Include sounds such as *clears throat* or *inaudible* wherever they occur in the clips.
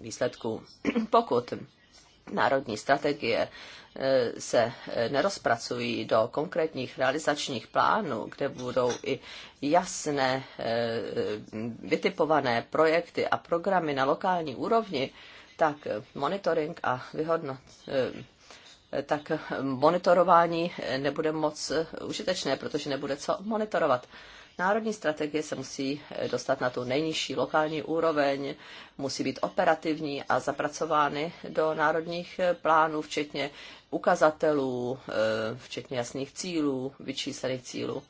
výsledků. *clears throat* Pokud národní strategie eh, se eh, nerozpracují do konkrétních realizačních plánů, kde budou i jasné eh, vytipované projekty a programy na lokální úrovni, tak monitoring a vyhodnot, tak monitorování nebude moc užitečné, protože nebude co monitorovat. Národní strategie se musí eh, dostat na tu nejnižší lokální úroveň, musí být operativní a zapracovány do národních eh, plánů, včetně ukazatelů, eh, včetně jasných cílů, vyčíslených cílů.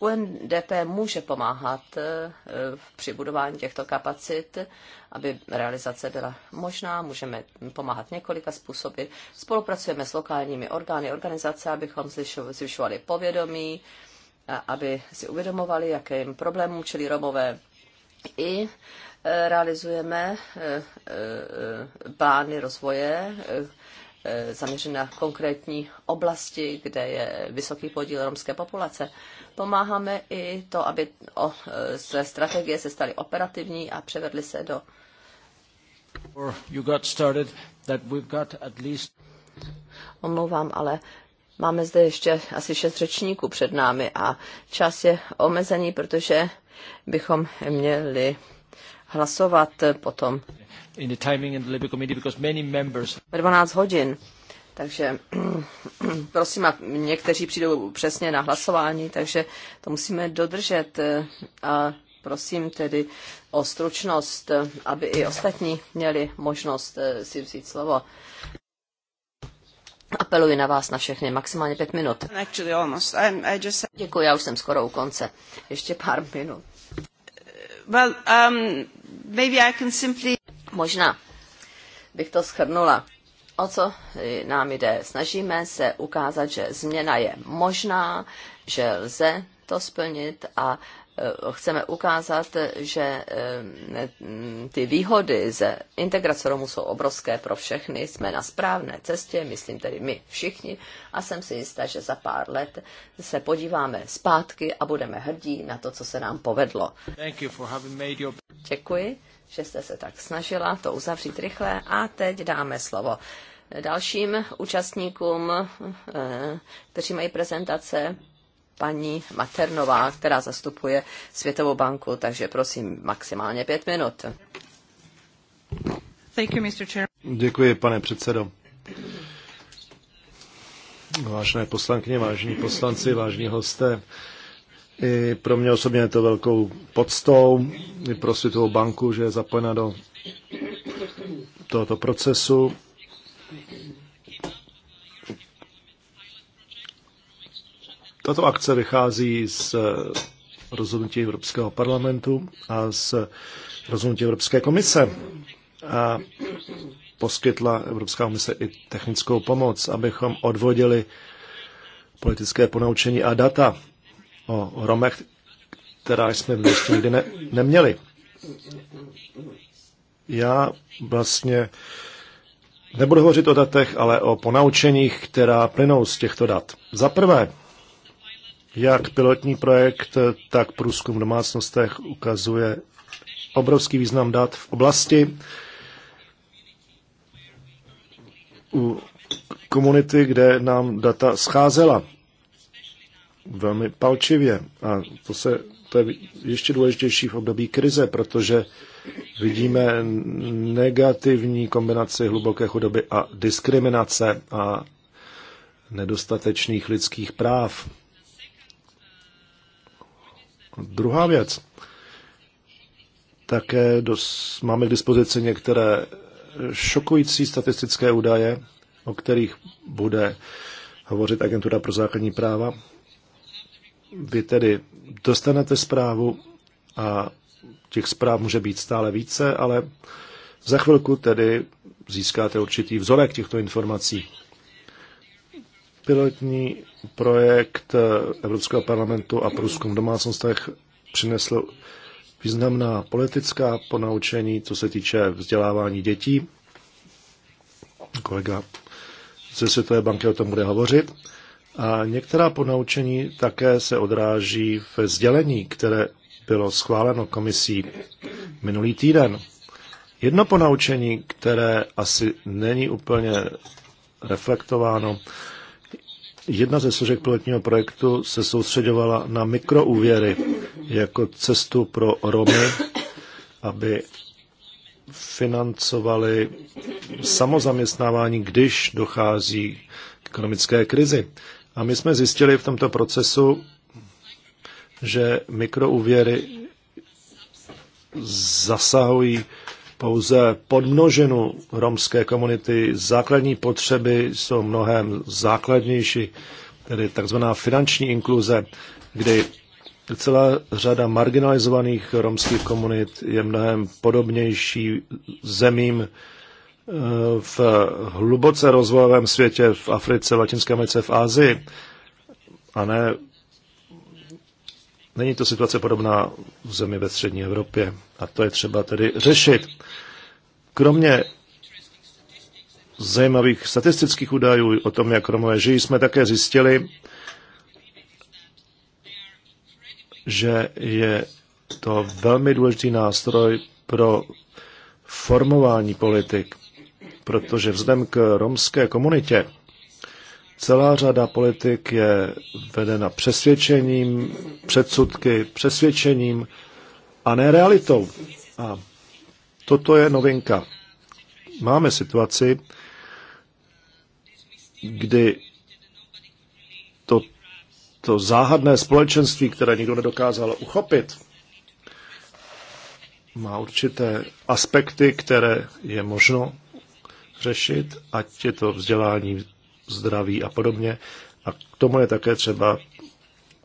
UNDP může pomáhat při budování těchto kapacit, aby realizace byla možná. Můžeme pomáhat několika způsoby. Spolupracujeme s lokálními orgány, organizace, abychom zvyšovali povědomí, aby si uvědomovali, jakým problémům čelí Romové. I e, realizujeme e, e, plány rozvoje zaměřené na konkrétní oblasti, kde je vysoký podíl romské populace. Pomáháme i to, aby o, své strategie se staly operativní a převedly se do. Omlouvám, ale Máme zde ještě asi šest řečníků před námi a čas je omezený, protože bychom měli hlasovat potom in the timing in the Committee because many members 12 hodin. Takže *clears throat* prosím, a někteří přijdou přesně na hlasování, takže to musíme dodržet a prosím tedy o stručnost, aby i ostatní měli možnost eh, si vzít slovo. Apeluji na vás na všechny, maximálně pět minut. Děkuji, já už jsem skoro u konce. Ještě pár minut. Well, um, maybe I can simply... Možná bych to schrnula. O co nám jde? Snažíme se ukázat, že změna je možná, že lze to splnit a Eh, chceme ukázat, že eh, ty výhody ze integrace Romů jsou obrovské pro všechny, jsme na správné cestě, myslím tedy my všichni a jsem si jistá, že za pár let se podíváme zpátky a budeme hrdí na to, co se nám povedlo. Your... Děkuji, že jste se tak snažila to uzavřít rychle a teď dáme slovo dalším účastníkům, eh, kteří mají prezentace paní Maternová, která zastupuje Světovou banku, takže prosím maximálně pět minut. Děkuji, pane předsedo. Vážené poslankyně, vážení poslanci, vážní hosté, i pro mě osobně je to velkou poctou, i pro Světovou banku, že je zapojena do tohoto procesu Tato akce vychází z eh, rozhodnutí Evropského parlamentu a z rozhodnutí Evropské komise. A poskytla Evropská komise i technickou pomoc, abychom odvodili politické ponaučení a data o Romech, která jsme v minulosti nikdy ne, neměli. Já vlastně nebudu hovořit o datech, ale o ponaučeních, která plynou z těchto dat. Za prvé, jak pilotní projekt, tak průzkum v domácnostech ukazuje obrovský význam dat v oblasti u komunity, kde nám data scházela velmi palčivě. A to, se, to je ještě důležitější v období krize, protože vidíme negativní kombinaci hluboké chudoby a diskriminace a nedostatečných lidských práv. Druhá věc. Také dos, máme k dispozici některé šokující statistické údaje, o kterých bude hovořit Agentura pro základní práva. Vy tedy dostanete zprávu a těch zpráv může být stále více, ale za chvilku tedy získáte určitý vzorek těchto informací. Pilotní projekt Evropského parlamentu a průzkum v domácnostech přinesl významná politická ponaučení, co se týče vzdělávání dětí. Kolega ze Světové banky o tom bude hovořit. A některá ponaučení také se odráží v sdělení, které bylo schváleno komisí minulý týden. Jedno ponaučení, které asi není úplně reflektováno, Jedna ze složek pilotního projektu se soustředovala na mikroúvěry jako cestu pro Romy, aby financovali samozaměstnávání, když dochází k ekonomické krizi. A my jsme zjistili v tomto procesu, že mikroúvěry zasahují pouze podmnoženu romské komunity. Základní potřeby jsou mnohem základnější, tedy takzvaná finanční inkluze, kdy celá řada marginalizovaných romských komunit je mnohem podobnější zemím eh, v hluboce rozvojovém světě, v Africe, v Latinské Americe, v Ázii, a ne Není to situace podobná v zemi ve střední Evropě a to je třeba tedy řešit. Kromě zajímavých statistických údajů o tom, jak Romové žijí, jsme také zjistili, že je to velmi důležitý nástroj pro formování politik, protože vzhledem k romské komunitě Celá řada politik je vedena přesvědčením, předsudky, přesvědčením a ne realitou. A toto je novinka. Máme situaci, kdy to, to záhadné společenství, které nikdo nedokázal uchopit, má určité aspekty, které je možno řešit, ať je to vzdělání zdraví a podobně. A k tomu je také třeba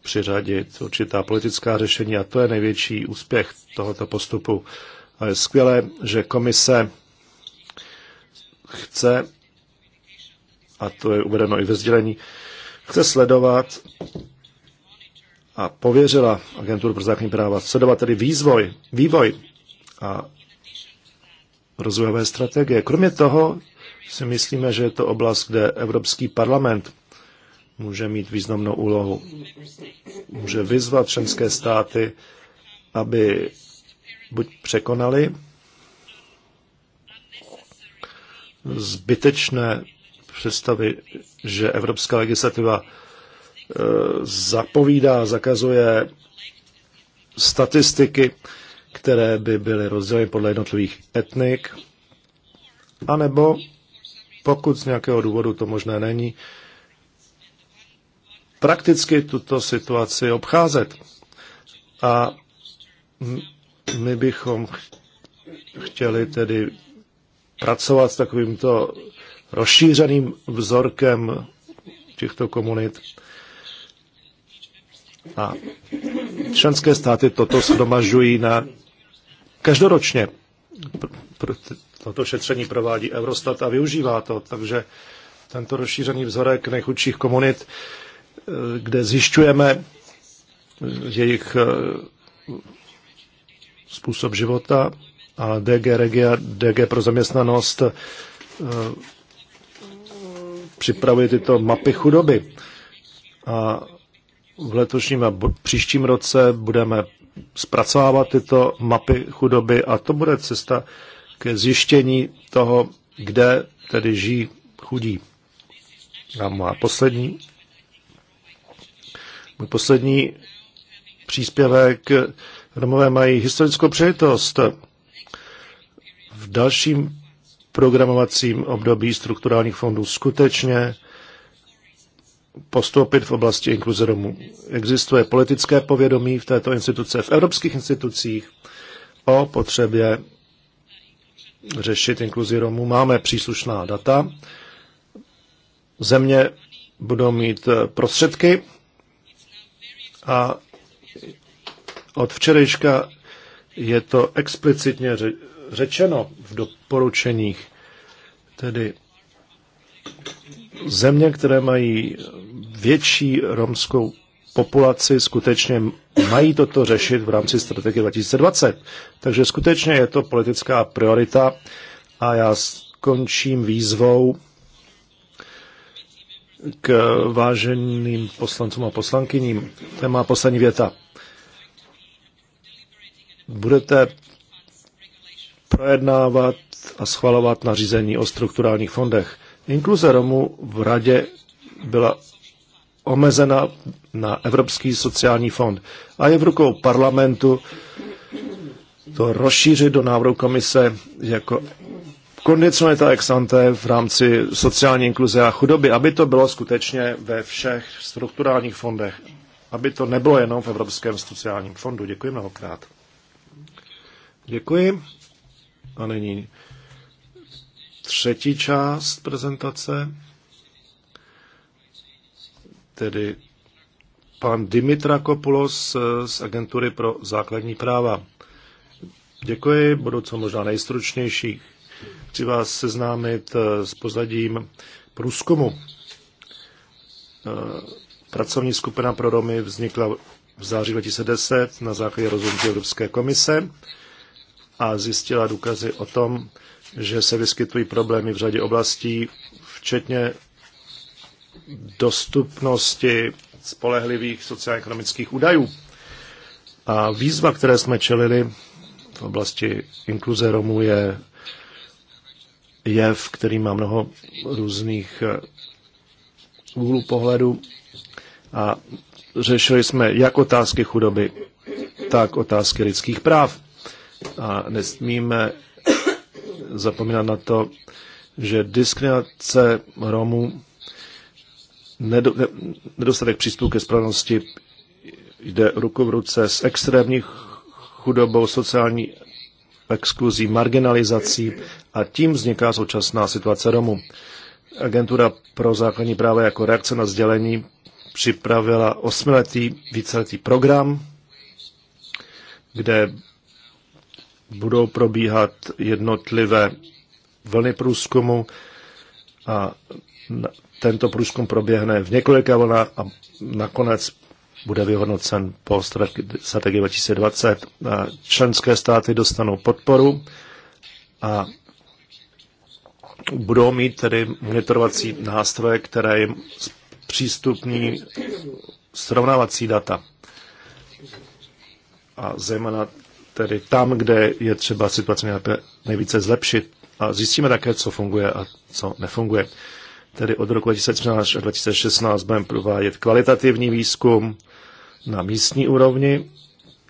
přiřadit určitá politická řešení a to je největší úspěch tohoto postupu. A je skvělé, že komise chce, a to je uvedeno i ve sdělení, chce sledovat a pověřila agenturu pro základní práva sledovat tedy výzvoj, vývoj a rozvojové strategie. Kromě toho si myslíme, že je to oblast, kde Evropský parlament může mít významnou úlohu. Může vyzvat členské státy, aby buď překonali zbytečné představy, že evropská legislativa e, zapovídá, zakazuje statistiky, které by byly rozděleny podle jednotlivých etnik, anebo pokud z nějakého důvodu to možné není, prakticky tuto situaci obcházet. A my bychom chtěli tedy pracovat s takovýmto rozšířeným vzorkem těchto komunit. A členské státy toto shromažďují na každoročně, toto šetření provádí Eurostat a využívá to. Takže tento rozšířený vzorek nejchudších komunit, eh, kde zjišťujeme eh, jejich eh, způsob života a DG Regia, DG pro zaměstnanost připravuje tyto mapy chudoby. A v letošním a příštím roce budeme zpracovávat tyto mapy chudoby a to bude cesta, ke zjištění toho, kde tedy žijí chudí. A má poslední, můj poslední příspěvek. Romové mají historickou přejitost. V dalším programovacím období strukturálních fondů skutečně postoupit v oblasti inkluze Romů. Existuje politické povědomí v této instituce, v evropských institucích o potřebě řešit inkluzi Romů. Máme příslušná data. Země budou mít eh, prostředky a od včerejška je to explicitně řečeno v doporučeních. Tedy země, které mají větší romskou populaci skutečně mají toto řešit v rámci strategie 2020. Takže skutečně je to politická priorita a já skončím výzvou k váženým poslancům a poslankyním. To má poslední věta. Budete projednávat a schvalovat nařízení o strukturálních fondech. Inkluze Romů v radě byla omezena na Evropský sociální fond. A je v rukou parlamentu to rozšířit do návrhu komise jako kondicionalita ex ante v rámci sociální inkluze a chudoby, aby to bylo skutečně ve všech strukturálních fondech, aby to nebylo jenom v Evropském sociálním fondu. Děkuji mnohokrát. Děkuji. A nyní třetí část prezentace tedy pan Dimitra Kopulos eh, z Agentury pro základní práva. Děkuji, budu co možná nejstručnější. Chci vás seznámit eh, s pozadím průzkumu. Eh, pracovní skupina pro Romy vznikla v září 2010 na základě rozhodnutí Evropské komise a zjistila důkazy o tom, že se vyskytují problémy v řadě oblastí, včetně dostupnosti spolehlivých socioekonomických údajů. A výzva, které jsme čelili v oblasti inkluze Romů, je jev, který má mnoho různých eh, úhlů pohledu. A řešili jsme jak otázky chudoby, tak otázky lidských práv. A nesmíme *coughs* zapomínat na to, že diskriminace Romů nedostatek přístupu ke spravedlnosti jde ruku v ruce s extrémní chudobou, sociální exkluzí, marginalizací a tím vzniká současná situace Romů. Agentura pro základní práva jako reakce na sdělení připravila osmiletý, víceletý program, kde budou probíhat jednotlivé vlny průzkumu a tento průzkum proběhne v několika vlnách a nakonec bude vyhodnocen po strategii 2020. A členské státy dostanou podporu a budou mít tedy monitorovací nástroje, které jim přístupní srovnávací data. A zejména tedy tam, kde je třeba situaci nejvíce zlepšit. A zjistíme také, co funguje a co nefunguje tedy od roku 2013 až 2016 budeme provádět kvalitativní výzkum na místní úrovni,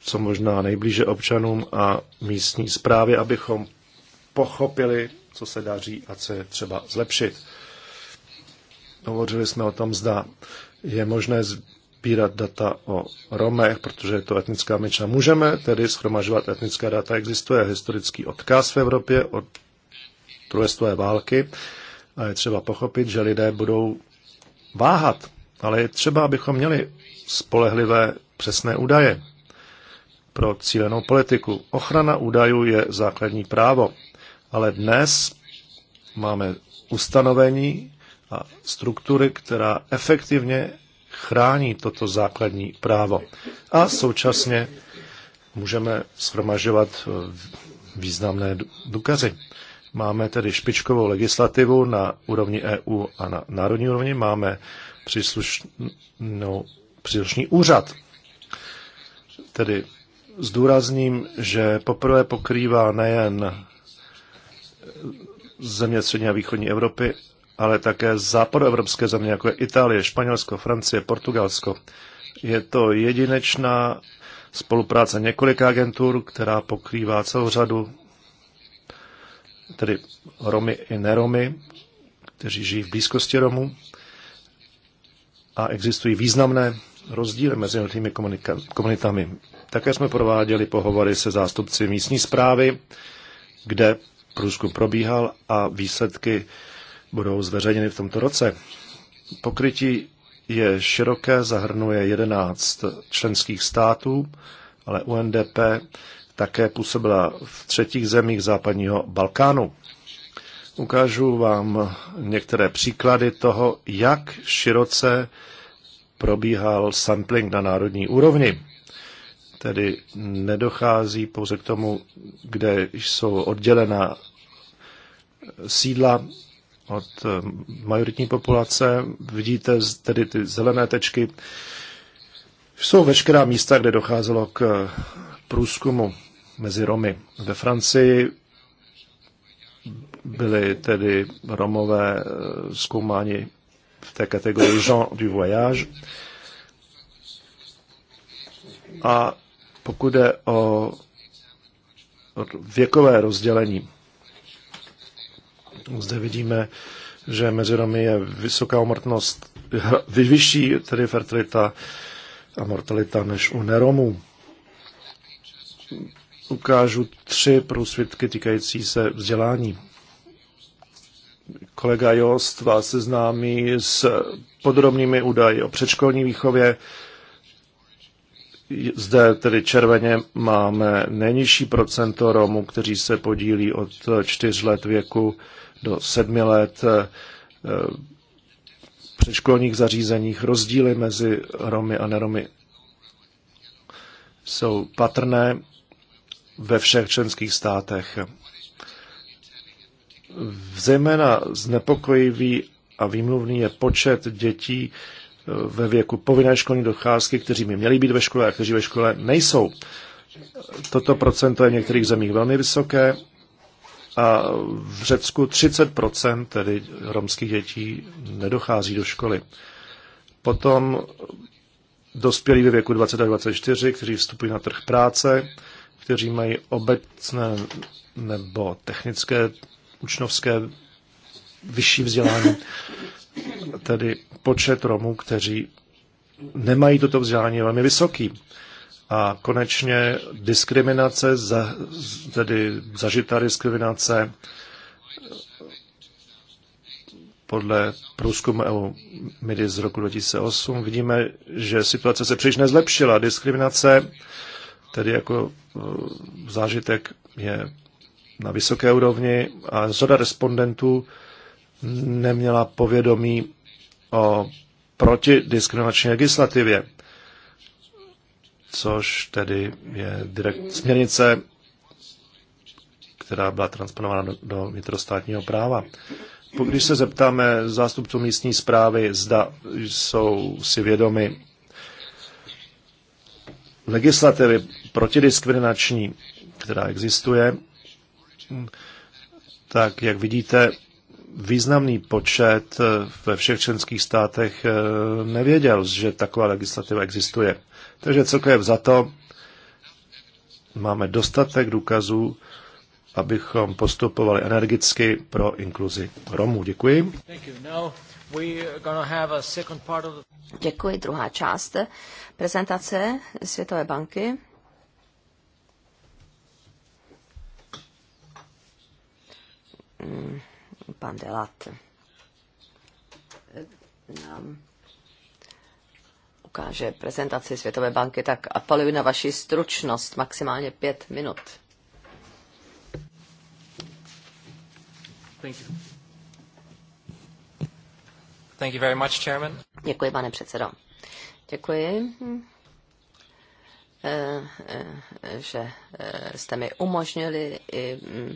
co možná nejblíže občanům a místní zprávě, abychom pochopili, co se daří a co je třeba zlepšit. Hovořili jsme o tom, zda je možné sbírat data o Romech, protože je to etnická menšina. Můžeme tedy schromažovat etnická data. Existuje historický odkaz v Evropě od druhé války, a je třeba pochopit, že lidé budou váhat, ale je třeba, abychom měli spolehlivé přesné údaje pro cílenou politiku. Ochrana údajů je základní právo, ale dnes máme ustanovení a struktury, která efektivně chrání toto základní právo. A současně můžeme shromažovat významné důkazy. Máme tedy špičkovou legislativu na úrovni EU a na národní úrovni. Máme příslušnou, příslušný úřad. Tedy zdůrazním, že poprvé pokrývá nejen země střední a východní Evropy, ale také západoevropské země, jako je Itálie, Španělsko, Francie, Portugalsko. Je to jedinečná spolupráce několika agentur, která pokrývá celou řadu tedy Romy i neromy, kteří žijí v blízkosti Romů. A existují významné rozdíly mezi jednotlivými komunitami. Také jsme prováděli pohovory se zástupci místní zprávy, kde průzkum probíhal a výsledky budou zveřejněny v tomto roce. Pokrytí je široké, zahrnuje 11 členských států, ale UNDP také působila v třetích zemích západního Balkánu. Ukážu vám některé příklady toho, jak široce probíhal sampling na národní úrovni. Tedy nedochází pouze k tomu, kde jsou oddělena sídla od eh, majoritní populace. Vidíte tedy ty zelené tečky. Jsou veškerá místa, kde docházelo k eh, průzkumu mezi Romy. Ve Francii byli tedy Romové eh, zkoumáni v té kategorii Jean du Voyage. A pokud jde o věkové rozdělení, zde vidíme, že mezi Romy je vysoká umrtnost, vyšší tedy fertilita a mortalita než u neromů ukážu tři průsvědky týkající se vzdělání. Kolega Jost vás seznámí s podrobnými údaji o předškolní výchově. Zde tedy červeně máme nejnižší procento Romů, kteří se podílí od čtyř let věku do sedmi let v předškolních zařízeních. Rozdíly mezi Romy a neromy jsou patrné ve všech členských státech. Zejména znepokojivý a výmluvný je počet dětí eh, ve věku povinné školní docházky, kteří by měli být ve škole a kteří ve škole nejsou. Toto procento je v některých zemích velmi vysoké a v Řecku 30% tedy romských dětí nedochází do školy. Potom dospělí ve věku 20 a 24, kteří vstupují na trh práce, kteří mají obecné nebo technické učňovské vyšší vzdělání, tedy počet Romů, kteří nemají toto vzdělání, je velmi vysoký. A konečně diskriminace, za, tedy zažitá diskriminace podle průzkumu EU MIDI z roku 2008 vidíme, že situace se příliš nezlepšila. Diskriminace tedy jako eh, zážitek je na vysoké úrovni a řada respondentů neměla povědomí o protidiskriminační legislativě, což tedy je direkt směrnice, která byla transponována do, do vnitrostátního práva. Když se zeptáme zástupců místní zprávy, zda jsou si vědomi legislativy protidiskriminační, která existuje, tak jak vidíte, významný počet ve všech členských státech eh, nevěděl, že taková legislativa existuje. Takže celkem za to máme dostatek důkazů, abychom postupovali energicky pro inkluzi Romů. Děkuji. Děkuji. Druhá část prezentace Světové banky. Hmm, pan Delat nám ukáže prezentaci Světové banky, tak apeluji na vaši stručnost, maximálně pět minut. Thank you. Thank you very much, Chairman. Děkuji, pane předsedo. Děkuji eh, eh, že eh, jste mi umožnili i mm,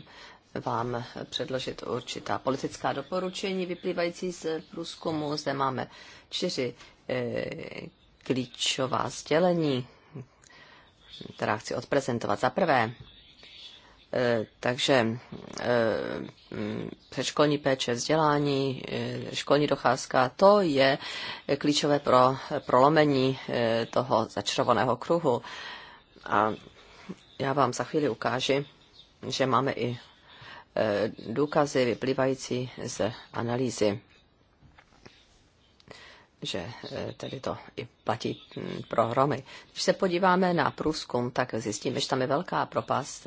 vám předložit určitá politická doporučení vyplývající z průzkumu. Zde máme čtyři klíčová sdělení, která chci odprezentovat. Za prvé, Eh, takže eh, mm, předškolní péče, vzdělání, eh, školní docházka, to je klíčové pro prolomení toho začarovaného kruhu. A já vám za chvíli ukážu, že máme i důkazy vyplývající z analýzy, že tedy to i platí mm, pro Romy. Když se podíváme na průzkum, tak zjistíme, že tam je velká propast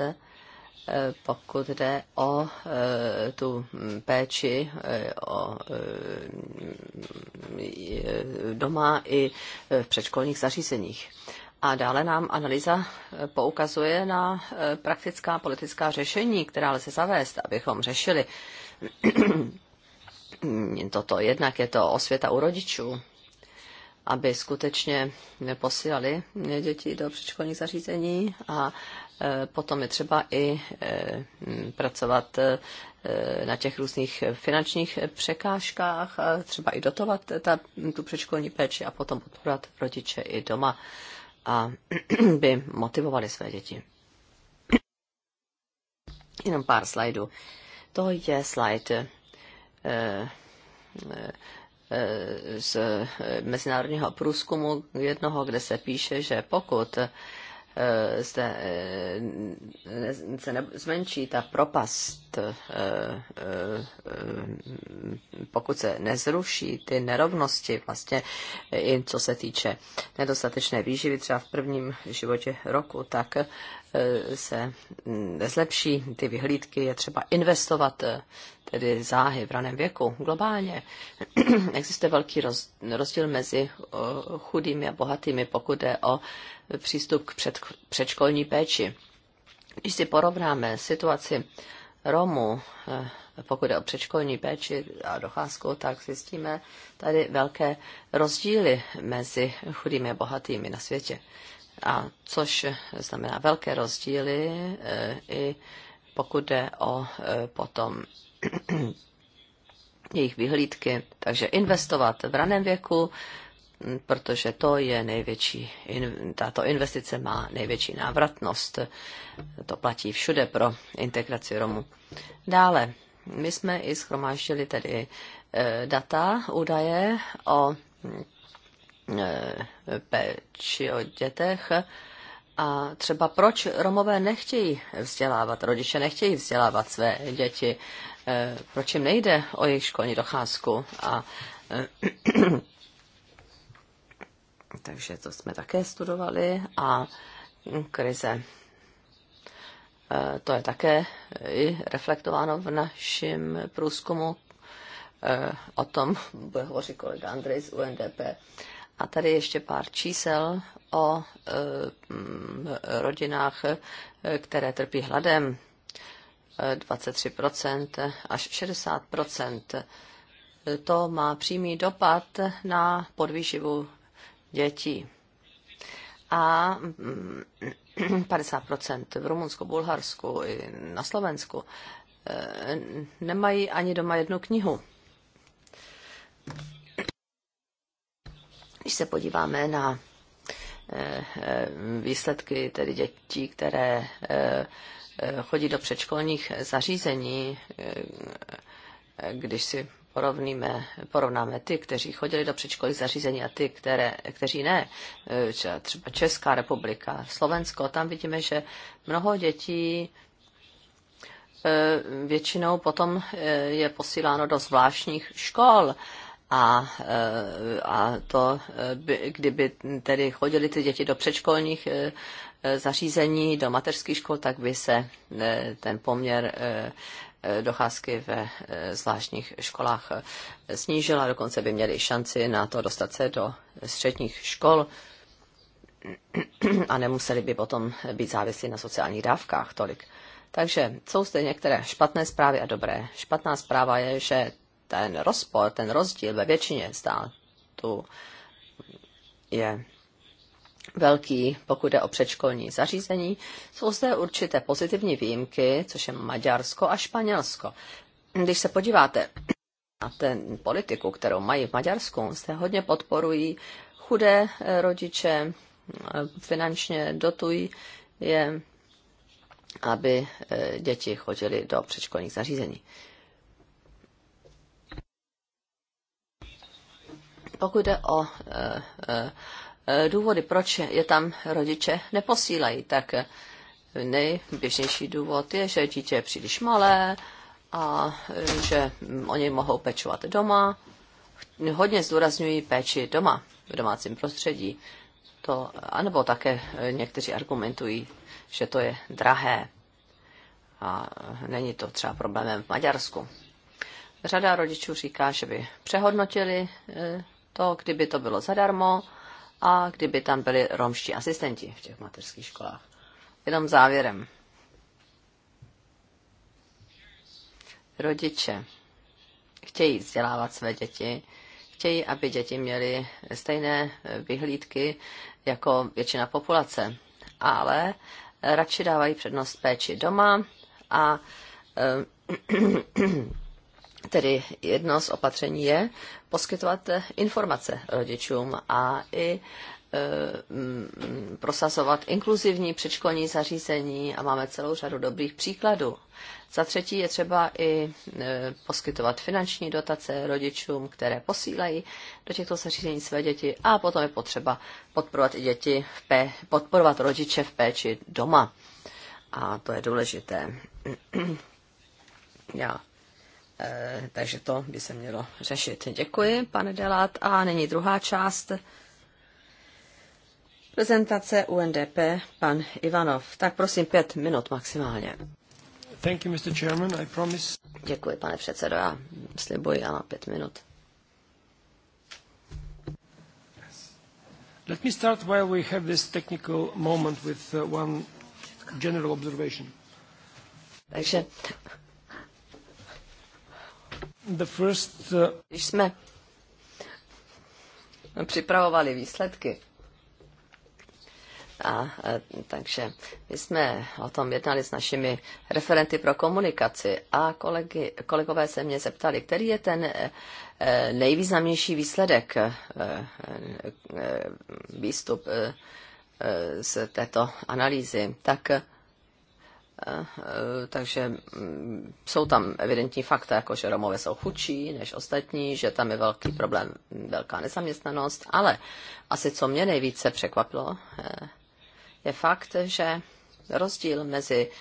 pokud jde o eh, tu péči eh, o eh, doma i v předškolních zařízeních. A dále nám analýza poukazuje na praktická politická řešení, která lze zavést, abychom řešili *clears throat* toto. Jednak je to osvěta u rodičů, aby skutečně posílali děti do předškolních zařízení a Eh, potom je třeba i eh, pracovat eh, na těch různých finančních překážkách, třeba i dotovat ta, tu předškolní péči a potom podporovat rodiče i doma a *clears throat* by motivovali své děti. Jenom pár slajdů. To je slide z mezinárodního průzkumu jednoho, kde se píše, že pokud Eh, eh, ne, se ne, zmenší ta propast, eh, pokud se nezruší ty nerovnosti, vlastně i co se týče nedostatečné výživy třeba v prvním životě roku, tak Eh, se mm, nezlepší ty vyhlídky, je třeba investovat eh, tedy záhy v raném věku. Globálně *clears throat* existuje velký rozdíl mezi eh, chudými a bohatými, pokud jde o přístup k před, předškolní péči. Když si porovnáme situaci Romů, pokud jde o předškolní péči a docházku, tak zjistíme tady velké rozdíly mezi chudými a bohatými na světě a což znamená velké rozdíly eh, i pokud jde o eh, potom *clears throat* jejich vyhlídky. Takže investovat v raném věku, hm, protože to je největší, tato investice má největší návratnost. To platí všude pro integraci Romů. Dále, my jsme i schromáždili tedy eh, data, údaje o Eh, péči o dětech. A třeba proč Romové nechtějí vzdělávat, rodiče nechtějí vzdělávat své děti, eh, proč jim nejde o jejich školní docházku. A eh, *clears throat* takže to jsme také studovali a hm, krize. To je také i reflektováno v našem průzkumu. O tom bude hovořit kolega Andrej z UNDP. A tady ještě pár čísel o eh, mm, rodinách, eh, které trpí hladem. 23% eh, až 60%. To má přímý dopad na podvýživu dětí. A 50% mm, *clears throat* v Rumunsku, Bulharsku i na Slovensku nemají ani doma jednu knihu. Když se podíváme na eh, eh, výsledky tedy dětí, které eh, chodí do předškolních zařízení, když si porovníme, porovnáme ty, kteří chodili do předškolních zařízení a ty, které, kteří ne, třeba Česká republika, Slovensko, tam vidíme, že mnoho dětí většinou potom je posíláno do zvláštních škol a, eh, a to, eh, by, kdyby tedy chodili ty děti do předškolních eh, zařízení, do mateřských škol, tak by se ten poměr docházky ve zvláštních školách snížila, dokonce by měli šanci na to dostat se do středních škol a nemuseli by potom být závislí na sociálních dávkách tolik. Takže jsou zde některé špatné zprávy a dobré. Špatná zpráva je, že ten rozpor, ten rozdíl ve většině států je velký, pokud jde o předškolní zařízení. Jsou zde určité pozitivní výjimky, což je Maďarsko a Španělsko. Když se podíváte na ten politiku, kterou mají v Maďarsku, se hodně podporují chudé eh, rodiče, eh, finančně dotují je, aby eh, děti chodili do předškolních zařízení. Pokud jde o e, e, e, důvody, proč je tam rodiče neposílají, tak nejběžnější důvod je, že dítě je příliš malé a že o něj mohou pečovat doma. Hodně zdůrazňují péči doma, v domácím prostředí. To, anebo také někteří argumentují, že to je drahé a není to třeba problémem v Maďarsku. Řada rodičů říká, že by přehodnotili to, kdyby to bylo zadarmo a kdyby tam byli romští asistenti v těch mateřských školách. Jenom závěrem. Rodiče chtějí vzdělávat své děti, chtějí, aby děti měly stejné vyhlídky jako většina populace, ale radši dávají přednost péči doma a eh, Tedy jedno z opatření je poskytovat eh, informace rodičům a i eh, mm, prosazovat inkluzivní předškolní zařízení a máme celou řadu dobrých příkladů. Za třetí je třeba i eh, poskytovat finanční dotace rodičům, které posílají do těchto zařízení své děti a potom je potřeba podporovat i děti, v pé- podporovat rodiče v péči doma. A to je důležité. *clears throat* Já Eh, takže to by se mělo řešit. Děkuji, pane Delat. A nyní druhá část prezentace UNDP, pan Ivanov. Tak prosím, pět minut maximálně. Thank you, Mr. Chairman. I promise... Děkuji, pane předsedo. Já slibuji, ano, pět minut. Let me start while we have this technical moment with uh, one general observation. Takže Uh, Když jsme připravovali výsledky, a, e, takže my jsme o tom jednali s našimi referenty pro komunikaci a kolegy, kolegové se mě zeptali, který je ten e, e, nejvýznamnější výsledek, výstup z této analýzy. Tak takže mm, jsou tam evidentní fakta, jako že Romové jsou chudší než ostatní, že tam je velký problém, velká nezaměstnanost, ale asi co mě nejvíce překvapilo, eh, je fakt, že rozdíl mezi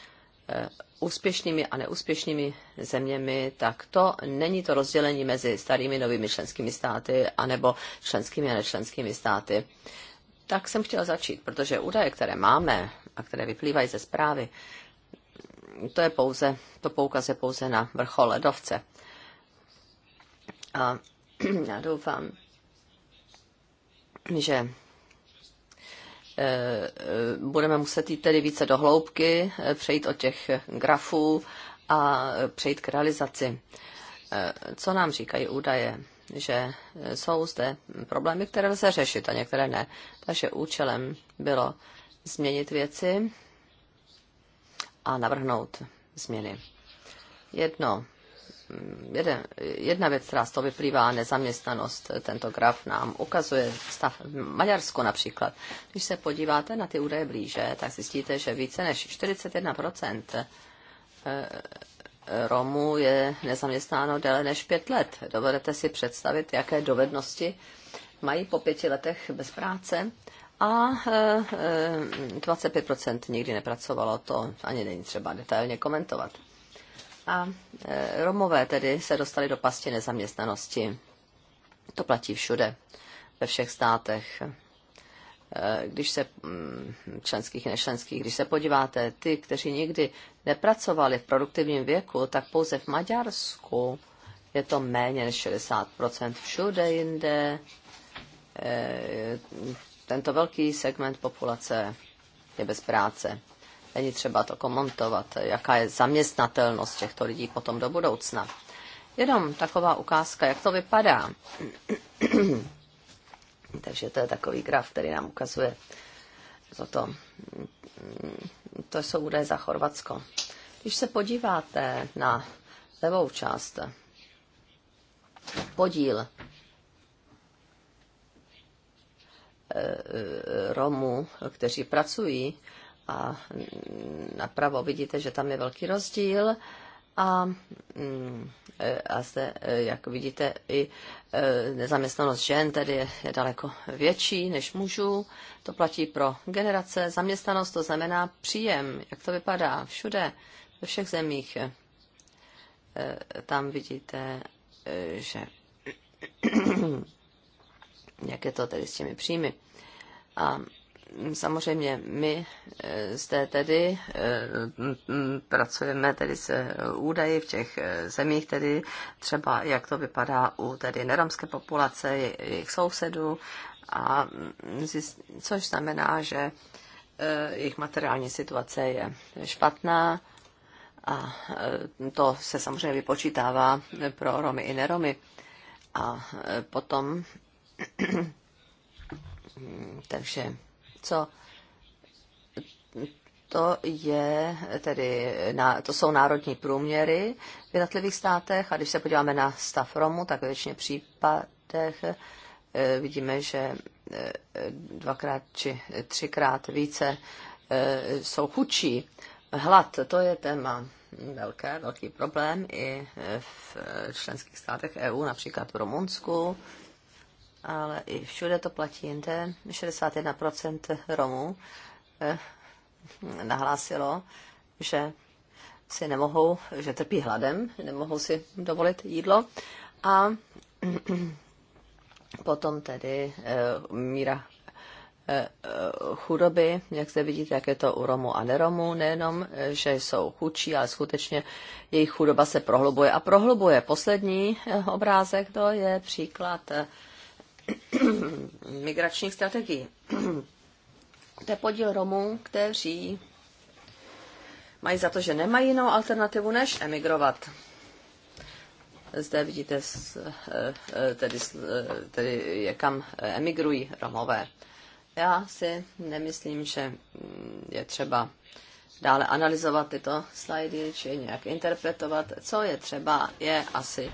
eh, úspěšnými a neúspěšnými zeměmi, tak to není to rozdělení mezi starými novými členskými státy anebo členskými a nečlenskými státy. Tak jsem chtěla začít, protože údaje, které máme a které vyplývají ze zprávy, to je pouze, to je pouze na vrchol ledovce. A *clears throat* já doufám, že e, e, budeme muset jít tedy více do hloubky, e, přejít od těch grafů a přejít k realizaci. Co nám říkají údaje? Že jsou zde problémy, které lze řešit a některé ne. Takže účelem bylo změnit věci a navrhnout změny. Jedno, jeden, jedna věc, která z toho vyplývá, nezaměstnanost. Tento graf nám ukazuje stav v Maďarsku například. Když se podíváte na ty údaje blíže, tak zjistíte, že více než 41% eh, Romů je nezaměstnáno déle než pět let. Dovedete si představit, jaké dovednosti mají po pěti letech bez práce a 25% eh, nikdy nepracovalo, to ani není třeba detailně komentovat. A eh, Romové tedy se dostali do pasti nezaměstnanosti. To platí všude, ve všech státech. Eh, když se mm, členských i nečlenských, když se podíváte, ty, kteří nikdy nepracovali v produktivním věku, tak pouze v Maďarsku je to méně než 60%. Všude jinde tento velký segment populace je bez práce. Není třeba to komentovat, jaká je zaměstnatelnost těchto lidí potom do budoucna. Jenom taková ukázka, jak to vypadá. *clears throat* Takže to je takový graf, který nám ukazuje toto. To jsou údaje za Chorvatsko. Když se podíváte na levou část, podíl Romů, kteří pracují. A napravo vidíte, že tam je velký rozdíl. A, mm, a zde, jak vidíte, i e, nezaměstnanost žen tedy je daleko větší než mužů. To platí pro generace. Zaměstnanost to znamená příjem. Jak to vypadá všude, ve všech zemích. E, e, tam vidíte, že jak je to tedy s těmi příjmy. A samozřejmě my eh, zde tedy eh, pracujeme tedy se eh, údaji v těch zemích, tedy třeba jak to vypadá u tedy neromské populace, jejich sousedů, a, mm, což znamená, že jejich materiální situace je špatná a to se samozřejmě vypočítává pro Romy i neromy. A potom *clears throat* Takže co to je tedy, na, to jsou národní průměry v jednotlivých státech a když se podíváme na stav Romu, tak ve většině případech eh, vidíme, že eh, dvakrát či třikrát více eh, jsou chudší. Hlad, to je téma velké, velký problém i v členských státech EU, například v Rumunsku ale i všude to platí jinde. 61% Romů eh, nahlásilo, že si nemohou, že trpí hladem, nemohou si dovolit jídlo. A *clears throat* potom tedy eh, míra eh, chudoby, jak zde vidíte, jak je to u Romů a neromů, nejenom, že jsou chudší, ale skutečně jejich chudoba se prohlubuje a prohlubuje. Poslední obrázek to je příklad *clears throat* migračních strategií. *clears throat* to je podíl Romů, kteří mají za to, že nemají jinou alternativu, než emigrovat. Zde vidíte, eh, eh, tedy, eh, tedy kam emigrují Romové. Já si nemyslím, že mm, je třeba dále analyzovat tyto slajdy, či nějak interpretovat. Co je třeba, je asi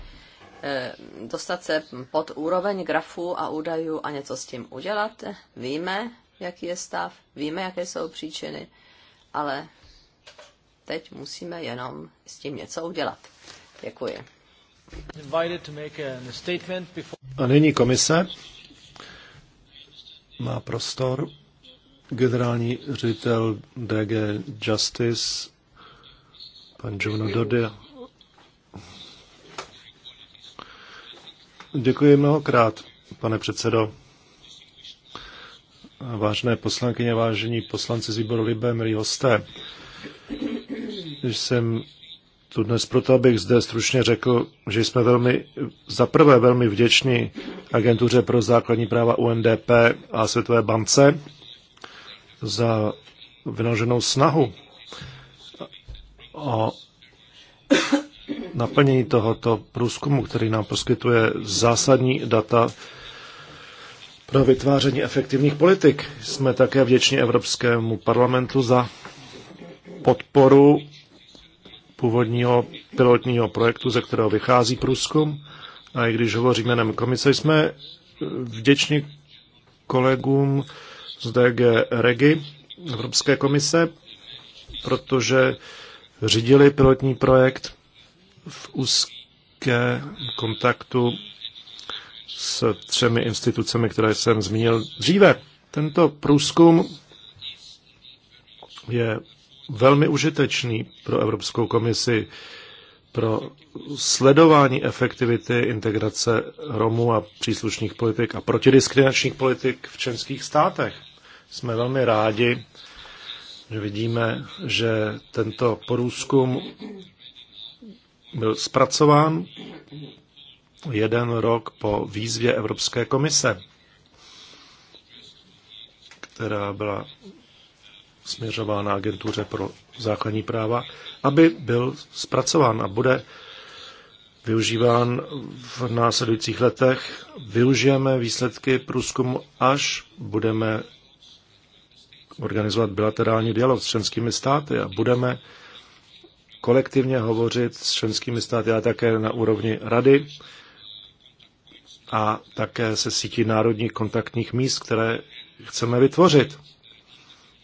Eh, dostat se pod úroveň grafů a údajů a něco s tím udělat. Víme, jaký je stav, víme, jaké jsou příčiny, ale teď musíme jenom s tím něco udělat. Děkuji. A nyní komise má prostor. Generální ředitel DG Justice, pan Giovanni Dodia Děkuji mnohokrát, pane předsedo. Vážné poslankyně, vážení poslanci z výboru Libe, milí hosté. Jsem tu dnes proto, abych zde stručně řekl, že jsme velmi, zaprvé velmi vděční agentuře pro základní práva UNDP a Světové bance za vynaloženou snahu o naplnění tohoto průzkumu, který nám poskytuje zásadní data pro vytváření efektivních politik. Jsme také vděční Evropskému parlamentu za podporu původního pilotního projektu, ze kterého vychází průzkum. A i když hovoříme jménem komise, jsme vděční kolegům z DG Regi Evropské komise, protože řídili pilotní projekt v úzké kontaktu s třemi institucemi, které jsem zmínil dříve. Tento průzkum je velmi užitečný pro Evropskou komisi pro sledování efektivity integrace Romů a příslušných politik a protidiskriminačních politik v členských státech. Jsme velmi rádi, že vidíme, že tento průzkum byl zpracován jeden rok po výzvě Evropské komise, která byla směřována agentuře pro základní práva, aby byl zpracován a bude využíván v následujících letech. Využijeme výsledky průzkumu, až budeme organizovat bilaterální dialog s členskými státy a budeme kolektivně hovořit s členskými státy, ale také na úrovni rady a také se sítí národních kontaktních míst, které chceme vytvořit.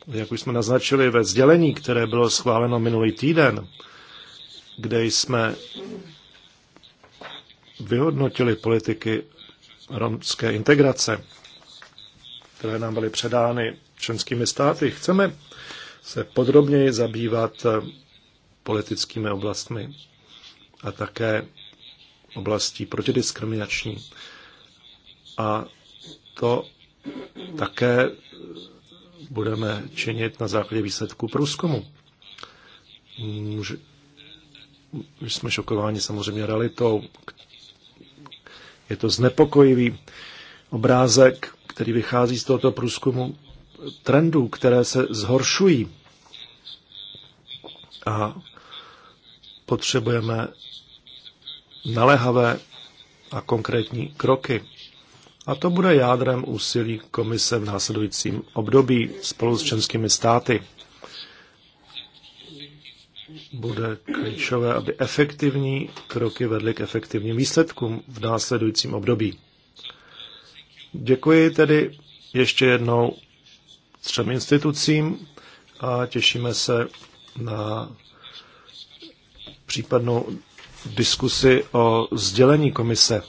Jak už jsme naznačili ve sdělení, které bylo schváleno minulý týden, kde jsme vyhodnotili politiky romské integrace, které nám byly předány členskými státy. Chceme se podrobněji zabývat politickými oblastmi a také oblastí protidiskriminační. A to také budeme činit na základě výsledků průzkumu. My jsme šokováni samozřejmě realitou. Je to znepokojivý obrázek, který vychází z tohoto průzkumu trendů, které se zhoršují. A potřebujeme naléhavé a konkrétní kroky. A to bude jádrem úsilí komise v následujícím období spolu s členskými státy. Bude klíčové, aby efektivní kroky vedly k efektivním výsledkům v následujícím období. Děkuji tedy ještě jednou třem institucím a těšíme se na případnou diskusi o sdělení komise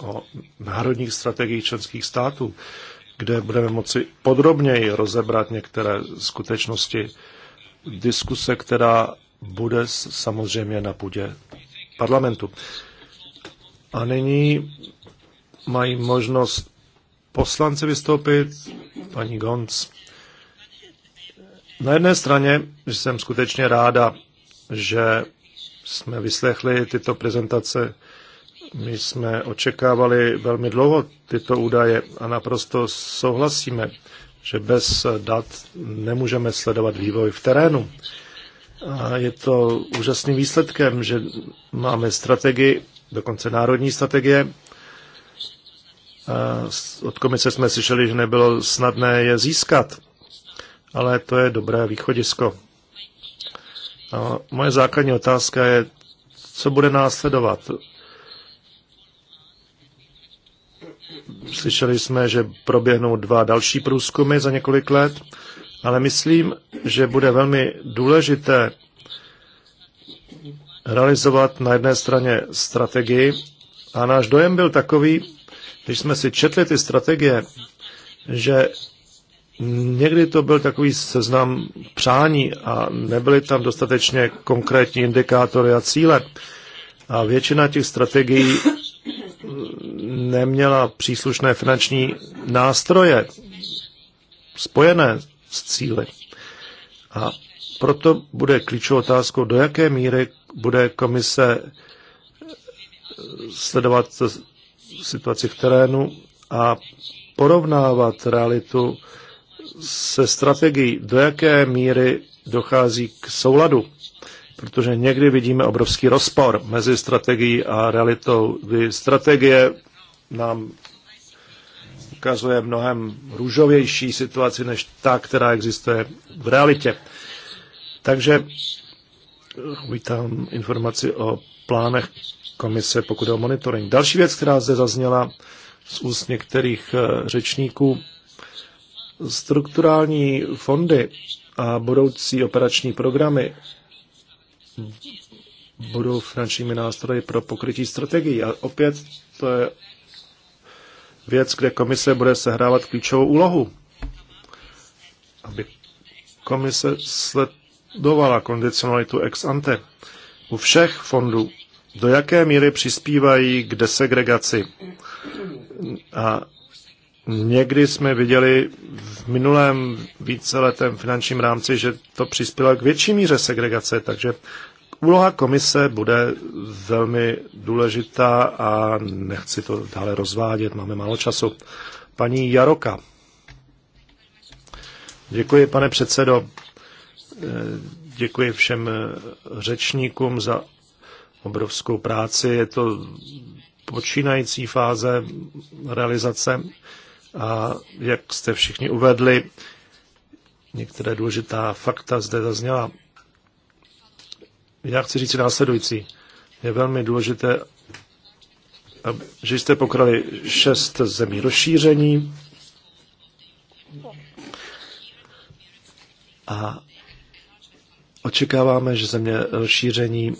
o národních strategiích členských států, kde budeme moci podrobněji rozebrat některé skutečnosti. Diskuse, která bude samozřejmě na půdě parlamentu. A nyní mají možnost poslanci vystoupit, paní Gonc. Na jedné straně jsem skutečně ráda, že jsme vyslechli tyto prezentace. My jsme očekávali velmi dlouho tyto údaje a naprosto souhlasíme, že bez dat nemůžeme sledovat vývoj v terénu. A je to úžasným výsledkem, že máme strategii, dokonce národní strategie. A od komise jsme slyšeli, že nebylo snadné je získat, ale to je dobré východisko. A moje základní otázka je, co bude následovat. Slyšeli jsme, že proběhnou dva další průzkumy za několik let, ale myslím, že bude velmi důležité realizovat na jedné straně strategii. A náš dojem byl takový, když jsme si četli ty strategie, že Někdy to byl takový seznam přání a nebyly tam dostatečně konkrétní indikátory a cíle. A většina těch strategií neměla příslušné finanční nástroje spojené s cíly. A proto bude klíčovou otázkou, do jaké míry bude komise sledovat situaci v terénu a porovnávat realitu se strategií, do jaké míry dochází k souladu. Protože někdy vidíme obrovský rozpor mezi strategií a realitou, kdy strategie nám ukazuje mnohem růžovější situaci než ta, která existuje v realitě. Takže vítám informaci o plánech komise, pokud je o monitoring. Další věc, která zde zazněla z úst některých eh, řečníků, Strukturální fondy a budoucí operační programy budou finančními nástroji pro pokrytí strategií. A opět to je věc, kde komise bude sehrávat klíčovou úlohu, aby komise sledovala kondicionalitu ex ante u všech fondů, do jaké míry přispívají k desegregaci a Někdy jsme viděli v minulém víceletém finančním rámci, že to přispělo k větší míře segregace, takže úloha komise bude velmi důležitá a nechci to dále rozvádět, máme málo času. Paní Jaroka. Děkuji, pane předsedo. Eh, děkuji všem eh, řečníkům za obrovskou práci. Je to počínající fáze realizace a jak jste všichni uvedli, některé důležitá fakta zde zazněla. Já chci říct následující. Je velmi důležité, že jste pokrali šest zemí rozšíření a očekáváme, že země rozšíření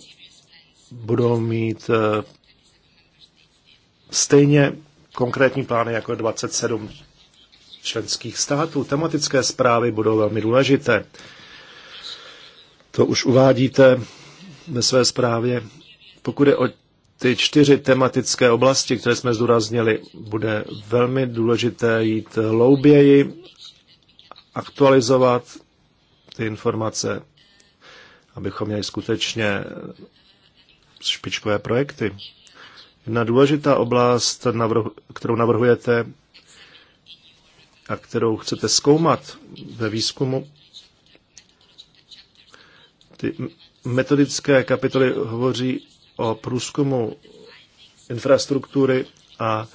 budou mít eh, stejně konkrétní plány jako 27 členských států. Tematické zprávy budou velmi důležité. To už uvádíte ve své zprávě. Pokud je o ty čtyři tematické oblasti, které jsme zdůraznili, bude velmi důležité jít hlouběji, aktualizovat ty informace, abychom měli skutečně špičkové projekty. Jedna důležitá oblast, kterou navrhujete a kterou chcete zkoumat ve výzkumu, ty metodické kapitoly hovoří o průzkumu infrastruktury a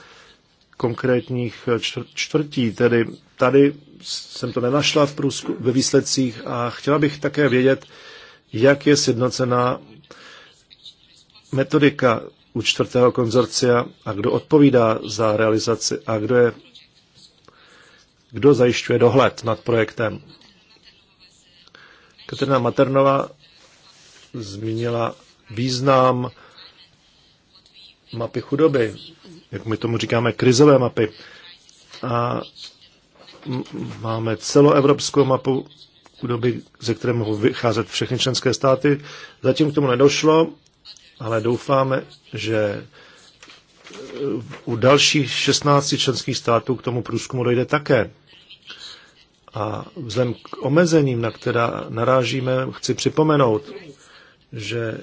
konkrétních čtvrtí. Tedy tady jsem to nenašla v průzku, ve výsledcích a chtěla bych také vědět, jak je sjednocená metodika u čtvrtého konzorcia a kdo odpovídá za realizaci a kdo je kdo zajišťuje dohled nad projektem. Katrina Maternova zmínila význam mapy chudoby, jak my tomu říkáme, krizové mapy. A máme celoevropskou mapu chudoby, ze které mohou vycházet všechny členské státy. Zatím k tomu nedošlo, ale doufáme, že eh, u dalších 16 členských států k tomu průzkumu dojde také. A vzhledem k omezením, na která narážíme, chci připomenout, že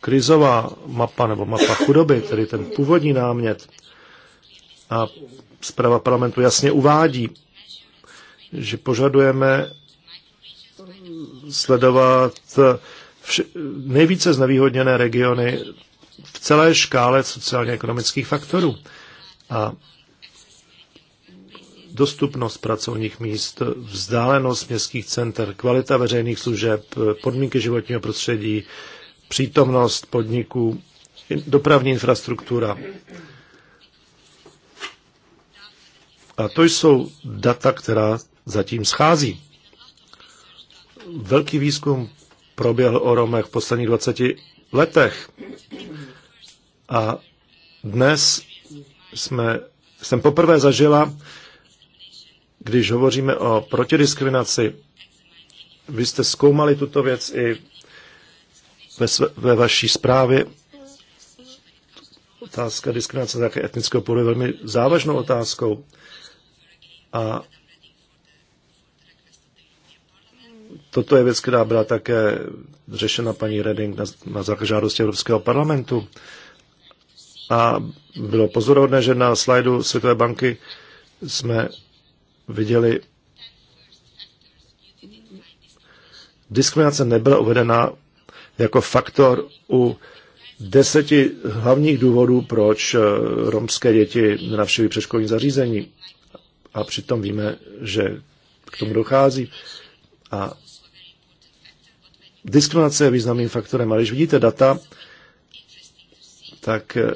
krizová mapa nebo mapa chudoby, tedy ten původní námět, a zpráva parlamentu jasně uvádí, že požadujeme sledovat eh, nejvíce znevýhodněné regiony v celé škále sociálně-ekonomických faktorů. A dostupnost pracovních míst, vzdálenost městských center, kvalita veřejných služeb, podmínky životního prostředí, přítomnost podniků, dopravní infrastruktura. A to jsou data, která zatím schází. Velký výzkum proběhl o Romech v posledních 20 letech. A dnes jsme, jsem poprvé zažila, když hovoříme o protidiskriminaci, vy jste zkoumali tuto věc i ve, sve, ve vaší zprávě. Otázka diskriminace také etnického původu je velmi závažnou otázkou. A toto je věc, která byla také řešena paní Reding na, na žádosti Evropského parlamentu. A bylo pozorovné, že na slajdu Světové banky jsme viděli, diskriminace nebyla uvedena jako faktor u deseti hlavních důvodů, proč eh, romské děti nenavštěvují předškolní zařízení. A přitom víme, že k tomu dochází. A Diskriminace je významným faktorem, ale když vidíte data, tak eh,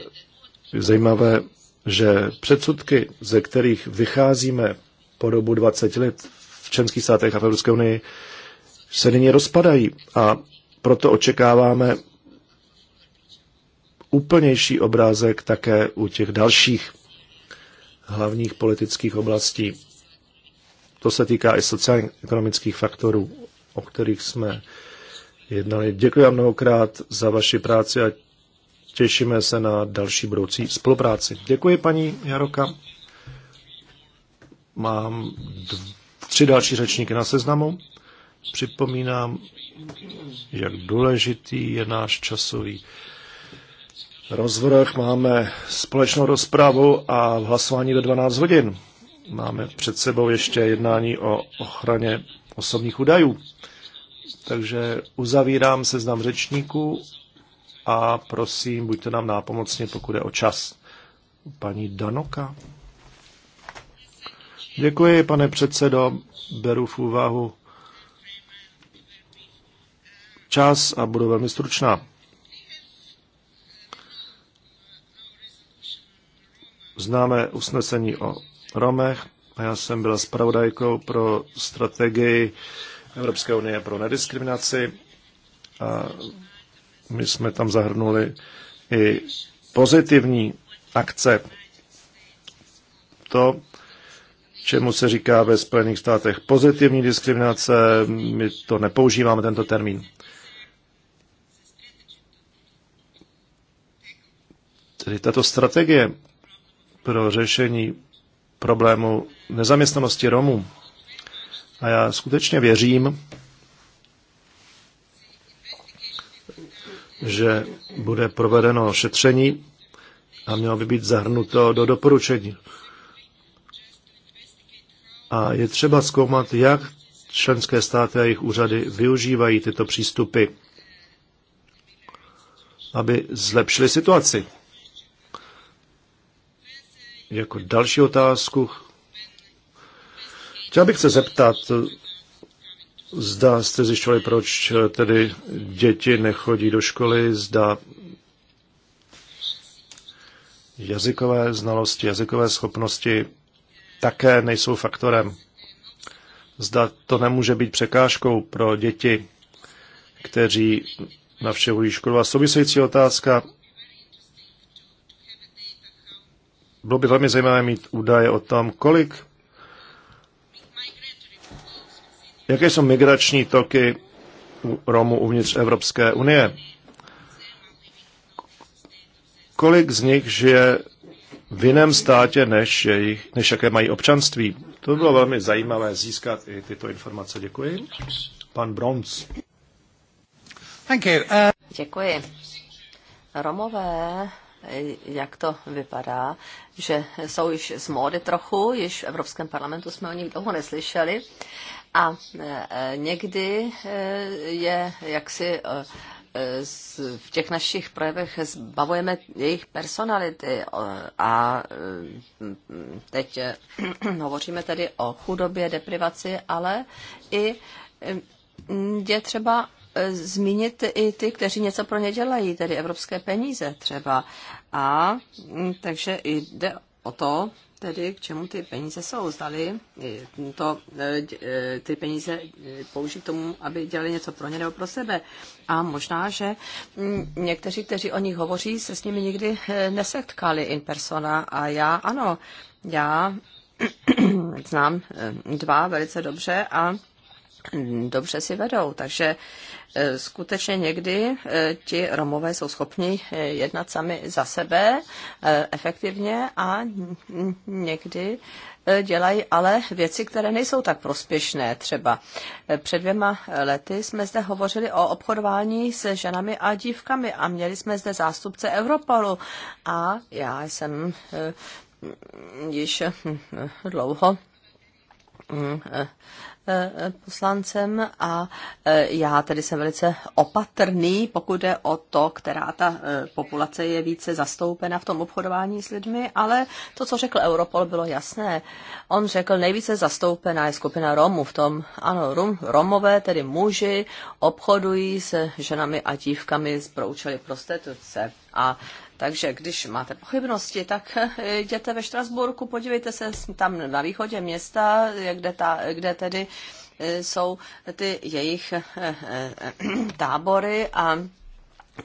je zajímavé, že předsudky, ze kterých vycházíme po dobu 20 let v členských státech a v Evropské unii, se nyní rozpadají a proto očekáváme úplnější obrázek také u těch dalších hlavních politických oblastí. To se týká i sociálně-ekonomických faktorů, o kterých jsme jednali. Děkuji vám mnohokrát za vaši práci a těšíme se na další budoucí spolupráci. Děkuji, paní Jaroka. Mám tři další řečníky na seznamu. Připomínám, jak důležitý je náš časový rozvrh. Máme společnou rozpravu a hlasování ve 12 hodin. Máme před sebou ještě jednání o ochraně osobních údajů. Takže uzavírám seznam řečníků a prosím, buďte nám nápomocně pokud je o čas. Paní Danoka. Děkuji, pane předsedo. Beru v úvahu čas a budu velmi stručná. Známe usnesení o Romech a já jsem byla spravodajkou pro strategii Evropské unie pro nediskriminaci a my jsme tam zahrnuli i pozitivní akce. To, čemu se říká ve Spojených státech pozitivní diskriminace, my to nepoužíváme, tento termín. Tedy tato strategie pro řešení problému nezaměstnanosti Romů a já skutečně věřím, že bude provedeno šetření a mělo by být zahrnuto do doporučení. A je třeba zkoumat, jak členské státy a jejich úřady využívají tyto přístupy, aby zlepšili situaci. Jako další otázku Chtěl bych se zeptat, zda jste zjišťovali, proč tedy děti nechodí do školy, zda jazykové znalosti, jazykové schopnosti také nejsou faktorem. Zda to nemůže být překážkou pro děti, kteří navštěvují školu. A související otázka, bylo by velmi zajímavé mít údaje o tom, kolik jaké jsou migrační toky Romů uvnitř Evropské unie. Kolik z nich žije v jiném státě, než, jejich, než jaké mají občanství. To bylo velmi zajímavé získat i tyto informace. Děkuji. Pan Bronz. Thank you. Uh... Děkuji. Romové, jak to vypadá, že jsou již z módy trochu, již v Evropském parlamentu jsme o nich dlouho neslyšeli. A e, někdy e, je jaksi e, v těch našich projevech zbavujeme jejich personality. A teď *clears throat* hovoříme tedy o chudobě, deprivaci, ale i je třeba zmínit i ty, kteří něco pro ně dělají, tedy evropské peníze třeba. A takže jde o to, tedy k čemu ty peníze jsou. Zdali eh, to, eh, eh, ty peníze použít k tomu, aby dělali něco pro ně nebo pro sebe. A možná, že mm, někteří, kteří o nich hovoří, se s nimi nikdy nesetkali in persona. A já ano, já *clears throat* znám dva velice dobře a dobře si vedou. Takže e, skutečně někdy e, ti Romové jsou schopni e, jednat sami za sebe efektivně a někdy dělají ale věci, které nejsou tak prospěšné. Třeba před dvěma lety jsme zde hovořili o obchodování se ženami a dívkami a měli jsme zde zástupce Europolu a já jsem již hm, hm, dlouho hm, Eh, poslancem a eh, já tedy jsem velice opatrný, pokud jde o to, která ta eh, populace je více zastoupena v tom obchodování s lidmi, ale to, co řekl Europol, bylo jasné. On řekl, nejvíce zastoupená je skupina Romů v tom, ano, Rom, Romové, tedy muži, obchodují se ženami a dívkami z proučely prostituce. A takže když máte pochybnosti, tak *laughs* jděte ve Štrasburku, podívejte se tam na východě města, kde, ta, kde tedy eh, jsou ty jejich eh, eh, *clears throat* tábory a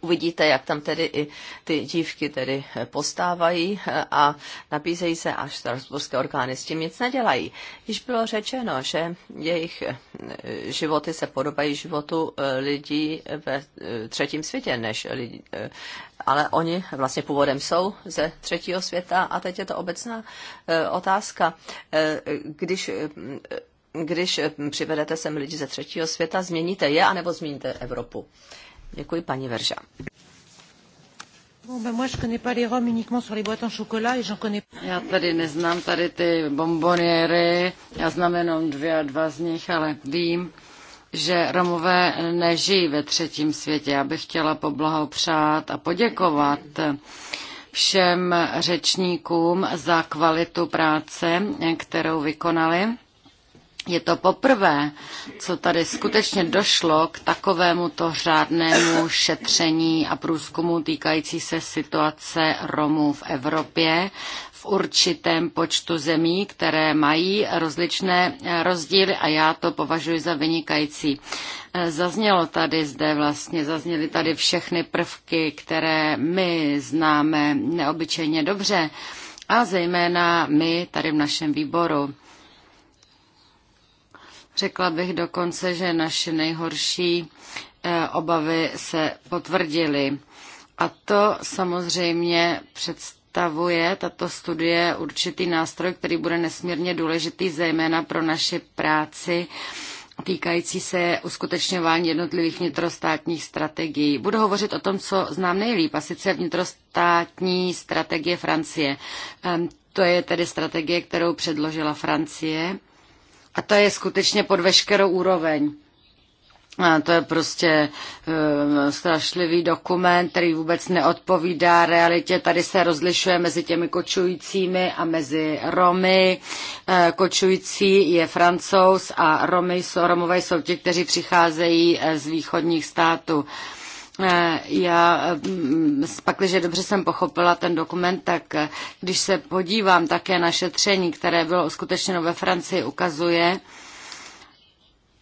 Uvidíte, jak tam tedy i ty dívky tedy postávají a nabízejí se, až strasburské orgány s tím nic nedělají. Již bylo řečeno, že jejich eh, životy se podobají životu eh, lidí ve eh, třetím světě, než lidi, ale oni vlastně původem jsou ze třetího světa a teď je to obecná otázka. Když když přivedete sem lidi ze třetího světa, změníte je anebo změníte Evropu. Děkuji, paní Verža. Já tady neznám tady ty bomboniery, já znám jenom dvě a dva z nich, ale vím, že Romové nežijí ve třetím světě. Já bych chtěla poblahopřát a poděkovat všem řečníkům za kvalitu práce, kterou vykonali. Je to poprvé, co tady skutečně došlo k takovému to řádnému šetření a průzkumu týkající se situace Romů v Evropě v určitém počtu zemí, které mají rozličné eh, rozdíly a já to považuji za vynikající. Eh, zaznělo tady zde vlastně, zazněly tady všechny prvky, které my známe neobyčejně dobře a zejména my tady v našem výboru. Řekla bych dokonce, že naše nejhorší eh, obavy se potvrdily. A to samozřejmě představuje tato studie určitý nástroj, který bude nesmírně důležitý zejména pro naši práci týkající se uskutečňování jednotlivých vnitrostátních strategií. Budu hovořit o tom, co znám nejlíp, a sice vnitrostátní strategie Francie. To je tedy strategie, kterou předložila Francie a ta je skutečně pod veškerou úroveň. A to je prostě um, strašlivý dokument, který vůbec neodpovídá realitě. Tady se rozlišuje mezi těmi kočujícími a mezi Romy. E, kočující je francouz a Romy, Romové jsou ti, kteří přicházejí eh, z východních států. E, Eh, já, mm, pakliže dobře jsem pochopila ten dokument, tak eh, když se podívám také na šetření, které bylo uskutečněno ve Francii, ukazuje,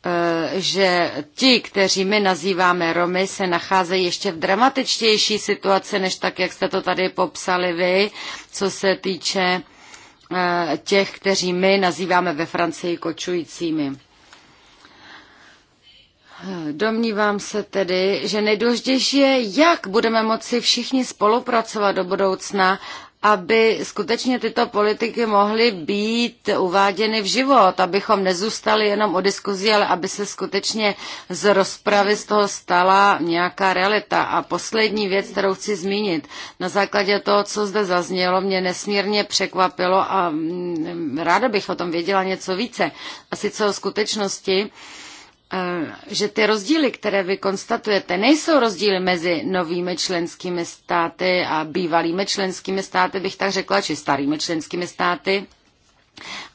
eh, že ti, kteří my nazýváme Romy, se nacházejí ještě v dramatičtější situaci, než tak, jak jste to tady popsali vy, co se týče těch, kteří my nazýváme ve Francii kočujícími. Domnívám se tedy, že nejdůležitější je, jak budeme moci všichni spolupracovat do budoucna, aby skutečně tyto politiky mohly být uváděny v život, abychom nezůstali jenom o diskuzi, ale aby se skutečně z rozpravy z toho stala nějaká realita. A poslední věc, kterou chci zmínit, na základě toho, co zde zaznělo, mě nesmírně překvapilo a mm, ráda bych o tom věděla něco více. A sice o skutečnosti, že ty rozdíly, které vy konstatujete, nejsou rozdíly mezi novými členskými státy a bývalými členskými státy, bych tak řekla, či starými členskými státy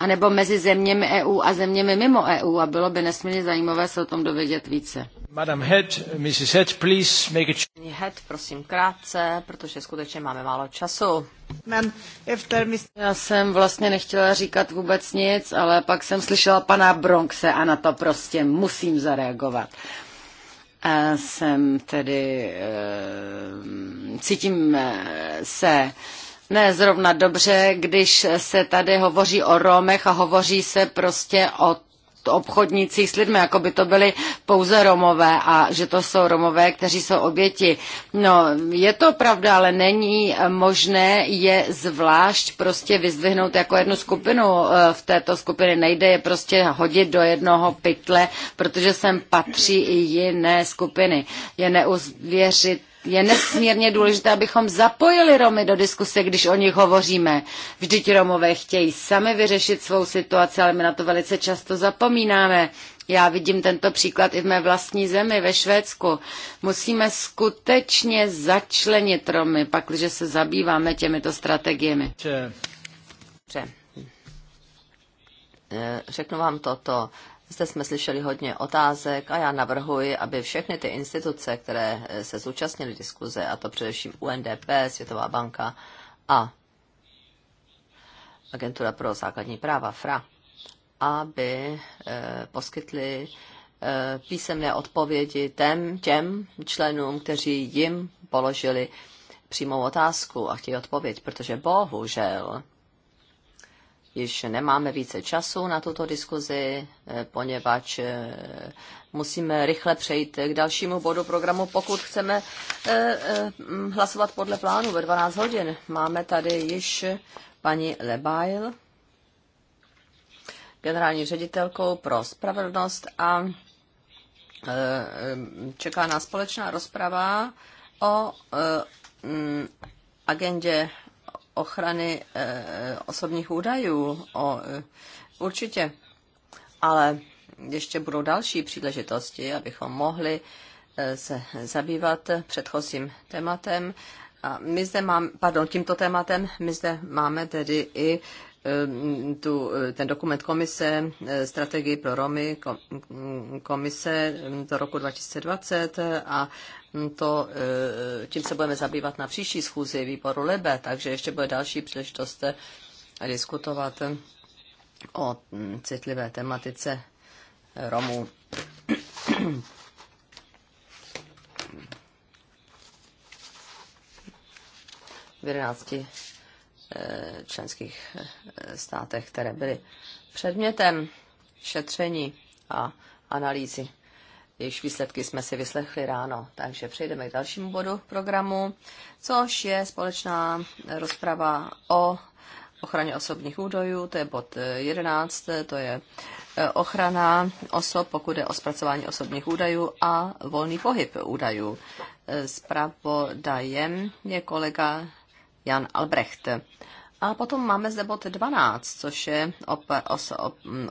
anebo mezi zeměmi EU a zeměmi mimo EU a bylo by nesmírně zajímavé se o tom dovědět více. Madam Head, Mrs. Head, please make a... Head, prosím krátce, protože skutečně máme málo času. Já jsem vlastně nechtěla říkat vůbec nic, ale pak jsem slyšela pana Bronxe a na to prostě musím zareagovat. A jsem tedy, eh, cítím eh, se ne zrovna dobře, když se tady hovoří o Romech a hovoří se prostě o obchodnících s lidmi, jako by to byly pouze Romové a že to jsou Romové, kteří jsou oběti. No, je to pravda, ale není možné je zvlášť prostě vyzdvihnout jako jednu skupinu eh, v této skupiny. Nejde je prostě hodit do jednoho pytle, protože sem patří i jiné skupiny. Je neuvěřitelné je nesmírně důležité, abychom zapojili Romy do diskuse, když o nich hovoříme. Vždyť Romové chtějí sami vyřešit svou situaci, ale my na to velice často zapomínáme. Já vidím tento příklad i v mé vlastní zemi, ve Švédsku. Musíme skutečně začlenit Romy, pakliže se zabýváme těmito strategiemi. Eh, řeknu vám toto. Zde jsme slyšeli hodně otázek a já navrhuji, aby všechny ty instituce, které eh, se zúčastnily diskuze, a to především UNDP, Světová banka a Agentura pro základní práva FRA, aby eh, poskytly eh, písemné odpovědi těm, těm členům, kteří jim položili přímou otázku a chtějí odpověď, protože bohužel již nemáme více času na tuto diskuzi, eh, poněvadž eh, musíme rychle přejít k dalšímu bodu programu, pokud chceme eh, hlasovat podle plánu ve 12 hodin. Máme tady již paní Lebail, generální ředitelkou pro spravedlnost a čeká nás společná rozprava o agendě ochrany eh, osobních údajů. O, eh, určitě. Ale ještě budou další příležitosti, abychom mohli eh, se zabývat předchozím tématem. A my zde máme, pardon, tímto tématem, my zde máme tedy i Ehm, tu, eh, ten dokument komise, eh, strategii pro Romy, mm, komise ehm, do roku 2020 a mm, to, eh, tím se budeme zabývat na příští schůzi výboru LIBE, takže ještě bude další příležitost diskutovat o mm, citlivé tematice Romů. v 11 Eh, členských eh, státech, které byly předmětem šetření a analýzy. Jejich výsledky jsme si vyslechli ráno, takže přejdeme k dalšímu bodu programu, což je společná rozprava o ochraně osobních údajů, to je bod 11, eh, to je ochrana osob, pokud je o zpracování osobních údajů a volný pohyb údajů. Zpravodajem je kolega Jan Albrecht. A potom máme zde bod 12, což je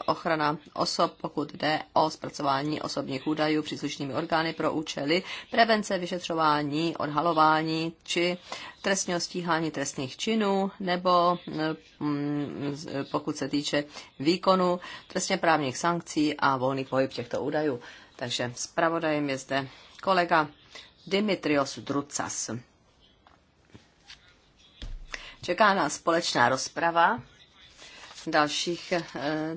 ochrana osob, pokud jde o zpracování osobních údajů příslušnými orgány pro účely prevence, vyšetřování, odhalování či trestního stíhání trestných činů, nebo mm, pokud se týče výkonu trestně právních sankcí a volný pohyb těchto údajů. Takže zpravodajem je zde kolega Dimitrios Drucas. Čeká nás společná rozprava, dalších eh,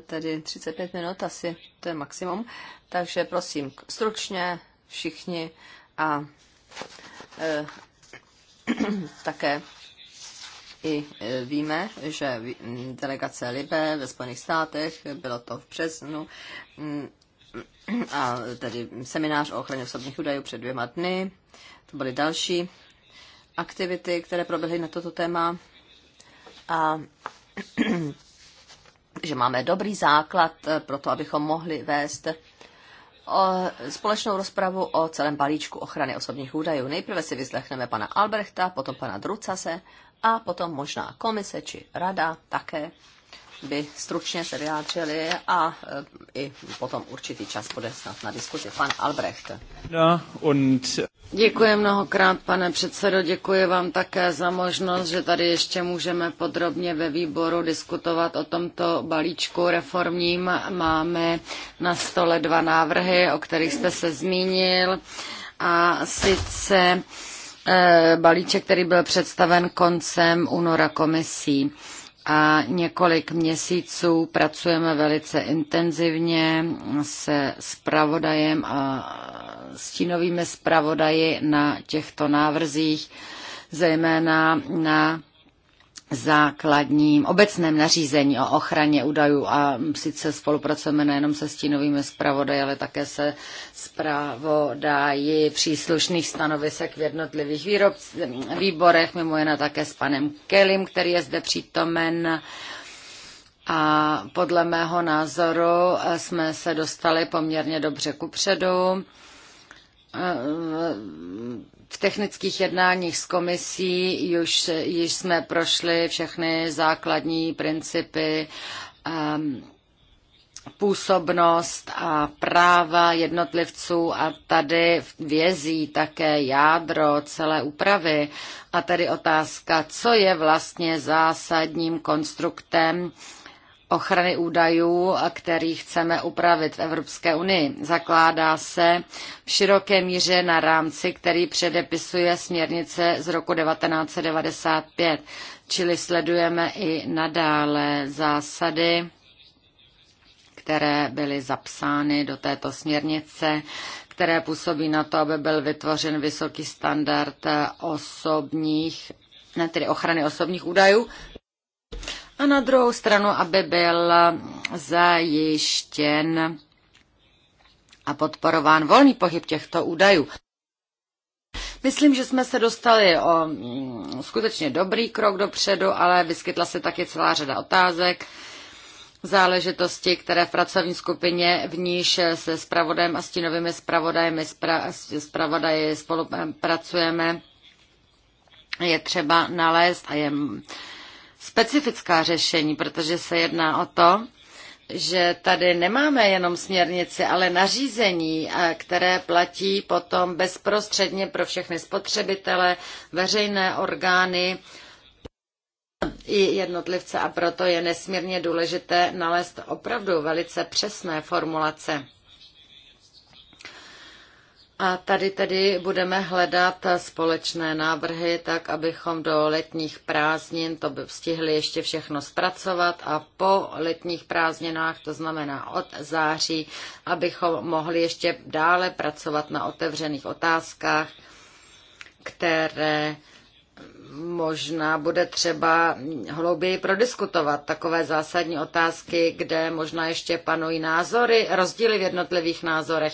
tedy 35 minut asi, to je maximum. Takže prosím, stručně všichni a e, *clears throat* také i eh, víme, že mm, delegace Libe ve Spojených státech, bylo to v březnu, mm, *clears throat* a tedy seminář o ochraně osobních údajů před dvěma dny, to byly další aktivity, které proběhly na toto téma a *clears throat* že máme dobrý základ eh, pro to, abychom mohli vést o eh, společnou rozpravu o celém balíčku ochrany osobních údajů. Nejprve si vyslechneme pana Albrechta, potom pana Drucase a potom možná komise či rada také by stručně se vyjádřili a eh, i potom určitý čas bude snad na diskuzi. Pan Albrecht. Ja, und... Děkuji mnohokrát, pane předsedo, děkuji vám také za možnost, že tady ještě můžeme podrobně ve výboru diskutovat o tomto balíčku reformním. Máme na stole dva návrhy, o kterých jste se zmínil, a sice e, balíček, který byl představen koncem února komisí a několik měsíců pracujeme velice intenzivně se spravodajem a stínovými zpravodaji na těchto návrzích, zejména na základním obecném nařízení o ochraně údajů a sice spolupracujeme nejenom se stínovými zpravodaji, ale také se zpravodaji příslušných stanovisek v jednotlivých výrobc, výborech, mimo jiné také s panem Kelim, který je zde přítomen. A podle mého názoru jsme se dostali poměrně dobře kupředu v technických jednáních s komisí už, již jsme prošli všechny základní principy ehm, působnost a práva jednotlivců a tady vězí také jádro celé úpravy. A tady otázka, co je vlastně zásadním konstruktem ochrany údajů, který chceme upravit v Evropské unii. Zakládá se v široké míře na rámci, který předepisuje směrnice z roku 1995, čili sledujeme i nadále zásady které byly zapsány do této směrnice, které působí na to, aby byl vytvořen vysoký standard osobních, ne tedy ochrany osobních údajů a na druhou stranu, aby byl zajištěn a podporován volný pohyb těchto údajů. Myslím, že jsme se dostali o mm, skutečně dobrý krok dopředu, ale vyskytla se taky celá řada otázek, záležitosti, které v pracovní skupině, v níž se spravodajem a stínovými spravodajmi spra, spravodaji spolupracujeme, eh, je třeba nalézt a je specifická řešení, protože se jedná o to, že tady nemáme jenom směrnici, ale nařízení, které platí potom bezprostředně pro všechny spotřebitele, veřejné orgány i jednotlivce a proto je nesmírně důležité nalézt opravdu velice přesné formulace. A tady tedy budeme hledat společné návrhy, tak abychom do letních prázdnin to by stihli ještě všechno zpracovat a po letních prázdninách, to znamená od září, abychom mohli ještě dále pracovat na otevřených otázkách, které možná bude třeba hlouběji prodiskutovat takové zásadní otázky, kde možná ještě panují názory, rozdíly v jednotlivých názorech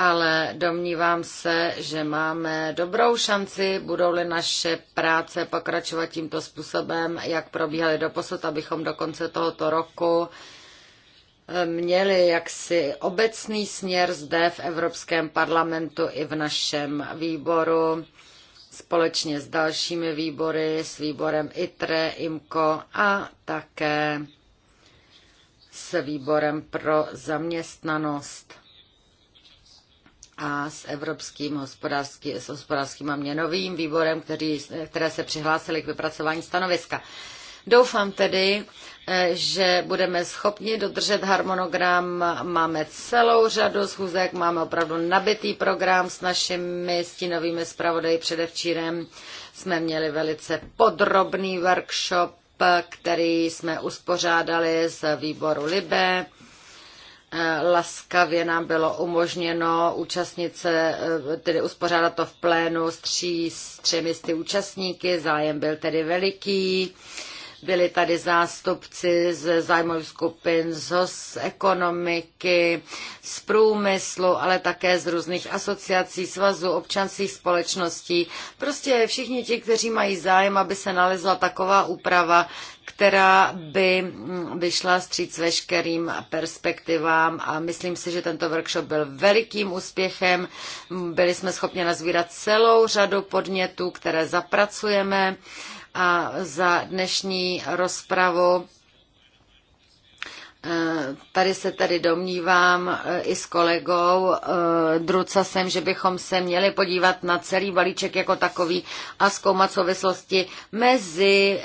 ale domnívám se, že máme dobrou šanci, budou-li naše práce pokračovat tímto způsobem, jak probíhaly doposud, abychom do konce tohoto roku eh, měli jaksi obecný směr zde v Evropském parlamentu i v našem výboru společně s dalšími výbory, s výborem ITRE, IMCO a také s výborem pro zaměstnanost a s Evropským hospodářský, s hospodářským a měnovým výborem, který, které se přihlásili k vypracování stanoviska. Doufám tedy, eh, že budeme schopni dodržet harmonogram. Máme celou řadu schůzek, máme opravdu nabitý program s našimi stínovými zpravodaji. Předevčírem jsme měli velice podrobný workshop, který jsme uspořádali z výboru Libe laskavě nám bylo umožněno účastnit se, eh, tedy uspořádat to v plénu s, tří, s třemi z ty účastníky, zájem byl tedy veliký. Byli tady zástupci z zájmových skupin, z ekonomiky, z průmyslu, ale také z různých asociací, svazů, občanských společností. Prostě všichni ti, kteří mají zájem, aby se nalezla taková úprava, která by vyšla mm, stříc veškerým perspektivám a myslím si, že tento workshop byl velikým úspěchem. Byli jsme schopni nazvírat celou řadu podnětů, které zapracujeme a za dnešní rozpravu Eh, tady se tady domnívám eh, i s kolegou eh, Drucasem, že bychom se měli podívat na celý balíček jako takový a zkoumat souvislosti mezi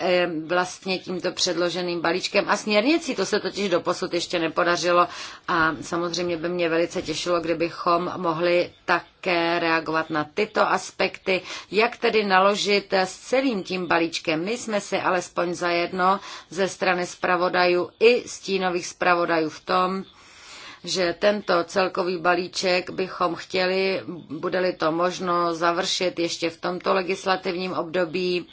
vlastně tímto předloženým balíčkem a směrnicí. To se totiž doposud ještě nepodařilo a samozřejmě by mě velice těšilo, kdybychom mohli také reagovat na tyto aspekty, jak tedy naložit s celým tím balíčkem. My jsme si alespoň zajedno ze strany zpravodajů i stínových našich zpravodajů v tom, že tento celkový balíček bychom chtěli, bude-li to možno, završit ještě v tomto legislativním období.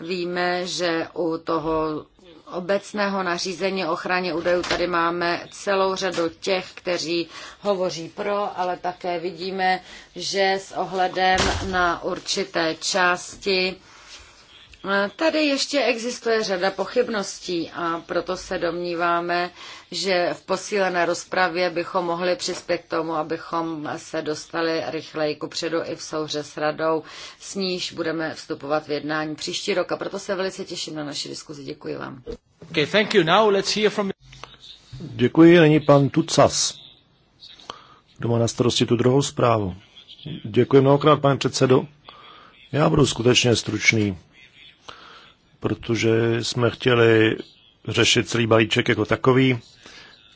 Víme, že u toho obecného nařízení ochraně údajů tady máme celou řadu těch, kteří hovoří pro, ale také vidíme, že s ohledem na určité části Tady ještě existuje řada pochybností a proto se domníváme, že v posílené rozpravě bychom mohli přispět k tomu, abychom se dostali rychleji předu i v souhře s radou, s níž budeme vstupovat v jednání příští rok a proto se velice těším na naši diskuzi. Děkuji vám. Okay, thank you. Now let's hear from... Děkuji, není pan Tucas, kdo má na starosti tu druhou zprávu. Děkuji mnohokrát, pane předsedo. Já budu skutečně stručný protože jsme chtěli řešit celý balíček jako takový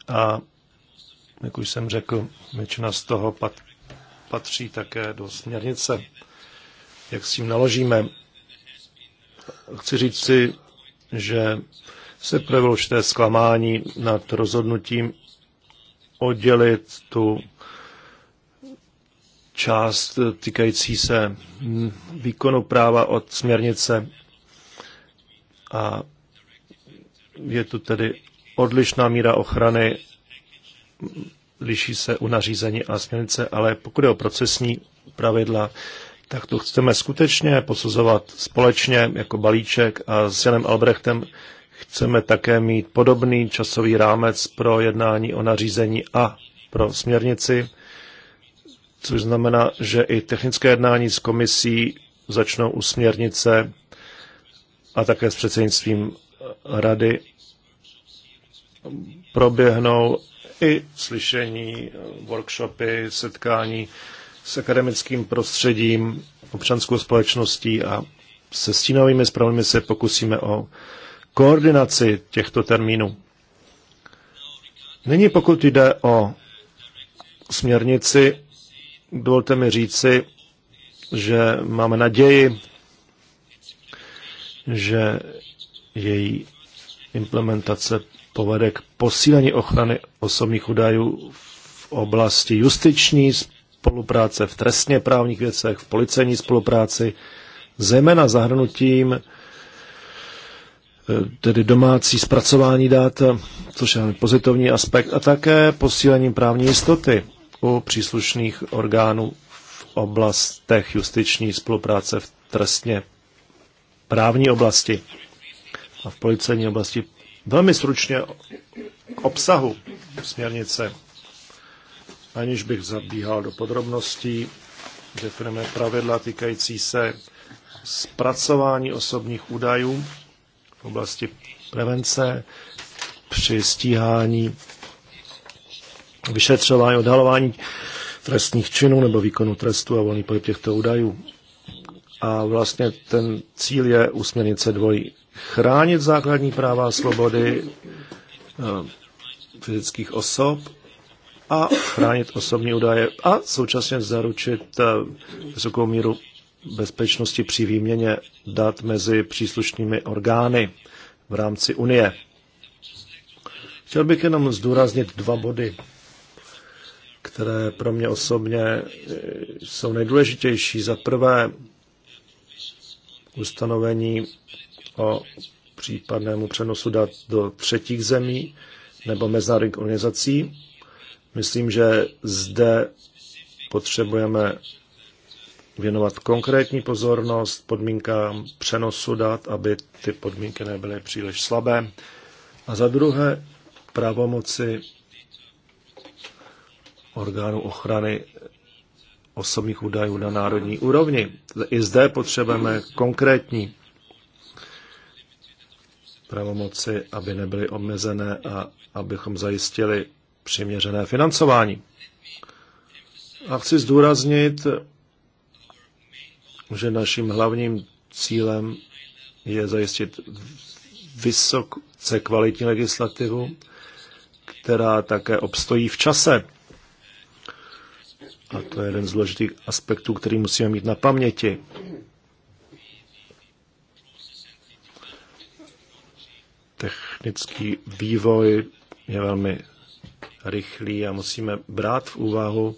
a jak už jsem řekl, většina z toho pat, patří také do směrnice, jak s tím naložíme. Chci říct si, že se projevilo určité zklamání nad rozhodnutím oddělit tu část týkající se výkonu práva od směrnice a je tu tedy odlišná míra ochrany, liší se u nařízení a směrnice, ale pokud je o procesní pravidla, tak to chceme skutečně posuzovat společně jako balíček a s Janem Albrechtem chceme také mít podobný časový rámec pro jednání o nařízení a pro směrnici, což znamená, že i technické jednání s komisí začnou u směrnice a také s předsednictvím rady proběhnou i slyšení, workshopy, setkání s akademickým prostředím, občanskou společností a se stínovými zprávami se pokusíme o koordinaci těchto termínů. Nyní pokud jde o směrnici, dovolte mi říci, že máme naději, že její implementace povede k posílení ochrany osobních údajů v oblasti justiční spolupráce, v trestně právních věcech, v policejní spolupráci, zejména zahrnutím eh, tedy domácí zpracování dat, což je pozitivní aspekt, a také posílením právní jistoty u příslušných orgánů v oblastech justiční spolupráce v trestně právní oblasti a v policejní oblasti. Velmi stručně k obsahu směrnice, aniž bych zabíhal do podrobností, definujeme pravidla týkající se zpracování osobních údajů v oblasti prevence při stíhání, vyšetřování, odhalování trestních činů nebo výkonu trestu a volný pohyb těchto údajů. A vlastně ten cíl je u směrnice dvojí. Chránit základní práva a svobody eh, fyzických osob a chránit osobní údaje a současně zaručit eh, vysokou míru bezpečnosti při výměně dat mezi příslušnými orgány v rámci Unie. Chtěl bych jenom zdůraznit dva body, které pro mě osobně jsou nejdůležitější. Za prvé, ustanovení o případnému přenosu dat do třetích zemí nebo mezinárodních organizací. Myslím, že zde potřebujeme věnovat konkrétní pozornost podmínkám přenosu dat, aby ty podmínky nebyly příliš slabé. A za druhé, pravomoci orgánu ochrany osobních údajů na národní úrovni. I zde potřebujeme konkrétní pravomoci, aby nebyly omezené a abychom zajistili přiměřené financování. A chci zdůraznit, že naším hlavním cílem je zajistit vysoce kvalitní legislativu, která také obstojí v čase a to je jeden z důležitých aspektů, který musíme mít na paměti. Technický vývoj je velmi rychlý a musíme brát v úvahu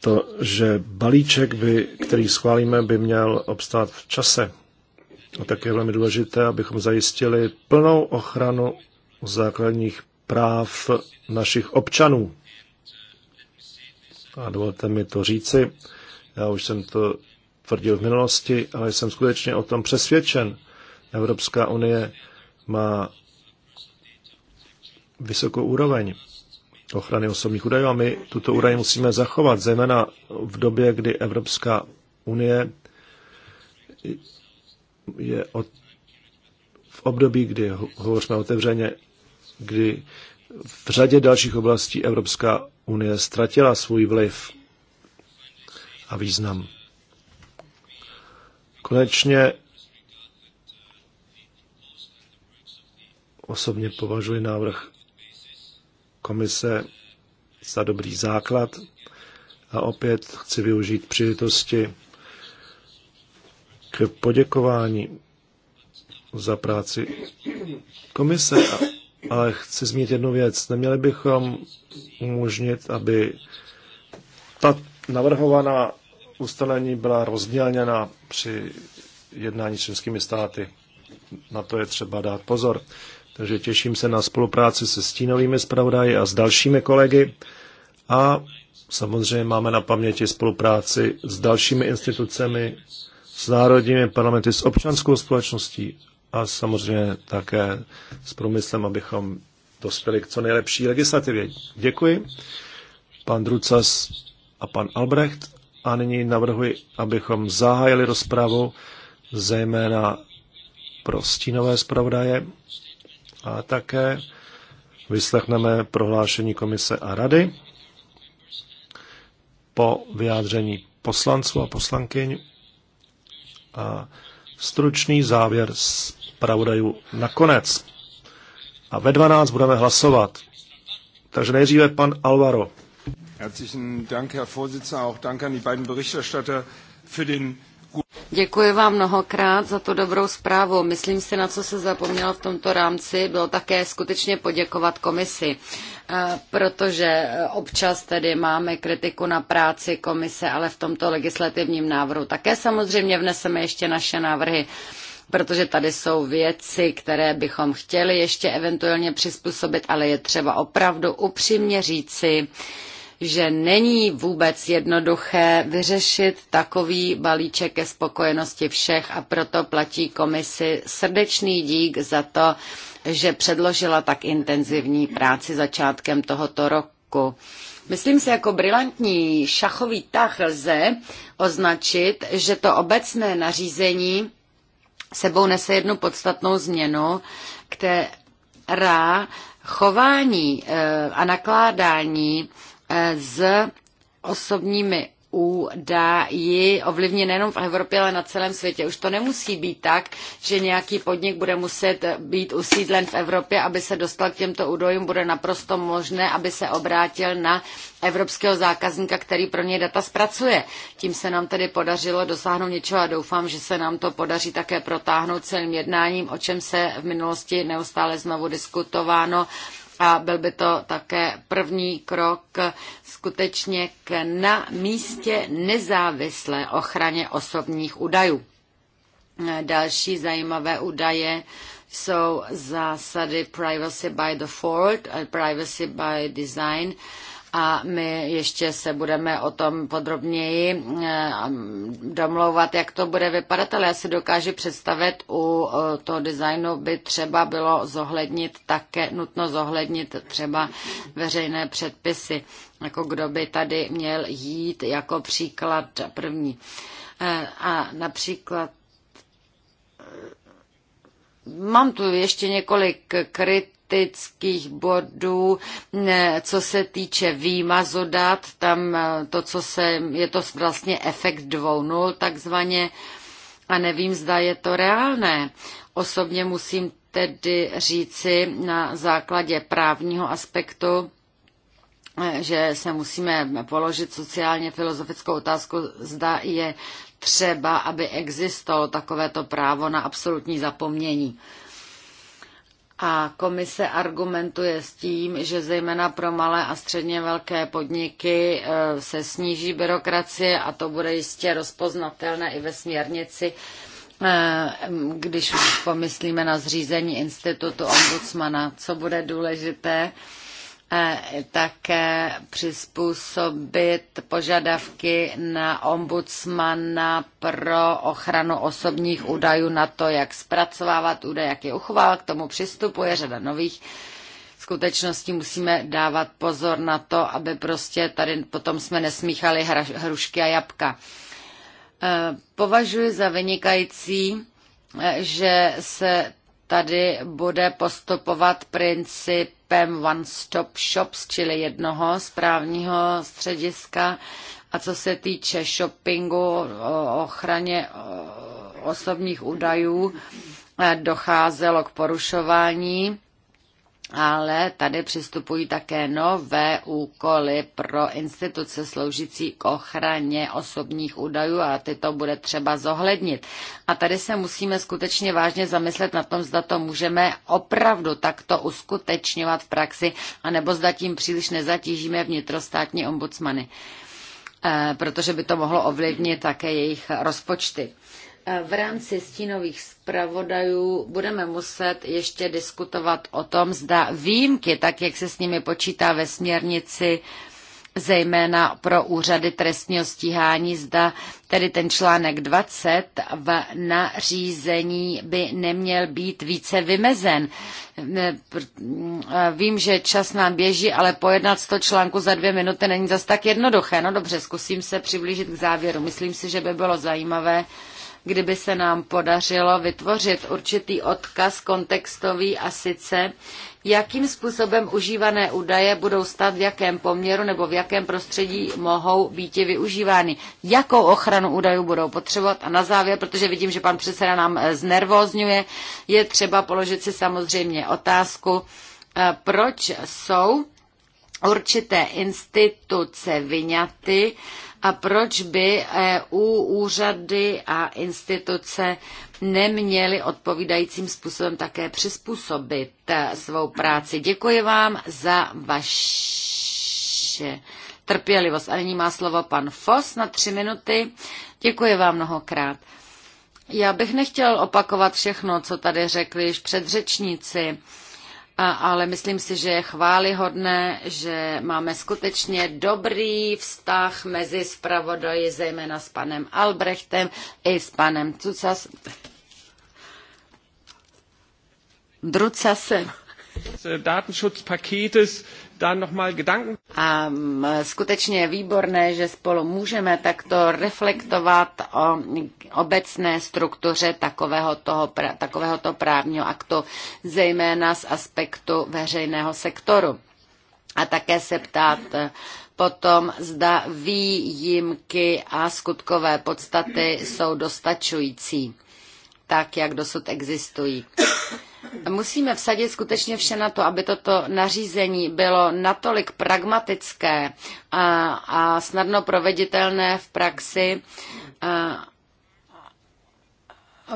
to, že balíček, by, který schválíme, by měl obstát v čase. A také je velmi důležité, abychom zajistili plnou ochranu základních práv našich občanů a dovolte mi to říci, já už jsem to tvrdil v minulosti, ale jsem skutečně o tom přesvědčen. Evropská unie má vysokou úroveň ochrany osobních údajů a my tuto úroveň musíme zachovat, zejména v době, kdy Evropská unie je od, v období, kdy hovoříme otevřeně, kdy v řadě dalších oblastí Evropská unie ztratila svůj vliv a význam. Konečně osobně považuji návrh komise za dobrý základ a opět chci využít příležitosti k poděkování za práci komise a ale chci zmínit jednu věc. Neměli bychom umožnit, aby ta navrhovaná ustanovení byla rozdělněna při jednání s českými státy. Na to je třeba dát pozor. Takže těším se na spolupráci se stínovými zpravodaji a s dalšími kolegy. A samozřejmě máme na paměti spolupráci s dalšími institucemi, s národními parlamenty, s občanskou společností a samozřejmě také s průmyslem, abychom dospěli k co nejlepší legislativě. Děkuji. Pan Drucas a pan Albrecht. A nyní navrhuji, abychom zahájili rozpravu zejména pro stínové zpravodaje a také vyslechneme prohlášení komise a rady po vyjádření poslanců a poslankyň a stručný závěr z zpravodajů nakonec. A ve 12 budeme hlasovat. Takže nejdříve pan Alvaro. Děkuji vám mnohokrát za tu dobrou zprávu. Myslím si, na co se zapomnělo v tomto rámci, bylo také skutečně poděkovat komisi, eh, protože eh, občas tedy máme kritiku na práci komise, ale v tomto legislativním návrhu také samozřejmě vneseme ještě naše návrhy protože tady jsou věci, které bychom chtěli ještě eventuálně přizpůsobit, ale je třeba opravdu upřímně říci, že není vůbec jednoduché vyřešit takový balíček ke spokojenosti všech a proto platí komisi srdečný dík za to, že předložila tak intenzivní práci začátkem tohoto roku. Myslím si, jako brilantní šachový tah lze označit, že to obecné nařízení sebou nese jednu podstatnou změnu, která chování eh, a nakládání eh, s osobními údaji ovlivní nejenom v Evropě, ale na celém světě. Už to nemusí být tak, že nějaký podnik bude muset být usídlen v Evropě, aby se dostal k těmto údajům. Bude naprosto možné, aby se obrátil na evropského zákazníka, který pro něj data zpracuje. Tím se nám tedy podařilo dosáhnout něčeho a doufám, že se nám to podaří také protáhnout celým jednáním, o čem se v minulosti neustále znovu diskutováno a byl by to také první krok skutečně k na místě nezávislé ochraně osobních údajů. Další zajímavé údaje jsou zásady privacy by default a eh, privacy by design, a my ještě se budeme o tom podrobněji eh, domlouvat, jak to bude vypadat, ale já si dokážu představit, u eh, toho designu by třeba bylo zohlednit také, nutno zohlednit třeba veřejné předpisy, jako kdo by tady měl jít jako příklad první. Eh, a například Mám tu ještě několik kryt kritických bodů, co se týče výmazu dat, tam eh, to, co se, je to vlastně efekt 2.0 takzvaně, a nevím, zda je to reálné. Osobně musím tedy říci na základě právního aspektu, eh, že se musíme položit sociálně filozofickou otázku, zda je třeba, aby existovalo takovéto právo na absolutní zapomnění. A komise argumentuje s tím, že zejména pro malé a středně velké podniky eh, se sníží byrokracie a to bude jistě rozpoznatelné i ve směrnici, eh, když už pomyslíme na zřízení institutu ombudsmana, co bude důležité, Eh, také přizpůsobit požadavky na ombudsmana pro ochranu osobních údajů na to, jak zpracovávat údaje, jak je uchovávat, k tomu přistupuje řada nových skutečností musíme dávat pozor na to, aby prostě tady potom jsme nesmíchali hrušky a jabka. Eh, považuji za vynikající, eh, že se tady bude postupovat principem one stop shops, čili jednoho správního střediska. A co se týče shoppingu, ochraně osobních údajů, eh, docházelo k porušování ale tady přistupují také nové úkoly pro instituce sloužící k ochraně osobních údajů a ty to bude třeba zohlednit. A tady se musíme skutečně vážně zamyslet na tom, zda to můžeme opravdu takto uskutečňovat v praxi, anebo zda tím příliš nezatížíme vnitrostátní ombudsmany eh, protože by to mohlo ovlivnit také jejich rozpočty v rámci stínových zpravodajů budeme muset ještě diskutovat o tom, zda výjimky, tak jak se s nimi počítá ve směrnici, zejména pro úřady trestního stíhání, zda tedy ten článek 20 v nařízení by neměl být více vymezen. Vím, že čas nám běží, ale pojednat 100 článku za dvě minuty není zas tak jednoduché. No dobře, zkusím se přiblížit k závěru. Myslím si, že by bylo zajímavé, kdyby se nám podařilo vytvořit určitý odkaz kontextový a sice, jakým způsobem užívané údaje budou stát v jakém poměru nebo v jakém prostředí mohou být využívány, jakou ochranu údajů budou potřebovat a na závěr, protože vidím, že pan předseda nám eh, znervózňuje, je třeba položit si samozřejmě otázku, eh, proč jsou určité instituce vyňaty a proč by EU úřady a instituce neměly odpovídajícím způsobem také přizpůsobit eh, svou práci? Děkuji vám za vaše trpělivost. A nyní má slovo pan Fos na tři minuty. Děkuji vám mnohokrát. Já bych nechtěl opakovat všechno, co tady řekli již předřečníci ale myslím si, že je chválihodné, že máme skutečně dobrý vztah mezi zpravodaji, zejména s panem Albrechtem i s panem Cucas... Drucasem. Datenschutzpaketes skutečně je výborné, že spolu můžeme takto reflektovat o obecné struktuře takového toho, takového toho právního aktu, zejména z aspektu veřejného sektoru. A také se ptát e, potom, zda výjimky a skutkové podstaty jsou dostačující, tak jak dosud existují musíme vsadit skutečně vše na to, aby toto nařízení bylo natolik pragmatické a, a snadno proveditelné v praxi. A,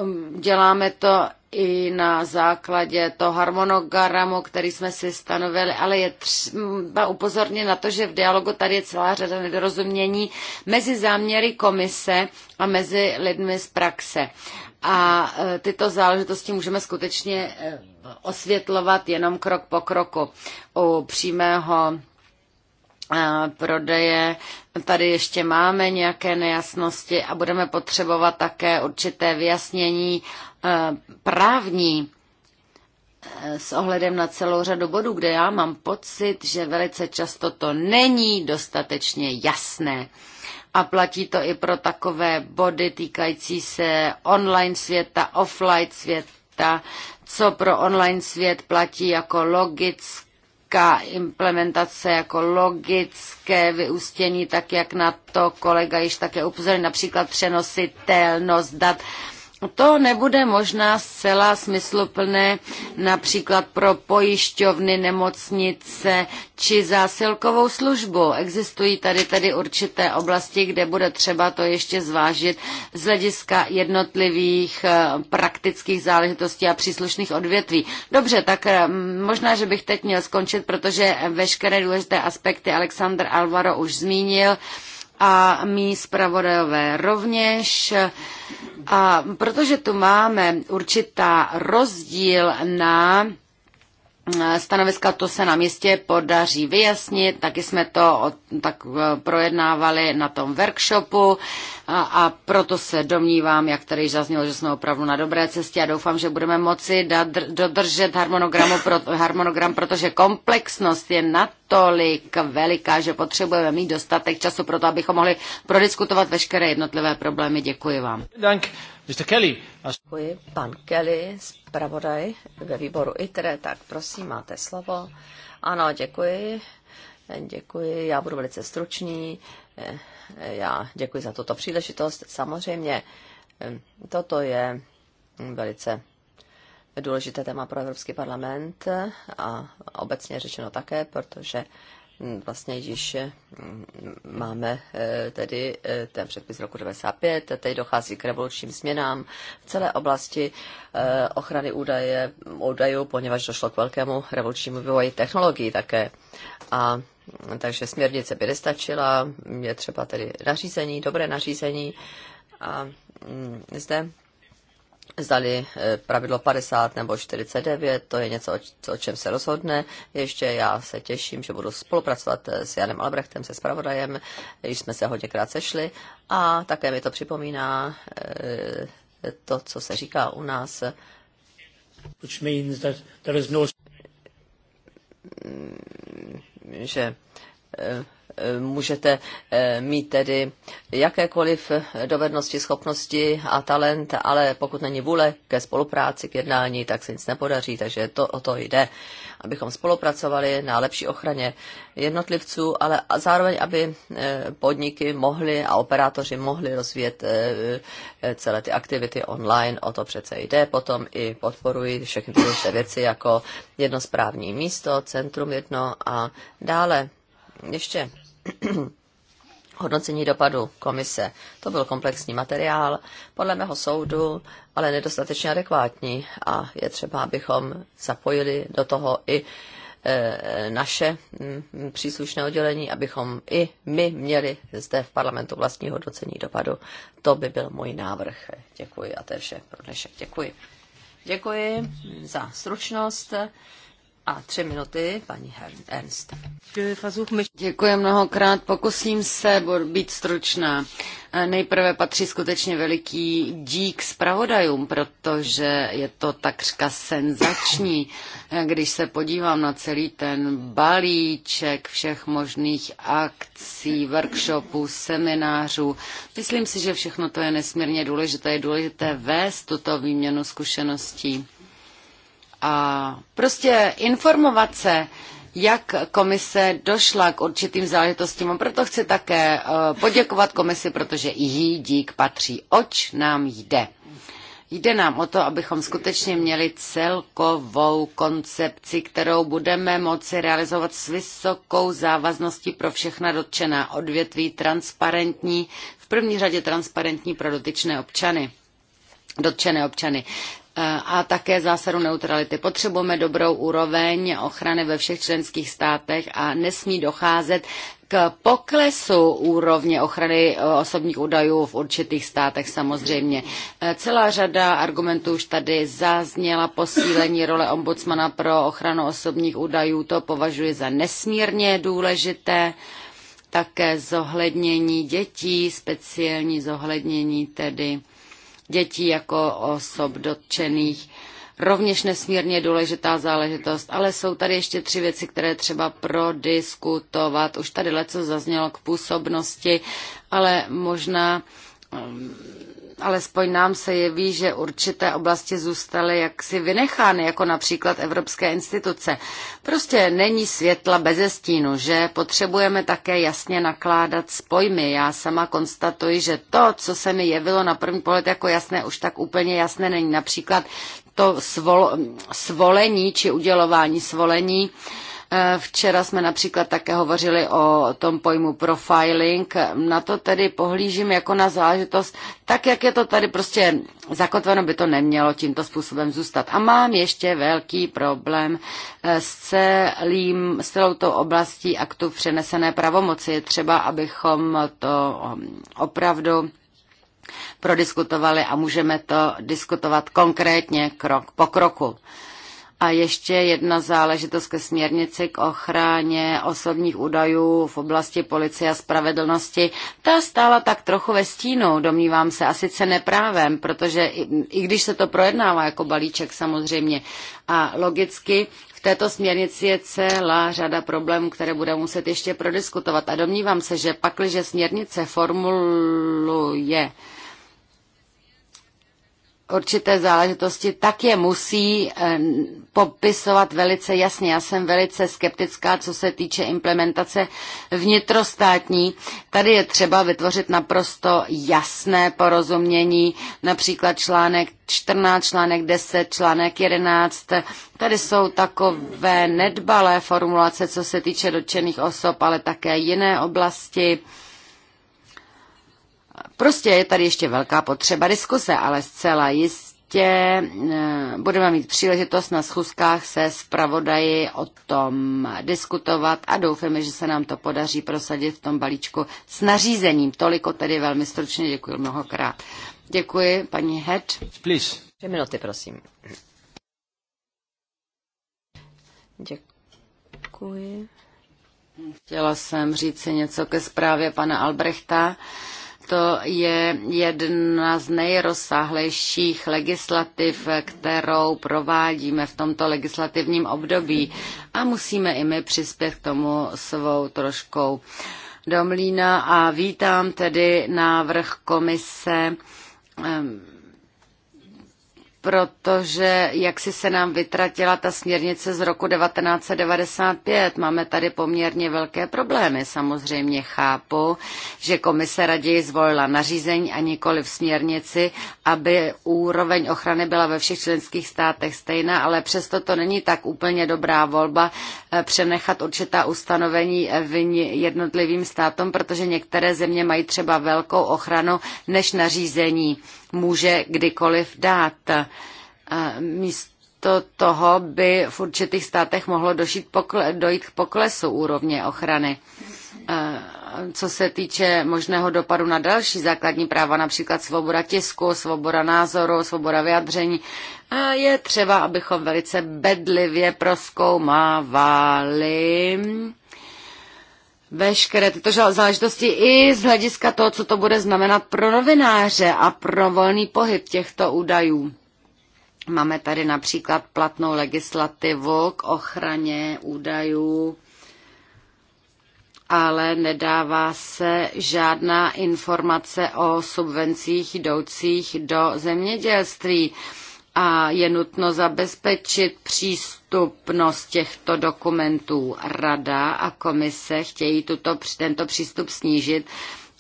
um, děláme to i na základě toho harmonogramu, který jsme si stanovili, ale je třeba upozornit na to, že v dialogu tady je celá řada nedorozumění mezi záměry komise a mezi lidmi z praxe a e, tyto záležitosti můžeme skutečně e, osvětlovat jenom krok po kroku. U přímého e, prodeje. Tady ještě máme nějaké nejasnosti a budeme potřebovat také určité vyjasnění právní s ohledem na celou řadu bodů, kde já mám pocit, že velice často to není dostatečně jasné a platí to i pro takové body týkající se online světa, offline světa, co pro online svět platí jako logické logická implementace, jako logické vyústění, tak jak na to kolega již také upozorňuje, například přenositelnost dat to nebude možná zcela smysluplné například pro pojišťovny, nemocnice či zásilkovou službu. Existují tady tedy určité oblasti, kde bude třeba to ještě zvážit z hlediska jednotlivých eh, praktických záležitostí a příslušných odvětví. Dobře, tak eh, možná, že bych teď měl skončit, protože veškeré důležité aspekty Alexander Alvaro už zmínil a mý zpravodajové rovněž. A protože tu máme určitá rozdíl na eh, stanoviska, to se na místě podaří vyjasnit, taky jsme to tak eh, projednávali na tom workshopu a, a proto se domnívám, jak tady již zaznělo, že jsme opravdu na dobré cestě a doufám, že budeme moci dodržet harmonogramu pro, harmonogram, protože komplexnost je natolik veliká, že potřebujeme mít dostatek času pro to, abychom mohli prodiskutovat veškeré jednotlivé problémy. Děkuji vám. Dank. Mr. Kelly. Děkuji. Pan Kelly, zpravodaj ve výboru ITRE, tak prosím, máte slovo. Ano, děkuji. Děkuji, já budu velice stručný já děkuji za tuto příležitost. Samozřejmě toto je velice důležité téma pro Evropský parlament a obecně řečeno také, protože vlastně již máme e, tedy e, ten předpis roku 95, teď dochází k revolučním změnám v celé oblasti e, ochrany údaje, údajů, poněvadž došlo k velkému revolučnímu vývoji technologií také. A takže směrnice by nestačila, je třeba tedy nařízení, dobré nařízení. A mm, zde zdali e, pravidlo 50 nebo 49, to je něco, o čem se rozhodne. Ještě já se těším, že budu spolupracovat s Janem Albrechtem, se spravodajem, již jsme se hodněkrát sešli a také mi to připomíná e, to, co se říká u nás. Which means that there is no... Mm, že eh, eh, můžete eh, mít tedy jakékoliv dovednosti, schopnosti a talent, ale pokud není vůle ke spolupráci, k jednání, tak se nic nepodaří, takže to o to jde abychom spolupracovali na lepší ochraně jednotlivců, ale a zároveň, aby e, podniky mohly a operátoři mohli rozvíjet e, e, celé ty aktivity online, o to přece jde. Potom i podporují všechny ty věci jako jedno správní místo, centrum jedno a dále ještě hodnocení dopadu komise. To byl komplexní materiál, podle mého soudu, ale nedostatečně adekvátní a je třeba, abychom zapojili do toho i e, naše mm, příslušné oddělení, abychom i my měli zde v parlamentu vlastní hodnocení dopadu. To by byl můj návrh. Děkuji a to je vše pro dnešek. Děkuji. Děkuji za stručnost. A tři minuty, paní Ernst. Děkuji mnohokrát. Pokusím se být stručná. Eh, nejprve patří skutečně veliký dík zpravodajům, protože je to takřka senzační, eh, když se podívám na celý ten balíček všech možných akcí, workshopů, seminářů. Myslím si, že všechno to je nesmírně důležité. Je důležité vést tuto výměnu zkušeností a prostě informovat se, jak komise došla k určitým záležitostím. A proto chci také eh, poděkovat komisi, protože i jí dík patří. Oč nám jde? Jde nám o to, abychom skutečně měli celkovou koncepci, kterou budeme moci realizovat s vysokou závazností pro všechna dotčená odvětví, transparentní, v první řadě transparentní pro dotyčné občany dotčené občany. Eh, a také zásadu neutrality. Potřebujeme dobrou úroveň ochrany ve všech členských státech a nesmí docházet k poklesu úrovně ochrany eh, osobních údajů v určitých státech samozřejmě. Eh, celá řada argumentů už tady zazněla posílení role ombudsmana pro ochranu osobních údajů. To považuji za nesmírně důležité. Také zohlednění dětí, speciální zohlednění tedy dětí jako osob dotčených. Rovněž nesmírně důležitá záležitost, ale jsou tady ještě tři věci, které třeba prodiskutovat. Už tady leco zaznělo k působnosti, ale možná alespoň nám se jeví, že určité oblasti zůstaly jaksi vynechány, jako například evropské instituce. Prostě není světla bez stínu, že potřebujeme také jasně nakládat s pojmy. Já sama konstatuji, že to, co se mi jevilo na první pohled jako jasné, už tak úplně jasné není. Například to svol, svolení či udělování svolení Eh, včera jsme například také hovořili o tom pojmu profiling. Na to tedy pohlížím jako na záležitost, tak jak je to tady prostě zakotveno, by to nemělo tímto způsobem zůstat. A mám ještě velký problém eh, s, celým, s celou tou oblastí aktu přenesené pravomoci. Třeba, abychom to ehm, opravdu prodiskutovali a můžeme to diskutovat konkrétně krok po kroku. A ještě jedna záležitost ke směrnici k ochráně osobních údajů v oblasti policie a spravedlnosti. Ta stála tak trochu ve stínu, domnívám se, a sice neprávem, protože i, i když se to projednává jako balíček samozřejmě a logicky v této směrnici je celá řada problémů, které budeme muset ještě prodiskutovat. A domnívám se, že pakliže směrnice formuluje určité záležitosti, tak je musí eh, popisovat velice jasně. Já jsem velice skeptická, co se týče implementace vnitrostátní. Tady je třeba vytvořit naprosto jasné porozumění, například článek 14, článek 10, článek 11. Tady jsou takové nedbalé formulace, co se týče dotčených osob, ale také jiné oblasti. Prostě je tady ještě velká potřeba diskuse, ale zcela jistě eh, budeme mít příležitost na schůzkách se zpravodaji o tom diskutovat a doufáme, že se nám to podaří prosadit v tom balíčku s nařízením. Toliko tedy velmi stručně děkuji mnohokrát. Děkuji, paní Head. Please. Dvě minuty, prosím. Děkuji. Chtěla jsem říct si něco ke zprávě pana Albrechta to je jedna z nejrozsáhlejších legislativ, kterou provádíme v tomto legislativním období a musíme i my přispět k tomu svou troškou do mlína a vítám tedy návrh komise protože jak si se nám vytratila ta směrnice z roku 1995. Máme tady poměrně velké problémy. Samozřejmě chápu, že komise raději zvolila nařízení a nikoli v směrnici, aby úroveň ochrany byla ve všech členských státech stejná, ale přesto to není tak úplně dobrá volba eh, přenechat určitá ustanovení eh, jednotlivým státům, protože některé země mají třeba velkou ochranu než nařízení může kdykoliv dát. Místo toho by v určitých státech mohlo dojít k poklesu úrovně ochrany. Co se týče možného dopadu na další základní práva, například svoboda tisku, svoboda názoru, svoboda vyjadření, je třeba, abychom velice bedlivě proskoumávali veškeré tyto záležitosti i z hlediska toho, co to bude znamenat pro novináře a pro volný pohyb těchto údajů. Máme tady například platnou legislativu k ochraně údajů, ale nedává se žádná informace o subvencích jdoucích do zemědělství a je nutno zabezpečit přístupnost těchto dokumentů. Rada a komise chtějí tuto, tento přístup snížit,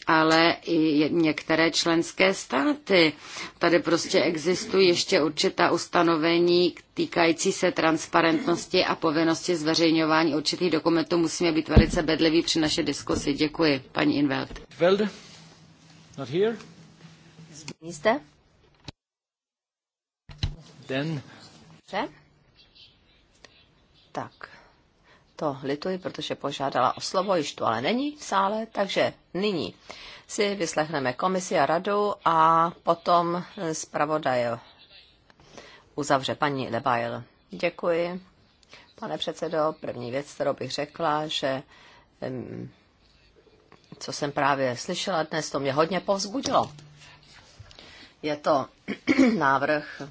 ale i některé členské státy. Tady prostě existují ještě určitá ustanovení týkající se transparentnosti a povinnosti zveřejňování určitých dokumentů. Musíme být velice bedliví při naší diskusi. Děkuji, paní Inveld. Inveld? Not here? den. Dobře. Tak, to lituji, protože požádala o slovo, již tu ale není v sále, takže nyní si vyslechneme komisi a radu a potom zpravodaj uzavře paní Lebajl. Děkuji. Pane předsedo, první věc, kterou bych řekla, že co jsem právě slyšela dnes, to mě hodně povzbudilo. Je to *clears throat* návrh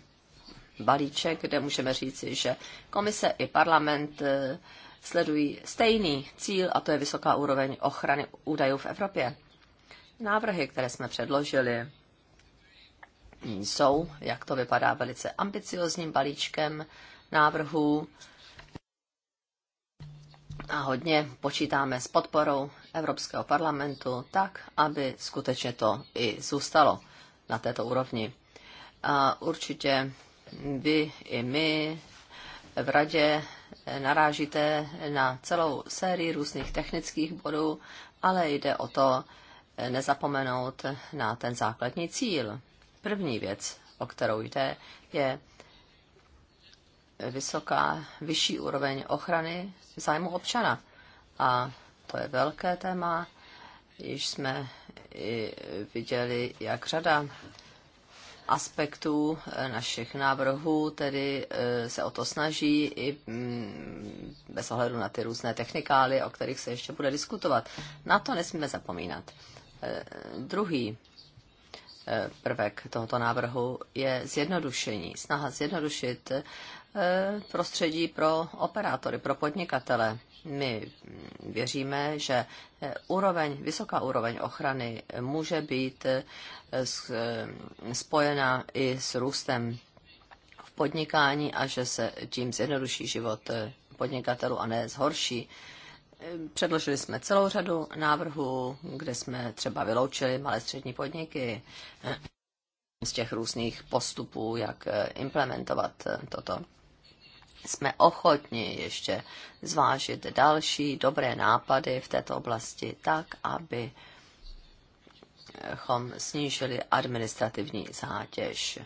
balíček, kde můžeme říci, že komise i parlament eh, sledují stejný cíl, a to je vysoká úroveň ochrany údajů v Evropě. Návrhy, které jsme předložili, jsou, jak to vypadá, velice ambiciozním balíčkem návrhů a hodně počítáme s podporou Evropského parlamentu tak, aby skutečně to i zůstalo na této úrovni. A určitě vy i my v radě narážíte na celou sérii různých technických bodů, ale jde o to nezapomenout na ten základní cíl. První věc, o kterou jde, je vysoká, vyšší úroveň ochrany zájmu občana. A to je velké téma. Již jsme i viděli, jak řada aspektů eh, našich návrhů, tedy eh, se o to snaží i mm, bez ohledu na ty různé technikály, o kterých se ještě bude diskutovat. Na to nesmíme zapomínat. Eh, druhý prvek tohoto návrhu je zjednodušení. Snaha zjednodušit prostředí pro operátory, pro podnikatele my věříme, že úroveň, vysoká úroveň ochrany může být eh, eh, spojena i s růstem v podnikání a že se tím zjednoduší život eh, podnikatelů a ne zhorší. Předložili jsme celou řadu návrhů, kde jsme třeba vyloučili malé střední podniky z těch různých postupů, jak implementovat toto jsme ochotni ještě zvážit další dobré nápady v této oblasti tak, aby chom snížili administrativní zátěž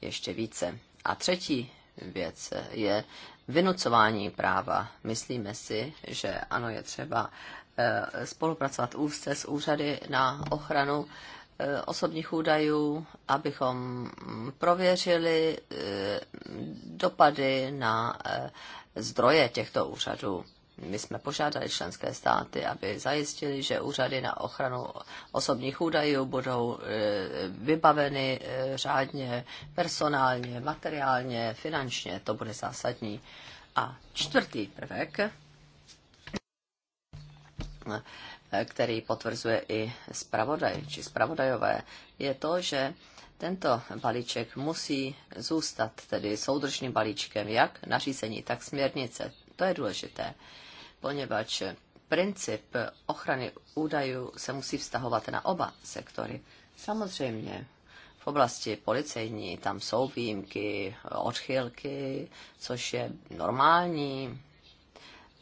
ještě více. A třetí věc je vynucování práva. Myslíme si, že ano, je třeba eh, spolupracovat úzce s úřady na ochranu Eh, osobních údajů, abychom prověřili eh, dopady na eh, zdroje těchto úřadů. My jsme požádali členské státy, aby zajistili, že úřady na ochranu osobních údajů budou vybaveny řádně, personálně, materiálně, finančně. To bude zásadní. A čtvrtý prvek který potvrzuje i zpravodaj či zpravodajové, je to, že tento balíček musí zůstat tedy soudržným balíčkem jak nařízení, tak směrnice. To je důležité, poněvadž princip ochrany údajů se musí vztahovat na oba sektory. Samozřejmě v oblasti policejní tam jsou výjimky, odchylky, což je normální,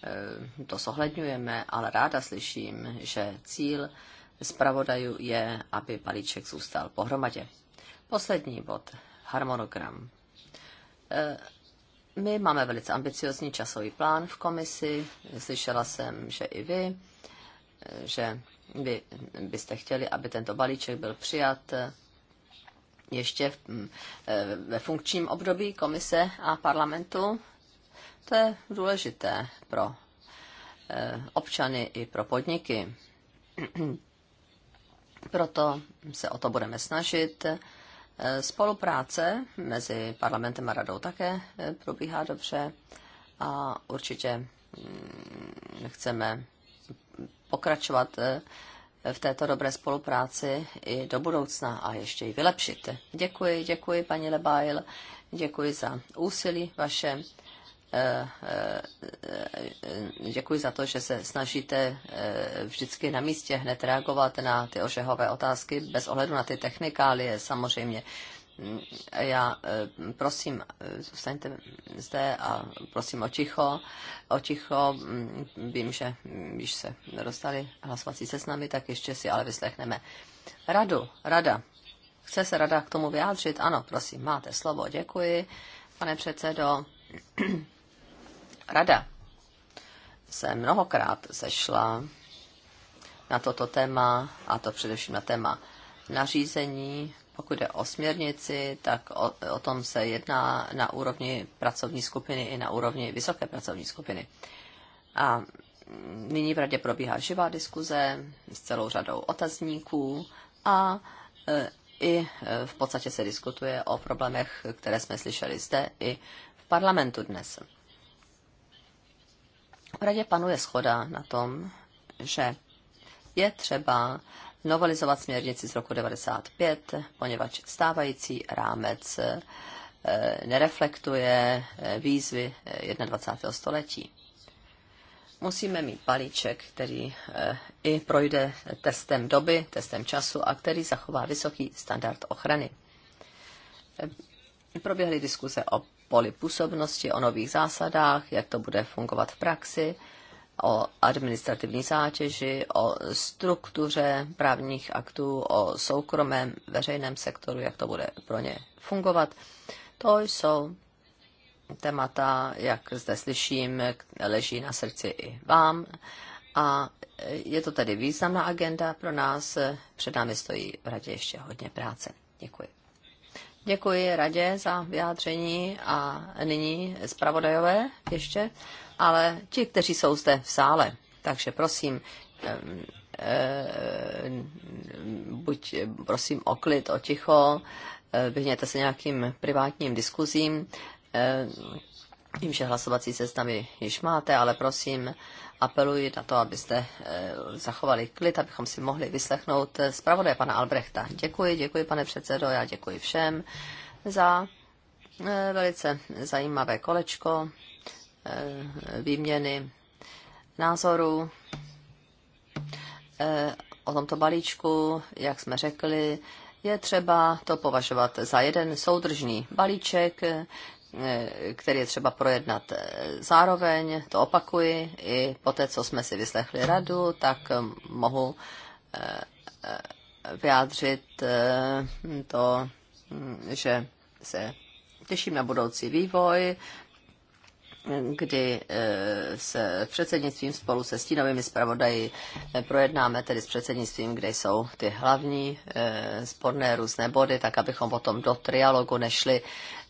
Eh, to zohledňujeme, ale ráda slyším, že cíl zpravodajů je, aby balíček zůstal pohromadě. Poslední bod, harmonogram. Eh, my máme velice ambiciozní časový plán v komisi. Slyšela jsem, že i vy, eh, že vy byste chtěli, aby tento balíček byl přijat ještě mm, ve funkčním období komise a parlamentu to je důležité pro eh, občany i pro podniky. *clears throat* Proto se o to budeme snažit. Eh, spolupráce mezi parlamentem a radou také eh, probíhá dobře a určitě mm, chceme pokračovat v této dobré spolupráci i do budoucna a ještě ji vylepšit. Děkuji, děkuji paní Lebail, děkuji za úsilí vaše Eh, eh, děkuji za to, že se snažíte eh, vždycky na místě hned reagovat na ty ožehové otázky bez ohledu na ty technikálie samozřejmě. Mm, já prosím, zůstaňte zde a prosím o ticho. O ticho mm, vím, že mm, když se dostali hlasovací se s námi, tak ještě si ale vyslechneme radu. Rada. Chce se rada k tomu vyjádřit? Ano, prosím, máte slovo. Děkuji, pane předsedo. *clears throat* Rada se mnohokrát sešla na toto téma, a to především na téma nařízení. Pokud je o směrnici, tak o, o tom se jedná na úrovni pracovní skupiny i na úrovni vysoké pracovní skupiny. A nyní v radě probíhá živá diskuze s celou řadou otazníků a e, i e, v podstatě se diskutuje o problémech, které jsme slyšeli zde i v parlamentu dnes. V radě panuje schoda na tom, že je třeba novelizovat směrnici z roku 95, poněvadž stávající rámec eh, nereflektuje eh, výzvy 21. Eh, století. Musíme mít balíček, který i projde testem doby, testem času a který zachová vysoký standard ochrany. Proběhly diskuze o poli působnosti, o nových zásadách, jak to bude fungovat v praxi, o administrativní zátěži, o struktuře právních aktů, o soukromém veřejném sektoru, jak to bude pro ně fungovat. To jsou témata, jak zde slyším, leží na srdci i vám. A je to tedy významná agenda pro nás. Před námi stojí v radě ještě hodně práce. Děkuji. Děkuji radě za vyjádření a nyní zpravodajové ještě, ale ti, kteří jsou zde v sále. Takže prosím, buď prosím o klid, o ticho, eh, vyhněte se nějakým privátním diskuzím eh, Vím, že hlasovací seznamy již máte, ale prosím, apeluji na to, abyste eh, zachovali klid, abychom si mohli vyslechnout eh, zpravodaje pana Albrechta. Děkuji, děkuji pane předsedo, já děkuji všem za eh, velice zajímavé kolečko výměny názorů o tomto balíčku, jak jsme řekli, je třeba to považovat za jeden soudržný balíček, E, který je třeba projednat e, zároveň, to opakuji, i po té, co jsme si vyslechli radu, tak mohu e, vyjádřit to, že se těším na budoucí vývoj, kdy eh, se předsednictvím spolu se stínovými zpravodaji eh, projednáme tedy s předsednictvím, kde jsou ty hlavní eh, sporné různé body, tak abychom potom do trialogu nešli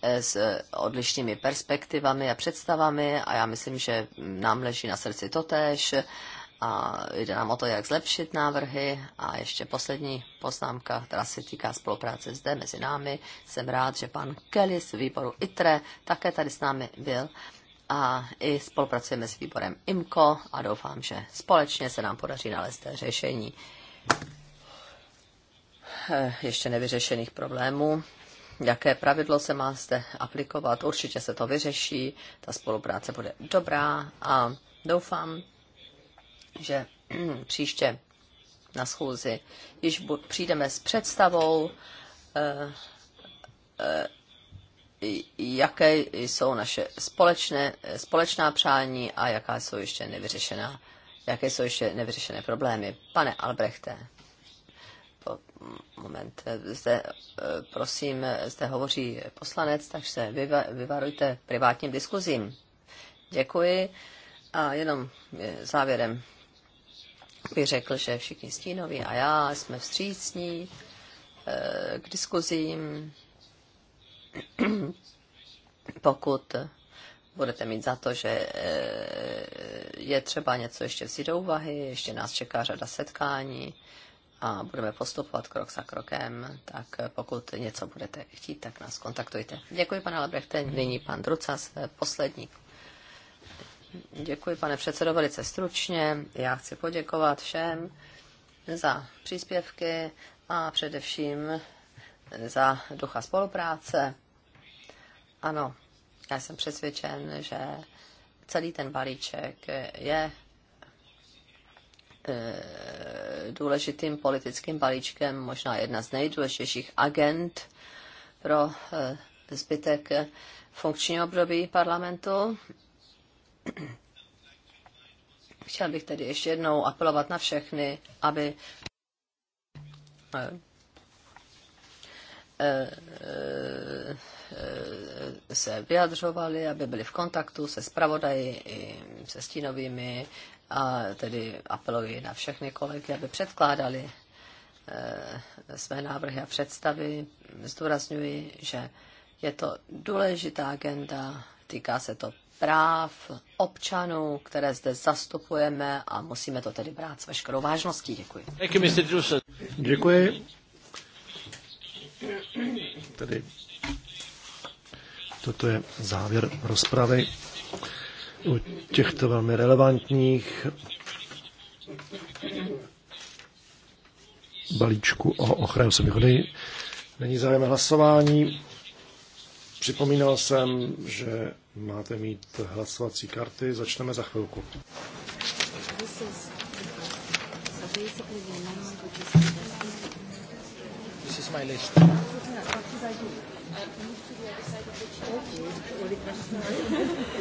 s odlišnými perspektivami a představami a já myslím, že nám leží na srdci totéž a jde nám o to, jak zlepšit návrhy. A ještě poslední poznámka, která se týká spolupráce zde mezi námi. Jsem rád, že pan Kelly z výboru ITRE také tady s námi byl a i spolupracujeme s výborem IMCO a doufám, že společně se nám podaří nalézt řešení eh, ještě nevyřešených problémů. Jaké pravidlo se má zde aplikovat? Určitě se to vyřeší, ta spolupráce bude dobrá a doufám, že *clears throat* příště na schůzi již přijdeme s představou eh, eh, jaké jsou naše společné, společná přání a jaká jsou ještě nevyřešená, jaké jsou ještě nevyřešené problémy. Pane Albrechte, po, moment, zde, eh, prosím, zde hovoří poslanec, takže se vyva, vyvarujte privátním diskuzím. Děkuji a jenom eh, závěrem bych řekl, že všichni stínoví a já jsme vstřícní eh, k diskuzím *clears throat* pokud budete mít za to, že eh, je třeba něco ještě vzít do úvahy, ještě nás čeká řada setkání a budeme postupovat krok za krokem, tak pokud něco budete chtít, tak nás kontaktujte. Děkuji, pane Lebrechte, nyní pan Drucas, poslední. Děkuji, pane předsedo, velice stručně. Já chci poděkovat všem za příspěvky a především za ducha spolupráce. Ano, já jsem přesvědčen, že celý ten balíček je eh, důležitým politickým balíčkem, možná jedna z nejdůležitějších agent pro eh, zbytek funkčního období parlamentu. Chtěl bych tedy ještě jednou apelovat na všechny, aby eh, se vyjadřovali, aby byli v kontaktu se spravodaji i se stínovými a tedy apeluji na všechny kolegy, aby předkládali eh, své návrhy a představy. Zdůrazňuji, že je to důležitá agenda, týká se to práv občanů, které zde zastupujeme a musíme to tedy brát s veškerou vážností. Děkuji. Děkuji tedy toto je závěr rozpravy u těchto velmi relevantních balíčku o ochraně osobní hody. Není zájem hlasování. Připomínal jsem, že máte mít hlasovací karty. Začneme za chvilku. This is my list.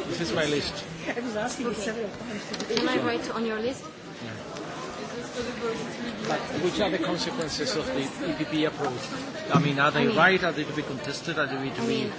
This is my list. I was asking several times. Am I right on your list? But which are the consequences of the EPP approach? I mean, are they I mean, right? Are they to be contested? Are they to be? I mean,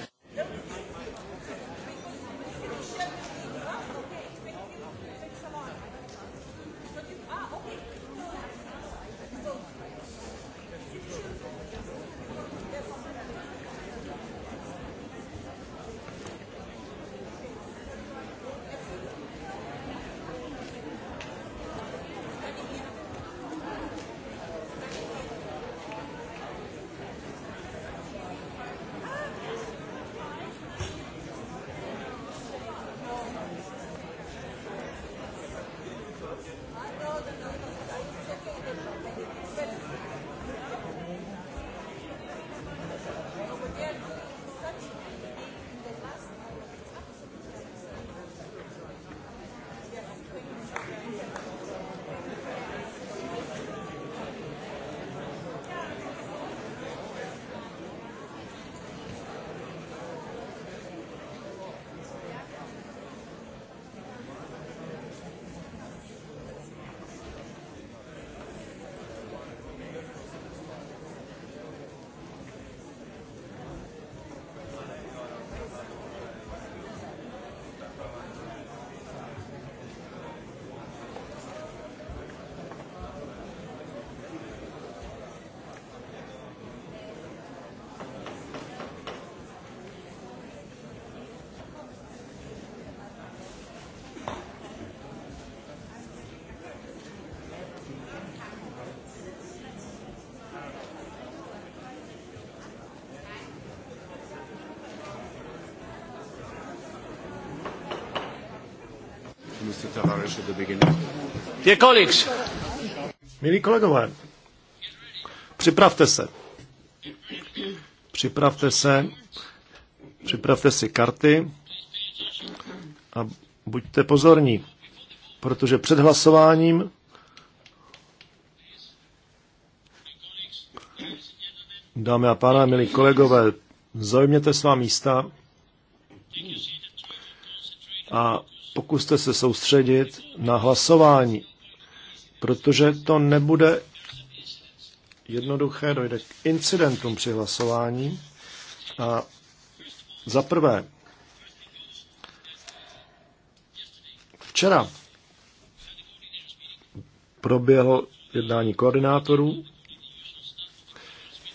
Milí kolegové, připravte se. Připravte se, připravte si karty a buďte pozorní, protože před hlasováním Dámy a pánové, milí kolegové, zaujměte svá místa a pokuste se soustředit na hlasování, protože to nebude jednoduché, dojde k incidentům při hlasování. A za prvé, včera proběhlo jednání koordinátorů,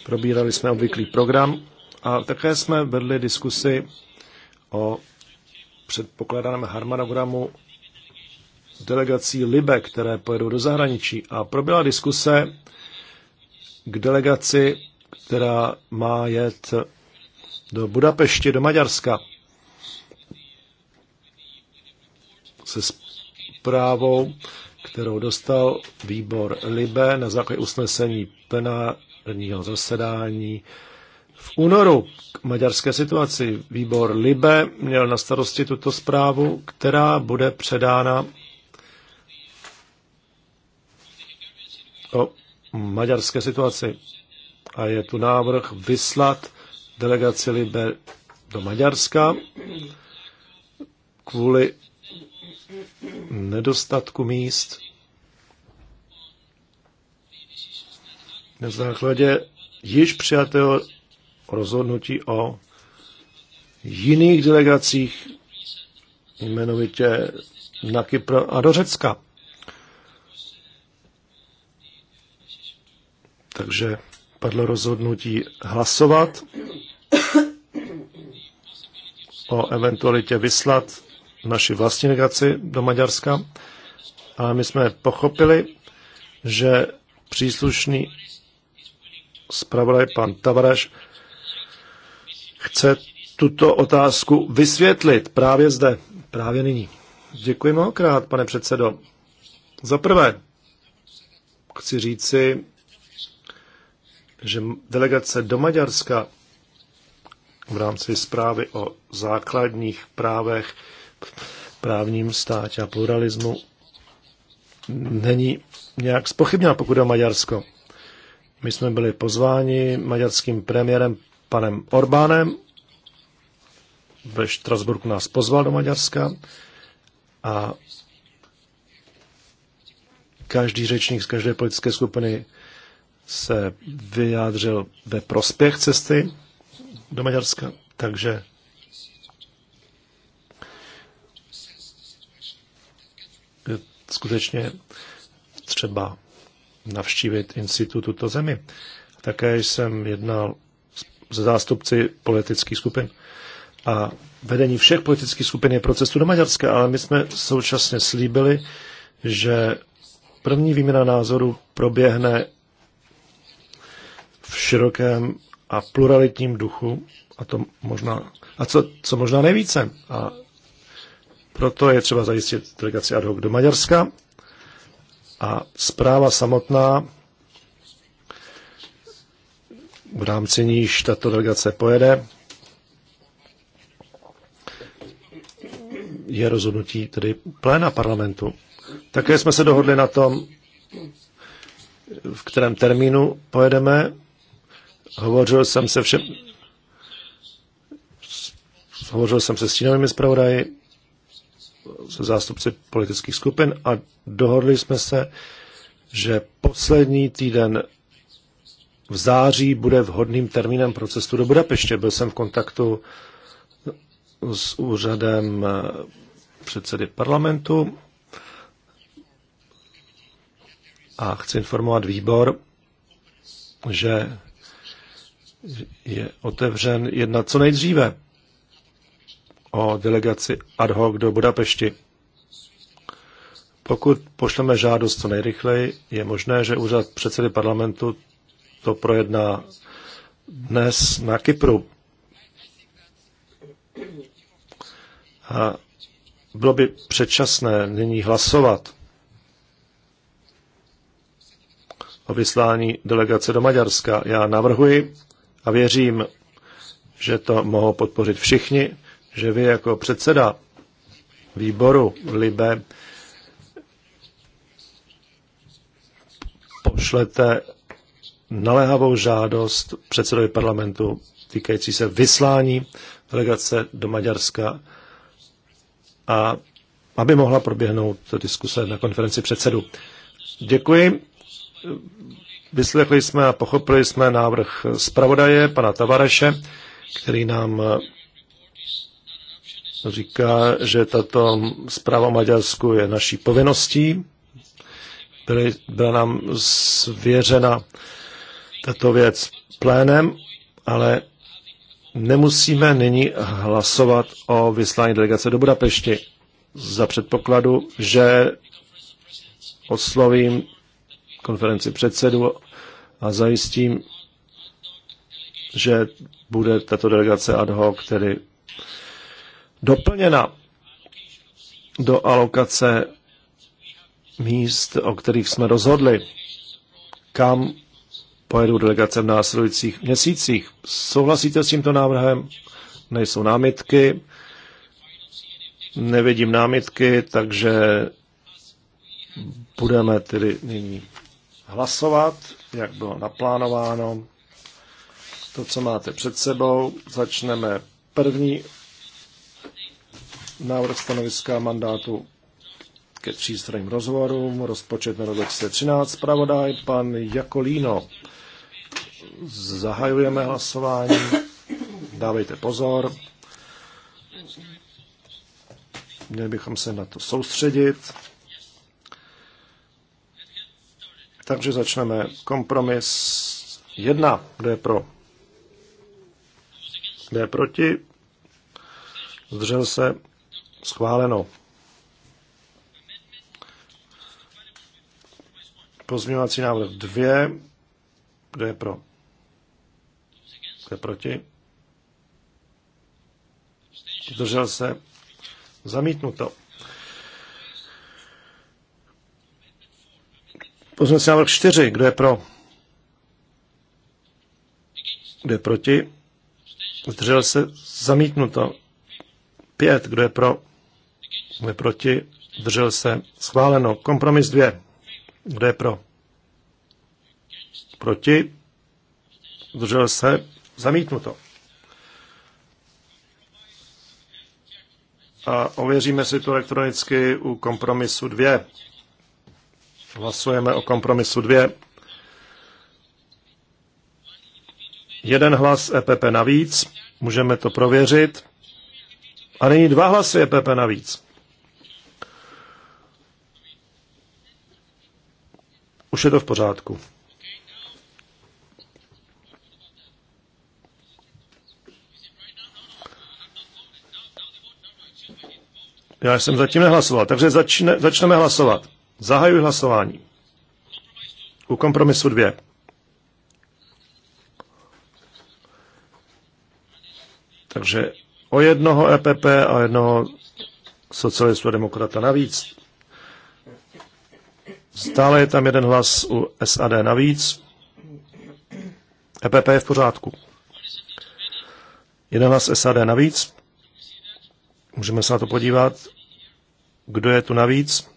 probírali jsme obvyklý program a také jsme vedli diskusy o předpokládaném harmonogramu delegací Libe, které pojedou do zahraničí. A proběhla diskuse k delegaci, která má jet do Budapešti, do Maďarska se zprávou, kterou dostal výbor Libe na základě usnesení plenárního zasedání v únoru k maďarské situaci výbor Libe měl na starosti tuto zprávu, která bude předána o maďarské situaci. A je tu návrh vyslat delegaci Libe do Maďarska kvůli nedostatku míst na základě již přijatého rozhodnutí o jiných delegacích, jmenovitě na Kypr a do Řecka. Takže padlo rozhodnutí hlasovat o eventualitě vyslat naši vlastní delegaci do Maďarska, ale my jsme pochopili, že příslušný zpravodaj pan Tavareš chce tuto otázku vysvětlit právě zde, právě nyní. Děkuji mnohokrát, pane předsedo. Za prvé, chci říci, že delegace do Maďarska v rámci zprávy o základních právech v právním státě a pluralismu není nějak spochybněna, pokud je Maďarsko. My jsme byli pozváni maďarským premiérem panem Orbánem. Ve Štrasburku nás pozval do Maďarska a každý řečník z každé politické skupiny se vyjádřil ve prospěch cesty do Maďarska, takže skutečně třeba navštívit institut tuto zemi. Také jsem jednal se zástupci politických skupin. A vedení všech politických skupin je procesu do Maďarska, ale my jsme současně slíbili, že první výměna názorů proběhne v širokém a pluralitním duchu a to možná, a co, co možná nejvíce. A proto je třeba zajistit delegaci ad hoc do Maďarska a zpráva samotná v rámci níž tato delegace pojede. Je rozhodnutí tedy pléna parlamentu. Také jsme se dohodli na tom, v kterém termínu pojedeme. Hovořil jsem se všem, hovořil jsem se stínovými zpravodaji, se zástupci politických skupin a dohodli jsme se, že poslední týden v září bude vhodným termínem pro cestu do Budapeště. Byl jsem v kontaktu s úřadem eh, předsedy parlamentu a chci informovat výbor, že je otevřen jedna co nejdříve o delegaci ad hoc do Budapešti. Pokud pošleme žádost co nejrychleji, je možné, že úřad předsedy parlamentu to projedná dnes na Kypru. A bylo by předčasné nyní hlasovat o vyslání delegace do Maďarska. Já navrhuji a věřím, že to mohou podpořit všichni, že vy jako předseda výboru Libe pošlete naléhavou žádost předsedovi parlamentu týkající se vyslání delegace do Maďarska a aby mohla proběhnout diskuse na konferenci předsedu. Děkuji. Vyslechli jsme a pochopili jsme návrh zpravodaje, pana Tavareše, který nám říká, že tato zpráva Maďarsku je naší povinností. Byly, byla nám svěřena tato věc plénem, ale nemusíme nyní hlasovat o vyslání delegace do Budapešti za předpokladu, že oslovím konferenci předsedu a zajistím, že bude tato delegace ad hoc tedy doplněna do alokace míst, o kterých jsme rozhodli, kam pojedou delegace v následujících měsících. Souhlasíte s tímto návrhem? Nejsou námitky. Nevidím námitky, takže budeme tedy nyní hlasovat, jak bylo naplánováno. To, co máte před sebou, začneme první návrh stanoviska mandátu ke třístranným rozhovorům. Rozpočet na rok 2013, pravodaj pan Jakolíno. Zahajujeme hlasování. Dávejte pozor. Měli bychom se na to soustředit. Takže začneme. Kompromis 1. Kdo je pro? Kdo je proti? Zdržel se? Schváleno. Pozměňovací návrh 2. Kdo je pro? Kdo je proti? Zdržel se? Zamítnuto. Pozměňovací návrh 4. Kdo je pro? Kdo je proti? Zdržel se? Zamítnuto. 5. Kdo je pro? Kdo je proti? Zdržel se? Schváleno. Kompromis 2. Kdo je pro? Proti? Zdržel se? Zamítnuto. A ověříme si to elektronicky u kompromisu 2. Hlasujeme o kompromisu 2. Jeden hlas EPP navíc, můžeme to prověřit. A nyní dva hlasy EPP navíc. Už je to v pořádku. Já jsem zatím nehlasoval, takže začne, začneme hlasovat. Zahajuji hlasování. U kompromisu dvě. Takže o jednoho EPP a jednoho socialistu a demokrata navíc. Stále je tam jeden hlas u SAD navíc. EPP je v pořádku. Jeden hlas SAD navíc. Můžeme se na to podívat. Kdo je tu navíc?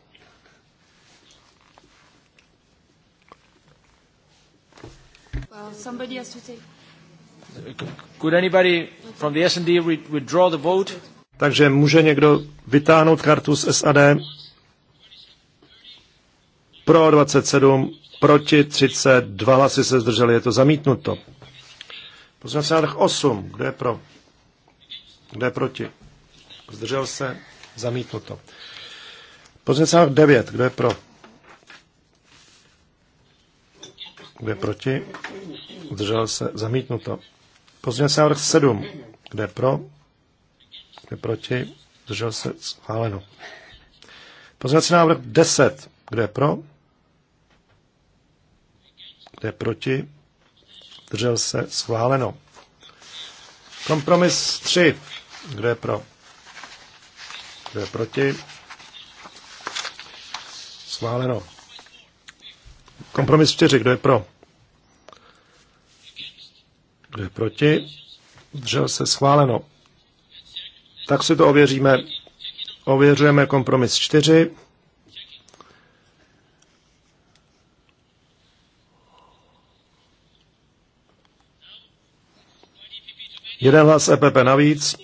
Could anybody from the S&D withdraw the vote? Takže může někdo vytáhnout kartu z SAD? pro 27, proti 32 hlasy se zdrželi, je to zamítnuto. Pozměňovací návrh 8, kdo je pro? Kdo je proti? Zdržel se, zamítnuto. Pozměňovací návrh 9, kdo je pro? Kdo je proti? Zdržel se, zamítnuto. Pozměňovací návrh 7, kdo je pro? Kdo je proti? Zdržel se, schváleno. Pozměňovací návrh 10, kdo je pro? Kdo je proti? Držel se? Schváleno. Kompromis 3. Kdo je pro? Kdo je proti? Schváleno. Kompromis 4. Kdo je pro? Kdo je proti? Držel se? Schváleno. Tak si to ověříme. Ověřujeme kompromis 4. Jeden hlas EPP navíc.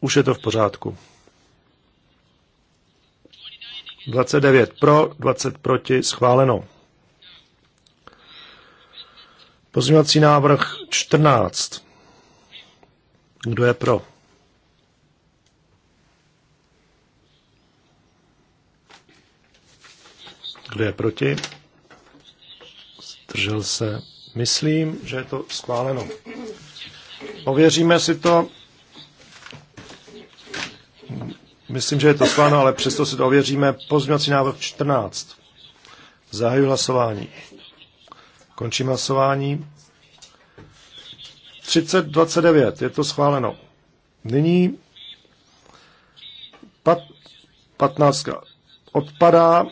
Už je to v pořádku. 29 pro, 20 proti, schváleno. Pozměňovací návrh 14. Kdo je pro? Kdo je proti? Zdržel se Myslím, že je to schváleno. Ověříme si to. Myslím, že je to schváleno, ale přesto si to ověříme. Pozměňovací návrh 14. Zahajuji hlasování. Končím hlasování. 3029, je to schváleno. Nyní pat, 15. Odpadá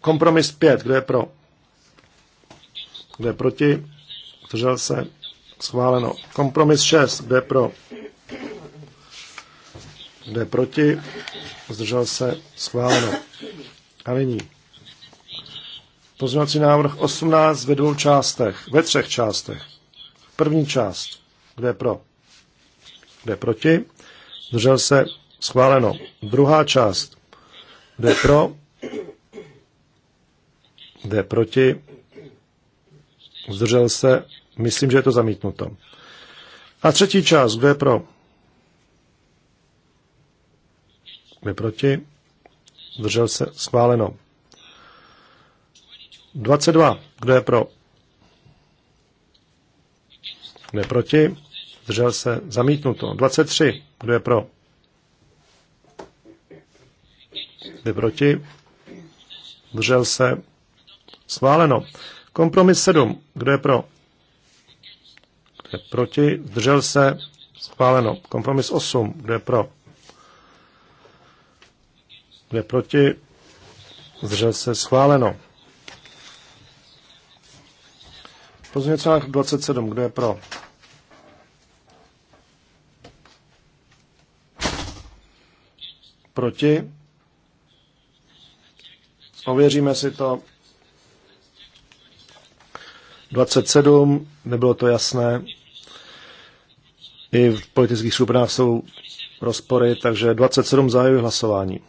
kompromis 5, Kdo je pro? Kdo je proti? Zdržel se? Schváleno. Kompromis 6. Kdo je pro? Kdo je proti? Zdržel se? Schváleno. A nyní. Pozměňovací návrh 18 ve dvou částech, ve třech částech. První část. Kdo je pro? Kdo je proti? Zdržel se? Schváleno. Druhá část. Kdo je pro? Kdo je proti? zdržel se, myslím, že je to zamítnuto. A třetí část, kdo je pro? Kdo je proti? Zdržel se, schváleno. 22, kdo je pro? Kdo je proti? Zdržel se, zamítnuto. 23, kdo je pro? Kdo je proti? Zdržel se, schváleno. Kompromis 7. Kdo je pro? Kdo je proti? Zdržel se? Schváleno. Kompromis 8. Kdo je pro? Kdo je proti? Zdržel se? Schváleno. Pozměňovací návrh 27. Kdo je pro? Proti? Ověříme si to. 27, nebylo to jasné. I v politických skupinách jsou rozpory, takže 27 zahajuje hlasování.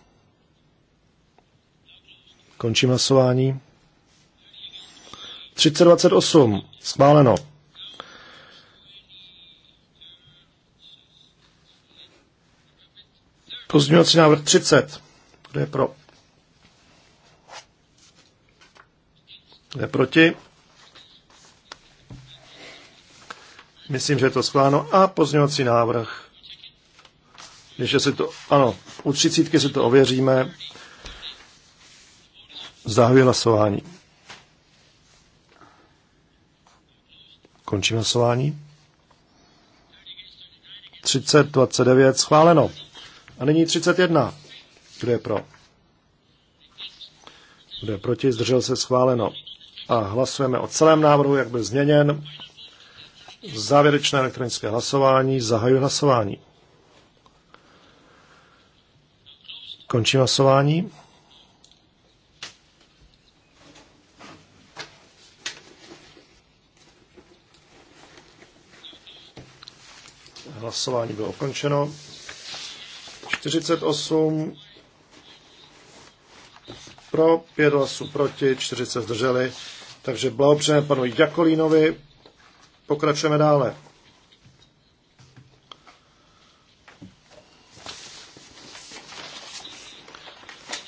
Končím hlasování. 328. Schváleno. Pozměňovací návrh 30. Kdo je pro? Kdo je proti? Myslím, že je to schváleno. A pozměňovací návrh. když si to, ano, u třicítky si to ověříme. Zahajuji hlasování. Končím hlasování. 30, 29, schváleno. A nyní 31. Kdo je pro? Kdo je proti? Zdržel se schváleno. A hlasujeme o celém návrhu, jak byl změněn. Závěrečné elektronické hlasování. Zahajuji hlasování. Končím hlasování. Hlasování bylo ukončeno. 48 pro, 5 hlasů proti, 40 zdrželi. Takže blahopřejeme panu Jakolínovi, Pokračujeme dále.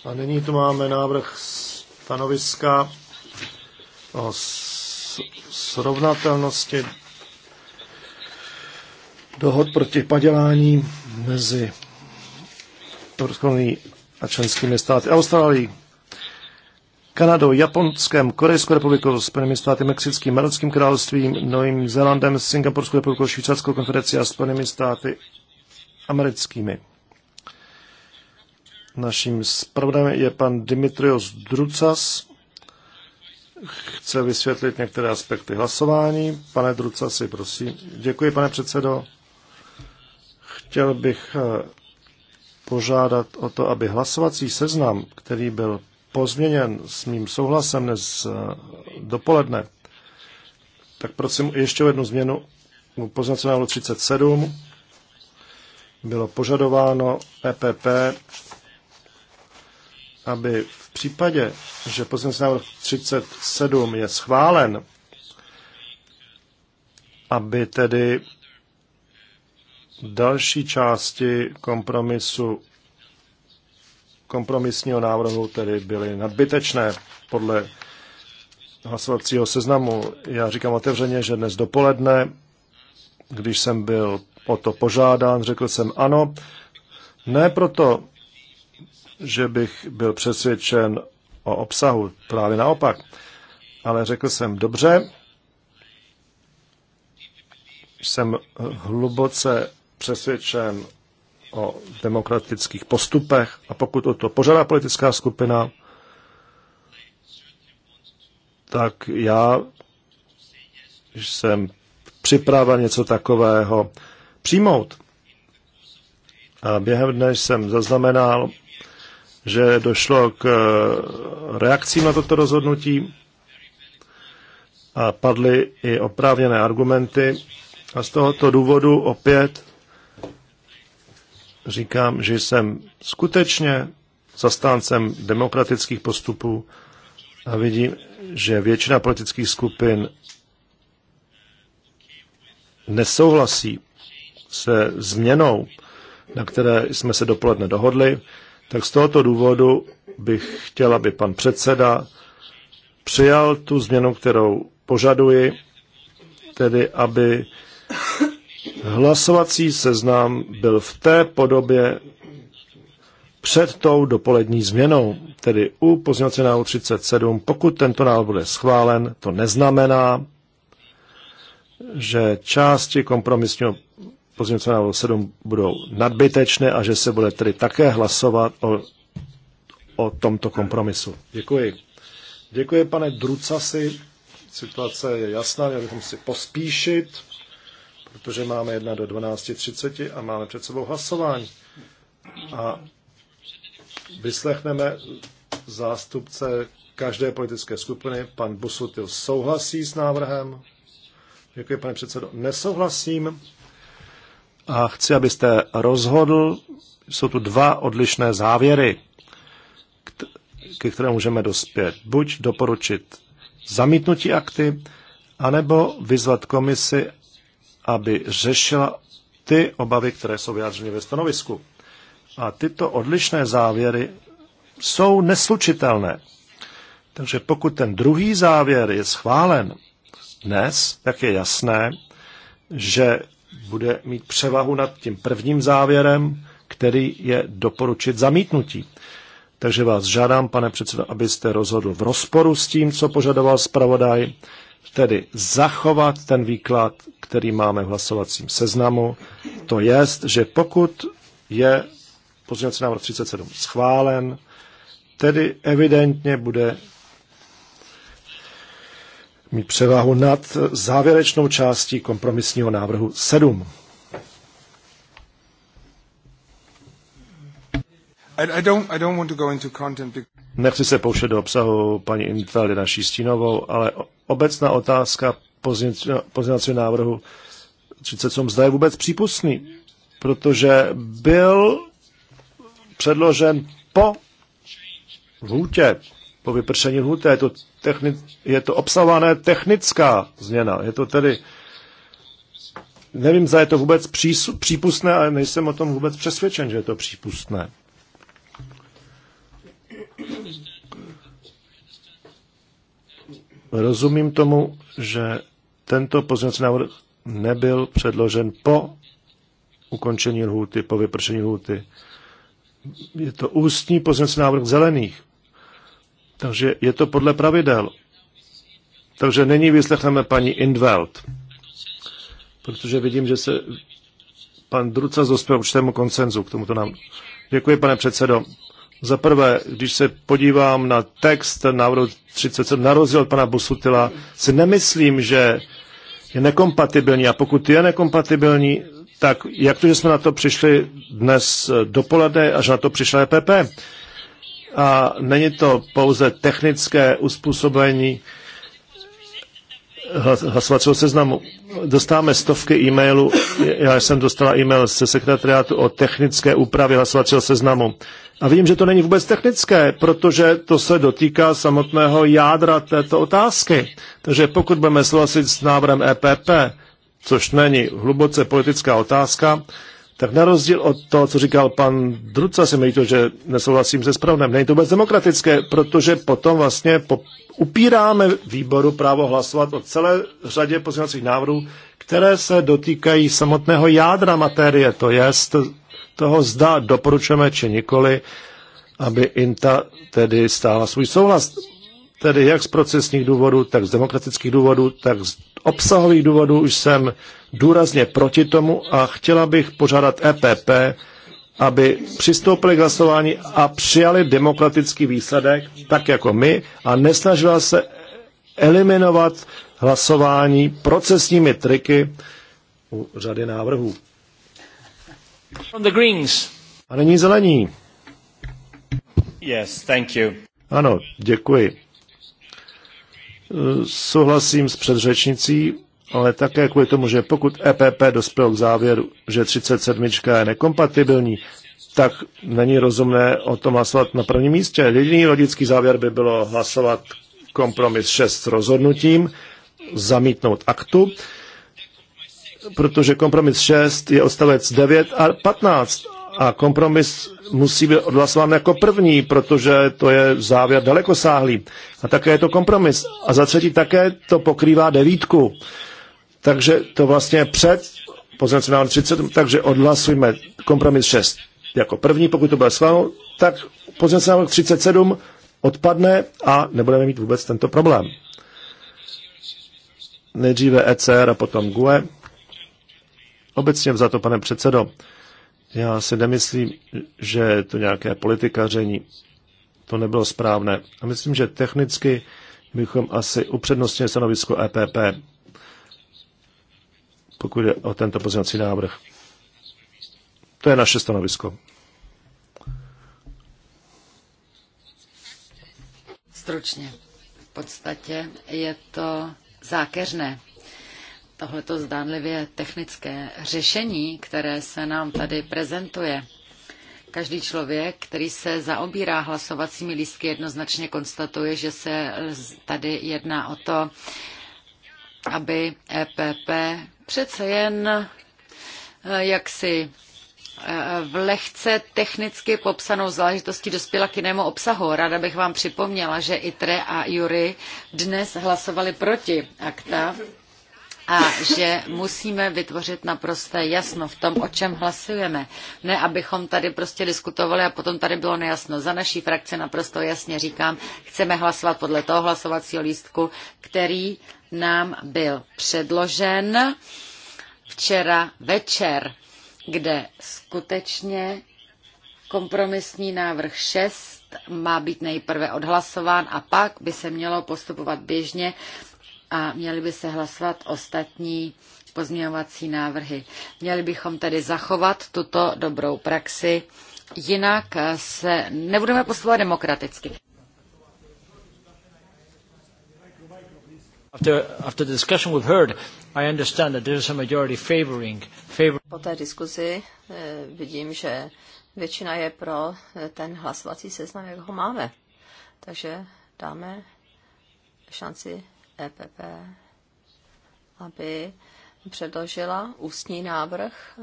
A nyní tu máme návrh stanoviska o srovnatelnosti dohod proti padělání mezi Evropskou a členskými státy Austrálii. Kanadou, Japonskem, Korejskou republikou, Spojenými státy mexickým, Marockým královstvím, Novým Zélandem, Singapurskou republikou, Švýcarskou konfederací a Spojenými státy americkými. Naším zpravodajem je pan Dimitrios Drucas. Chce vysvětlit některé aspekty hlasování. Pane Drucasi, prosím. Děkuji, pane předsedo. Chtěl bych eh, požádat o to, aby hlasovací seznam, který byl pozměněn s mým souhlasem dnes eh, dopoledne, tak prosím ještě jednu změnu Poznat poznaceného 37. Bylo požadováno EPP, aby v případě, že poznací návrh 37 je schválen, aby tedy další části kompromisu kompromisního návrhu tedy byly nadbytečné podle hlasovacího seznamu. Já říkám otevřeně, že dnes dopoledne, když jsem byl o to požádán, řekl jsem ano. Ne proto, že bych byl přesvědčen o obsahu, právě naopak, ale řekl jsem dobře, jsem hluboce přesvědčen o demokratických postupech a pokud o to požádá politická skupina, tak já jsem připraven něco takového přijmout. A během dne jsem zaznamenal, že došlo k eh, reakcím na toto rozhodnutí a padly i oprávněné argumenty. A z tohoto důvodu opět říkám, že jsem skutečně zastáncem demokratických postupů a vidím, že většina politických skupin nesouhlasí se změnou, na které jsme se dopoledne dohodli, tak z tohoto důvodu bych chtěl, aby pan předseda přijal tu změnu, kterou požaduji, tedy aby Hlasovací seznam byl v té podobě před tou dopolední změnou, tedy u pozměňovací návrhu 37. Pokud tento návrh bude schválen, to neznamená, že části kompromisního pozměňovacího návrhu 7 budou nadbytečné a že se bude tedy také hlasovat o, o tomto kompromisu. Děkuji. Děkuji, pane Drucasi. Situace je jasná, měli bychom si pospíšit protože máme jedna do 12.30 a máme před sebou hlasování. A vyslechneme zástupce každé politické skupiny. Pan Busutil souhlasí s návrhem. Děkuji, pane předsedo. Nesouhlasím. A chci, abyste rozhodl. Jsou tu dva odlišné závěry, ke které můžeme dospět. Buď doporučit zamítnutí akty, anebo vyzvat komisi, aby řešila ty obavy, které jsou vyjádřeny ve stanovisku. A tyto odlišné závěry jsou neslučitelné. Takže pokud ten druhý závěr je schválen dnes, tak je jasné, že bude mít převahu nad tím prvním závěrem, který je doporučit zamítnutí. Takže vás žádám, pane předsedo, abyste rozhodl v rozporu s tím, co požadoval zpravodaj tedy zachovat ten výklad, který máme v hlasovacím seznamu. To je, že pokud je pozměňovací návrh 37 schválen, tedy evidentně bude mít převahu nad závěrečnou částí kompromisního návrhu 7. I don't, I don't want to go into content because... Nechci se poušet do obsahu paní Intel, naší stínovou, ale obecná otázka pozněcího návrhu 37 zda je vůbec přípustný, protože byl předložen po hůtě, po vypršení lhůty. Je to, techni- je to obsahované technická změna. Je to tedy, nevím, zda je to vůbec přípustné, ale nejsem o tom vůbec přesvědčen, že je to přípustné. Rozumím tomu, že tento pozměňovací návrh nebyl předložen po ukončení lhůty, po vypršení lhůty. Je to ústní pozměňovací návrh zelených. Takže je to podle pravidel. Takže nyní vyslechneme paní Indveld, protože vidím, že se pan Druca k určitému koncenzu k tomuto nám. Děkuji, pane předsedo. Za prvé, když se podívám na text návrhu 37, na rozdíl od pana Busutila, si nemyslím, že je nekompatibilní. A pokud je nekompatibilní, tak jak to, že jsme na to přišli dnes dopoledne, až na to přišla EPP? A není to pouze technické uspůsobení hlasovacího seznamu. Dostáváme stovky e-mailů. Já jsem dostala e-mail ze sekretariátu o technické úpravě hlasovacího seznamu. A vím, že to není vůbec technické, protože to se dotýká samotného jádra této otázky. Takže pokud budeme souhlasit s návrhem EPP, což není hluboce politická otázka, tak na rozdíl od toho, co říkal pan Druca, si mi to, že nesouhlasím se správným. Není to vůbec demokratické, protože potom vlastně po, upíráme výboru právo hlasovat o celé řadě pozměňovacích návrhů, které se dotýkají samotného jádra materie, to jest toho, zda doporučujeme či nikoli, aby INTA tedy stála svůj souhlas. Tedy jak z procesních důvodů, tak z demokratických důvodů, tak z obsahových důvodů už jsem důrazně proti tomu a chtěla bych požádat EPP, aby přistoupili k hlasování a přijali demokratický výsledek, tak jako my, a nesnažila se eliminovat hlasování procesními triky u řady návrhů. From the Greens. A není zelení. Yes, thank you. Ano, děkuji. E, souhlasím s předřečnicí, ale také kvůli tomu, že pokud EPP dospěl k závěru, že 37 je nekompatibilní, tak není rozumné o tom hlasovat na prvním místě. Jediný logický závěr by bylo hlasovat kompromis 6 s rozhodnutím, zamítnout aktu protože kompromis 6 je odstavec 9 a 15 a kompromis musí být odhlasován jako první, protože to je závěr dalekosáhlý. A také je to kompromis. A za třetí také to pokrývá devítku. Takže to vlastně před poznacím 30, takže odhlasujeme kompromis 6 jako první, pokud to bude schváleno, tak pozměňovací 37 odpadne a nebudeme mít vůbec tento problém. Nejdříve ECR a potom GUE. Obecně to, pane předsedo, já si nemyslím, že je to nějaké politikaření. To nebylo správné. A myslím, že technicky bychom asi upřednostnili stanovisko EPP, pokud je o tento pozměňovací návrh. To je naše stanovisko. Stručně. V podstatě je to zákeřné tohleto zdánlivě technické řešení, které se nám tady prezentuje. Každý člověk, který se zaobírá hlasovacími lístky, jednoznačně konstatuje, že se tady jedná o to, aby EPP přece jen eh, jaksi eh, v lehce technicky popsanou záležitostí dospěla k jinému obsahu. Ráda bych vám připomněla, že ITRE a Jury dnes hlasovali proti akta a že musíme vytvořit naprosté jasno v tom, o čem hlasujeme. Ne, abychom tady prostě diskutovali a potom tady bylo nejasno. Za naší frakce naprosto jasně říkám, chceme hlasovat podle toho hlasovacího lístku, který nám byl předložen včera večer, kde skutečně kompromisní návrh 6 má být nejprve odhlasován a pak by se mělo postupovat běžně a měli by se hlasovat ostatní pozměňovací návrhy. Měli bychom tedy zachovat tuto dobrou praxi, jinak se nebudeme postupovat demokraticky. Po té diskuzi eh, vidím, že většina je pro eh, ten hlasovací seznam, jak ho máme. Takže dáme šanci EPP, aby předložila ústní návrh,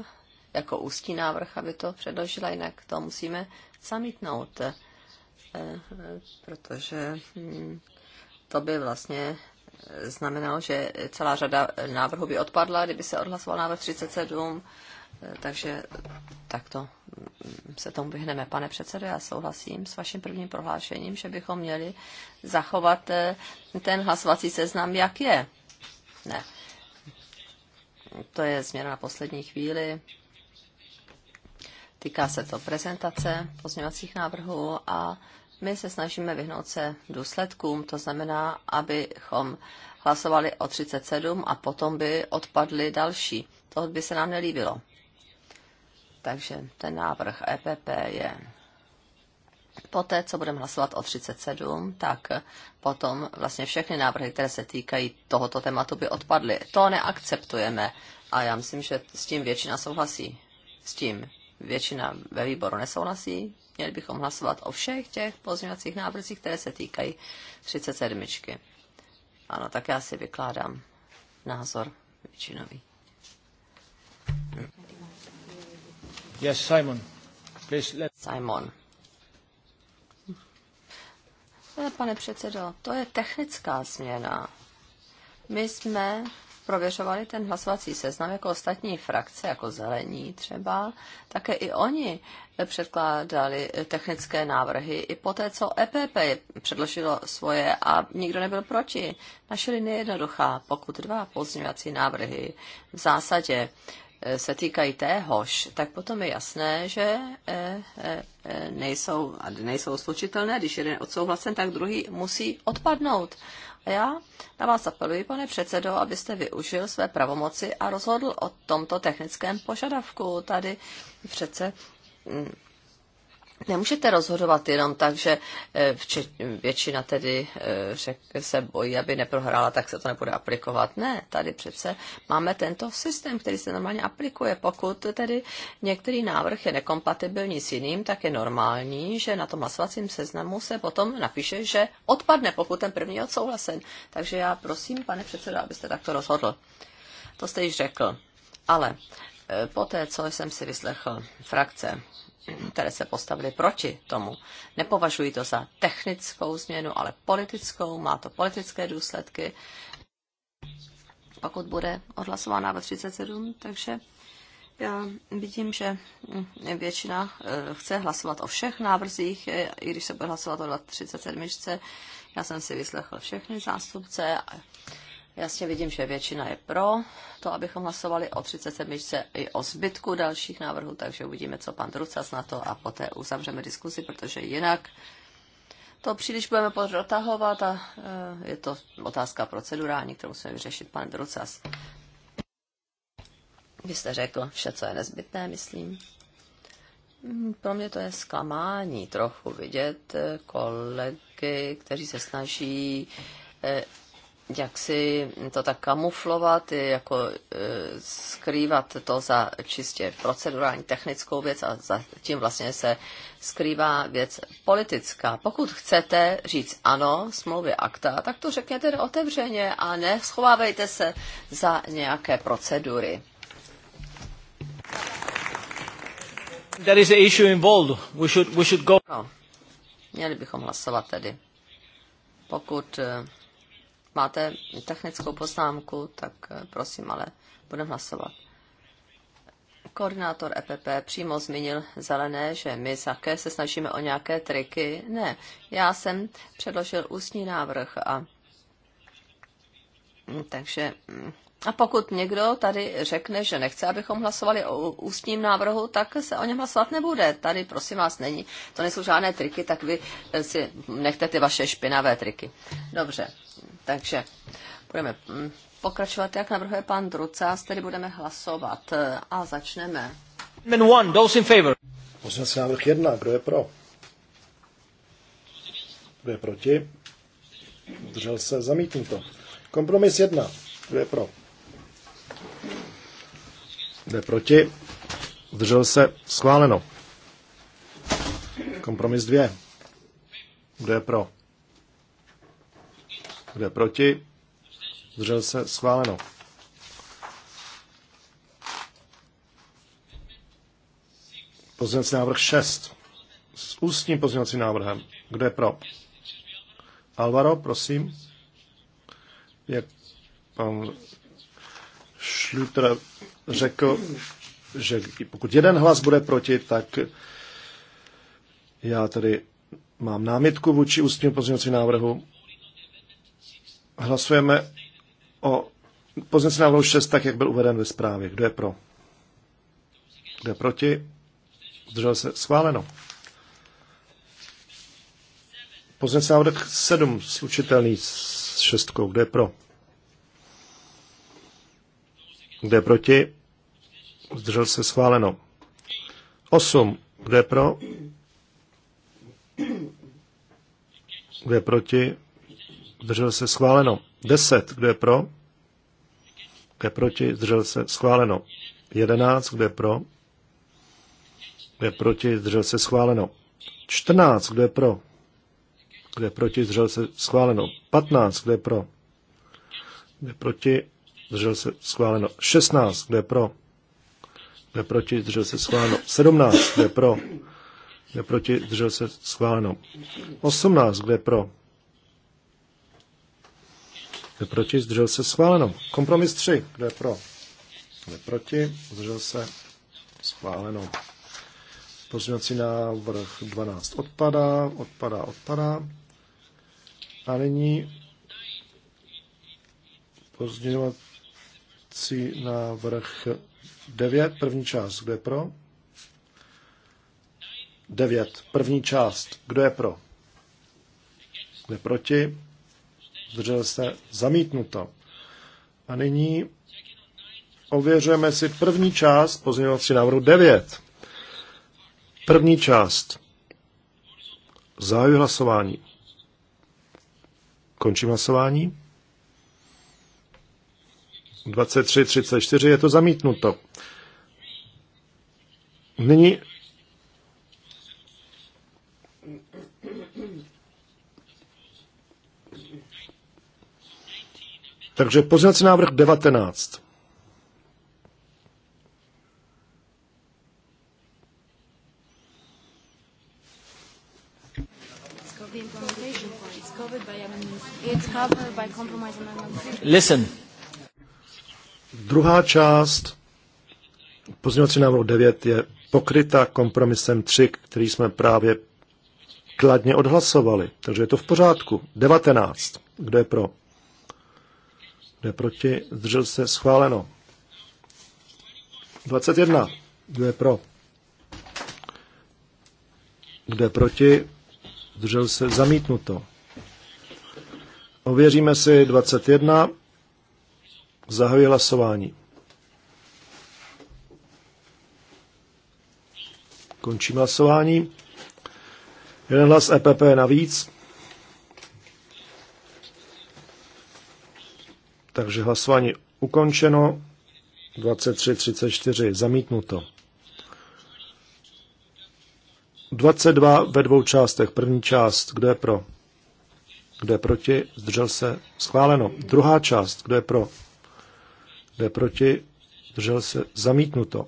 jako ústní návrh, aby to předložila, jinak to musíme zamítnout, e, protože hm, to by vlastně znamenalo, že celá řada návrhů by odpadla, kdyby se odhlasoval návrh 37, e, takže takto se tomu vyhneme. Pane předsedo, já souhlasím s vaším prvním prohlášením, že bychom měli zachovat eh, ten hlasovací seznam, jak je. Ne. To je změna na poslední chvíli. Týká se to prezentace pozměňovacích návrhů a my se snažíme vyhnout se důsledkům, to znamená, abychom hlasovali o 37 a potom by odpadly další. To by se nám nelíbilo. Takže ten návrh EPP je Poté, co budeme hlasovat o 37, tak potom vlastně všechny návrhy, které se týkají tohoto tématu, by odpadly. To neakceptujeme a já myslím, že s tím většina souhlasí. S tím většina ve výboru nesouhlasí. Měli bychom hlasovat o všech těch pozměňovacích návrzích, které se týkají 37. Ano, tak já si vykládám názor většinový. Simon. Please Simon. Eh, pane předsedo, to je technická změna. My jsme prověřovali ten hlasovací seznam jako ostatní frakce, jako zelení třeba, také i oni předkládali technické návrhy i po té, co EPP předložilo svoje a nikdo nebyl proti. Naše linie je jednoduchá, pokud dva pozměňovací návrhy v zásadě se týkají téhož, tak potom je jasné, že eh, eh, eh, nejsou, nejsou slučitelné. Když jeden odsouhlasen, tak druhý musí odpadnout. A já na vás apeluji, pane předsedo, abyste využil své pravomoci a rozhodl o tomto technickém požadavku. Tady přece mm, Nemůžete rozhodovat jenom tak, že eh, většina tedy eh, řek, se bojí, aby neprohrála, tak se to nebude aplikovat. Ne, tady přece máme tento systém, který se normálně aplikuje. Pokud tedy některý návrh je nekompatibilní s jiným, tak je normální, že na tom hlasovacím seznamu se potom napíše, že odpadne, pokud ten první je odsouhlasen. Takže já prosím, pane předsedo, abyste takto rozhodl. To jste již řekl. Ale eh, poté, co jsem si vyslechl frakce, které se postavily proti tomu. Nepovažuji to za technickou změnu, ale politickou, má to politické důsledky, pokud bude odhlasována ve 37, takže já vidím, že většina eh, chce hlasovat o všech návrzích, eh, i když se bude hlasovat o 37. Já jsem si vyslechl všechny zástupce Jasně vidím, že většina je pro to, abychom hlasovali o 37 i o zbytku dalších návrhů, takže uvidíme, co pan Drucas na to a poté uzavřeme diskusi, protože jinak to příliš budeme protahovat a eh, je to otázka procedurální, kterou musíme vyřešit, pan Drucas. Vy jste řekl vše, co je nezbytné, myslím. Hmm, pro mě to je zklamání trochu vidět eh, kolegy, kteří se snaží eh, jak si to tak kamuflovat, jako e, skrývat to za čistě procedurální technickou věc a za tím vlastně se skrývá věc politická. Pokud chcete říct ano smlouvy akta, tak to řekněte otevřeně a neschovávejte se za nějaké procedury. There is an issue involved. We should, we should go. No, měli bychom hlasovat tedy. Pokud e, máte technickou poznámku, tak eh, prosím, ale budeme hlasovat. Koordinátor EPP přímo zmínil zelené, že my také se snažíme o nějaké triky. Ne, já jsem předložil ústní návrh a mm, takže mm, a pokud někdo tady řekne, že nechce, abychom hlasovali o ústním návrhu, tak se o něm hlasovat nebude. Tady, prosím vás, není. To nejsou žádné triky, tak vy eh, si nechte ty vaše špinavé triky. Dobře, takže budeme mm, pokračovat, jak navrhuje pan Drucás, tedy budeme hlasovat eh, a začneme. Men one, those in návrh jedna, kdo je pro? Kdo je proti? Držel se to. Kompromis jedna, kdo je pro? Jde proti. Zdržel se. Schváleno. Kompromis 2. Kdo je pro? Kdo je proti? Zdržel se. Schváleno. Pozměňovací návrh 6. S ústním pozměňovacím návrhem. Kdo je pro? Alvaro, prosím. Jak pan Schluter řekl, že pokud jeden hlas bude proti, tak já tedy mám námitku vůči ústnímu pozměňovacímu návrhu. Hlasujeme o pozměňovacím návrhu 6, tak jak byl uveden ve zprávě. Kdo je pro? Kdo je proti? Zdržel se? Schváleno. Pozměňovací návrh 7, slučitelný s šestkou. Kdo je pro? Kde proti? Zdržel se schváleno. 8. Kde pro? Kde proti? Zdržel se schváleno. 10. Kde pro? Kde proti? Zdržel se schváleno. 11. Kde pro? Kde proti? Zdržel se schváleno. 14. Kde pro? Kde proti? Zdržel se schváleno. 15. Kde pro? Kde proti? zdržel se schváleno 16, kde pro, kde proti, zdržel se schváleno 17, kde pro, kde proti, zdržel se schváleno 18, kde pro, kde proti, zdržel se schváleno. Kompromis 3, kde pro, kde proti, zdržel se schváleno. Pozměňovací návrh 12 odpadá, odpadá, odpadá. A nyní pozměňovací na vrch 9, první část. Kdo je pro? 9, první část. Kdo je pro? Kdo je proti? Zdržel se zamítnuto. A nyní ověřujeme si první část pozměňovací návrhu 9. První část. Zahajuji hlasování. Končím hlasování. 23, 34 je to zamítnuto. Nyní Takže pozměňovací návrh 19. Listen. Druhá část pozměňovací návrhu 9 je pokryta kompromisem 3, který jsme právě kladně odhlasovali. Takže je to v pořádku. 19. Kdo je pro? Kdo je proti? Zdržel se schváleno. 21. Kdo je pro? Kdo je proti? Zdržel se zamítnuto. Ověříme si 21. Zahajuji hlasování. Končím hlasování. Jeden hlas EPP navíc. Takže hlasování ukončeno. 23.34. Zamítnuto. 22 ve dvou částech. První část, kdo je pro? Kdo je proti? Zdržel se. Schváleno. Druhá část, kdo je pro? Kdo je proti? Držel se zamítnuto.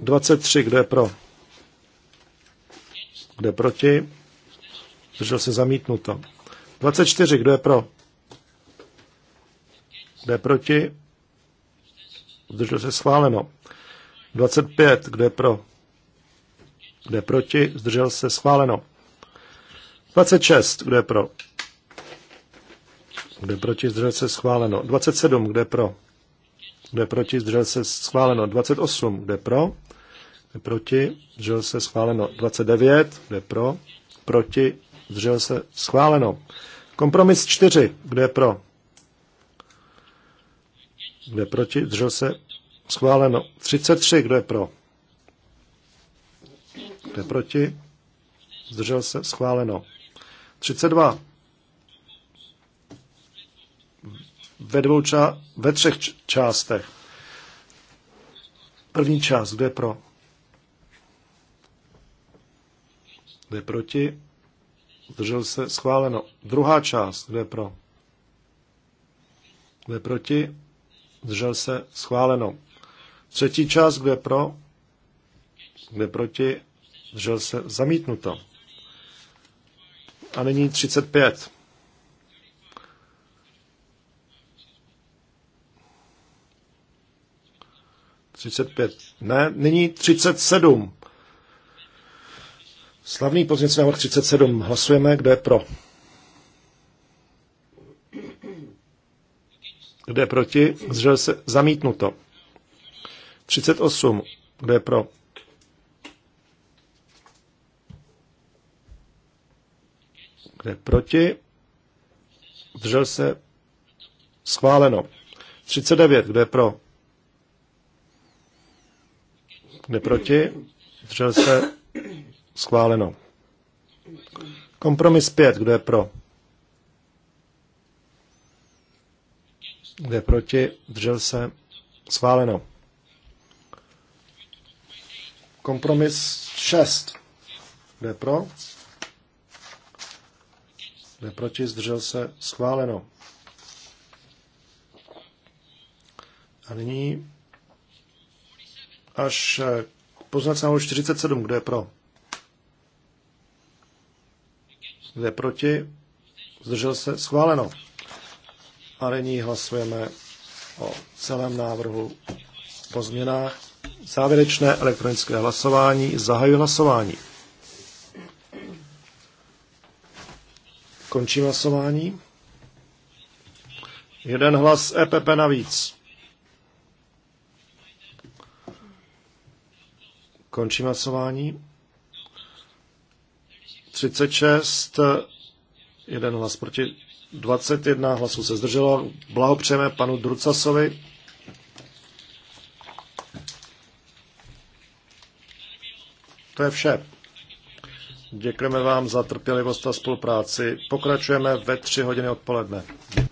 23. Kdo je pro? Kdo je proti? Držel se zamítnuto. 24. Kdo je pro? Kdo je proti? Zdržel se schváleno. 25. Kdo je pro? Kdo je proti? Zdržel se schváleno. 26. Kdo je pro? kde proti, zdržel se, schváleno. 27, kde pro, kde proti, zdržel se, schváleno. 28, kde pro, kde proti, zdržel se, schváleno. 29, kde pro, proti, zdržel se, schváleno. Kompromis 4, kde pro, kde proti, zdržel se, schváleno. 33, kde pro, kde proti, zdržel se, schváleno. 32, ve, dvou ča- ve třech částech. První část, kde pro? Kde proti? Zdržel se schváleno. Druhá část, kde pro? Kde proti? Zdržel se schváleno. Třetí část, kde pro? Kde proti? Zdržel se zamítnuto. A nyní 35. 35. Ne, nyní 37. Slavný pozměnce návrh 37. Hlasujeme, kdo je pro. Kdo je proti? Zdržel se zamítnuto. 38. Kdo je pro? Kdo je proti? Zdržel se schváleno. 39. Kdo je pro? Kde proti? Zdržel se? Schváleno. Kompromis 5. Kdo je pro? Kdo je proti? Zdržel se? Schváleno. Kompromis 6. Kdo je pro? Kdo je proti? Zdržel se? Schváleno. A nyní až k poznat 47, kdo je pro? Kdo je proti? Zdržel se? Schváleno. A nyní hlasujeme o celém návrhu po změnách. Závěrečné elektronické hlasování. Zahajuji hlasování. Končím hlasování. Jeden hlas EPP navíc. Končím hlasování. 36, jeden hlas proti, 21 hlasů se zdrželo. Blahopřejeme panu Drucasovi. To je vše. Děkujeme vám za trpělivost a spolupráci. Pokračujeme ve tři hodiny odpoledne.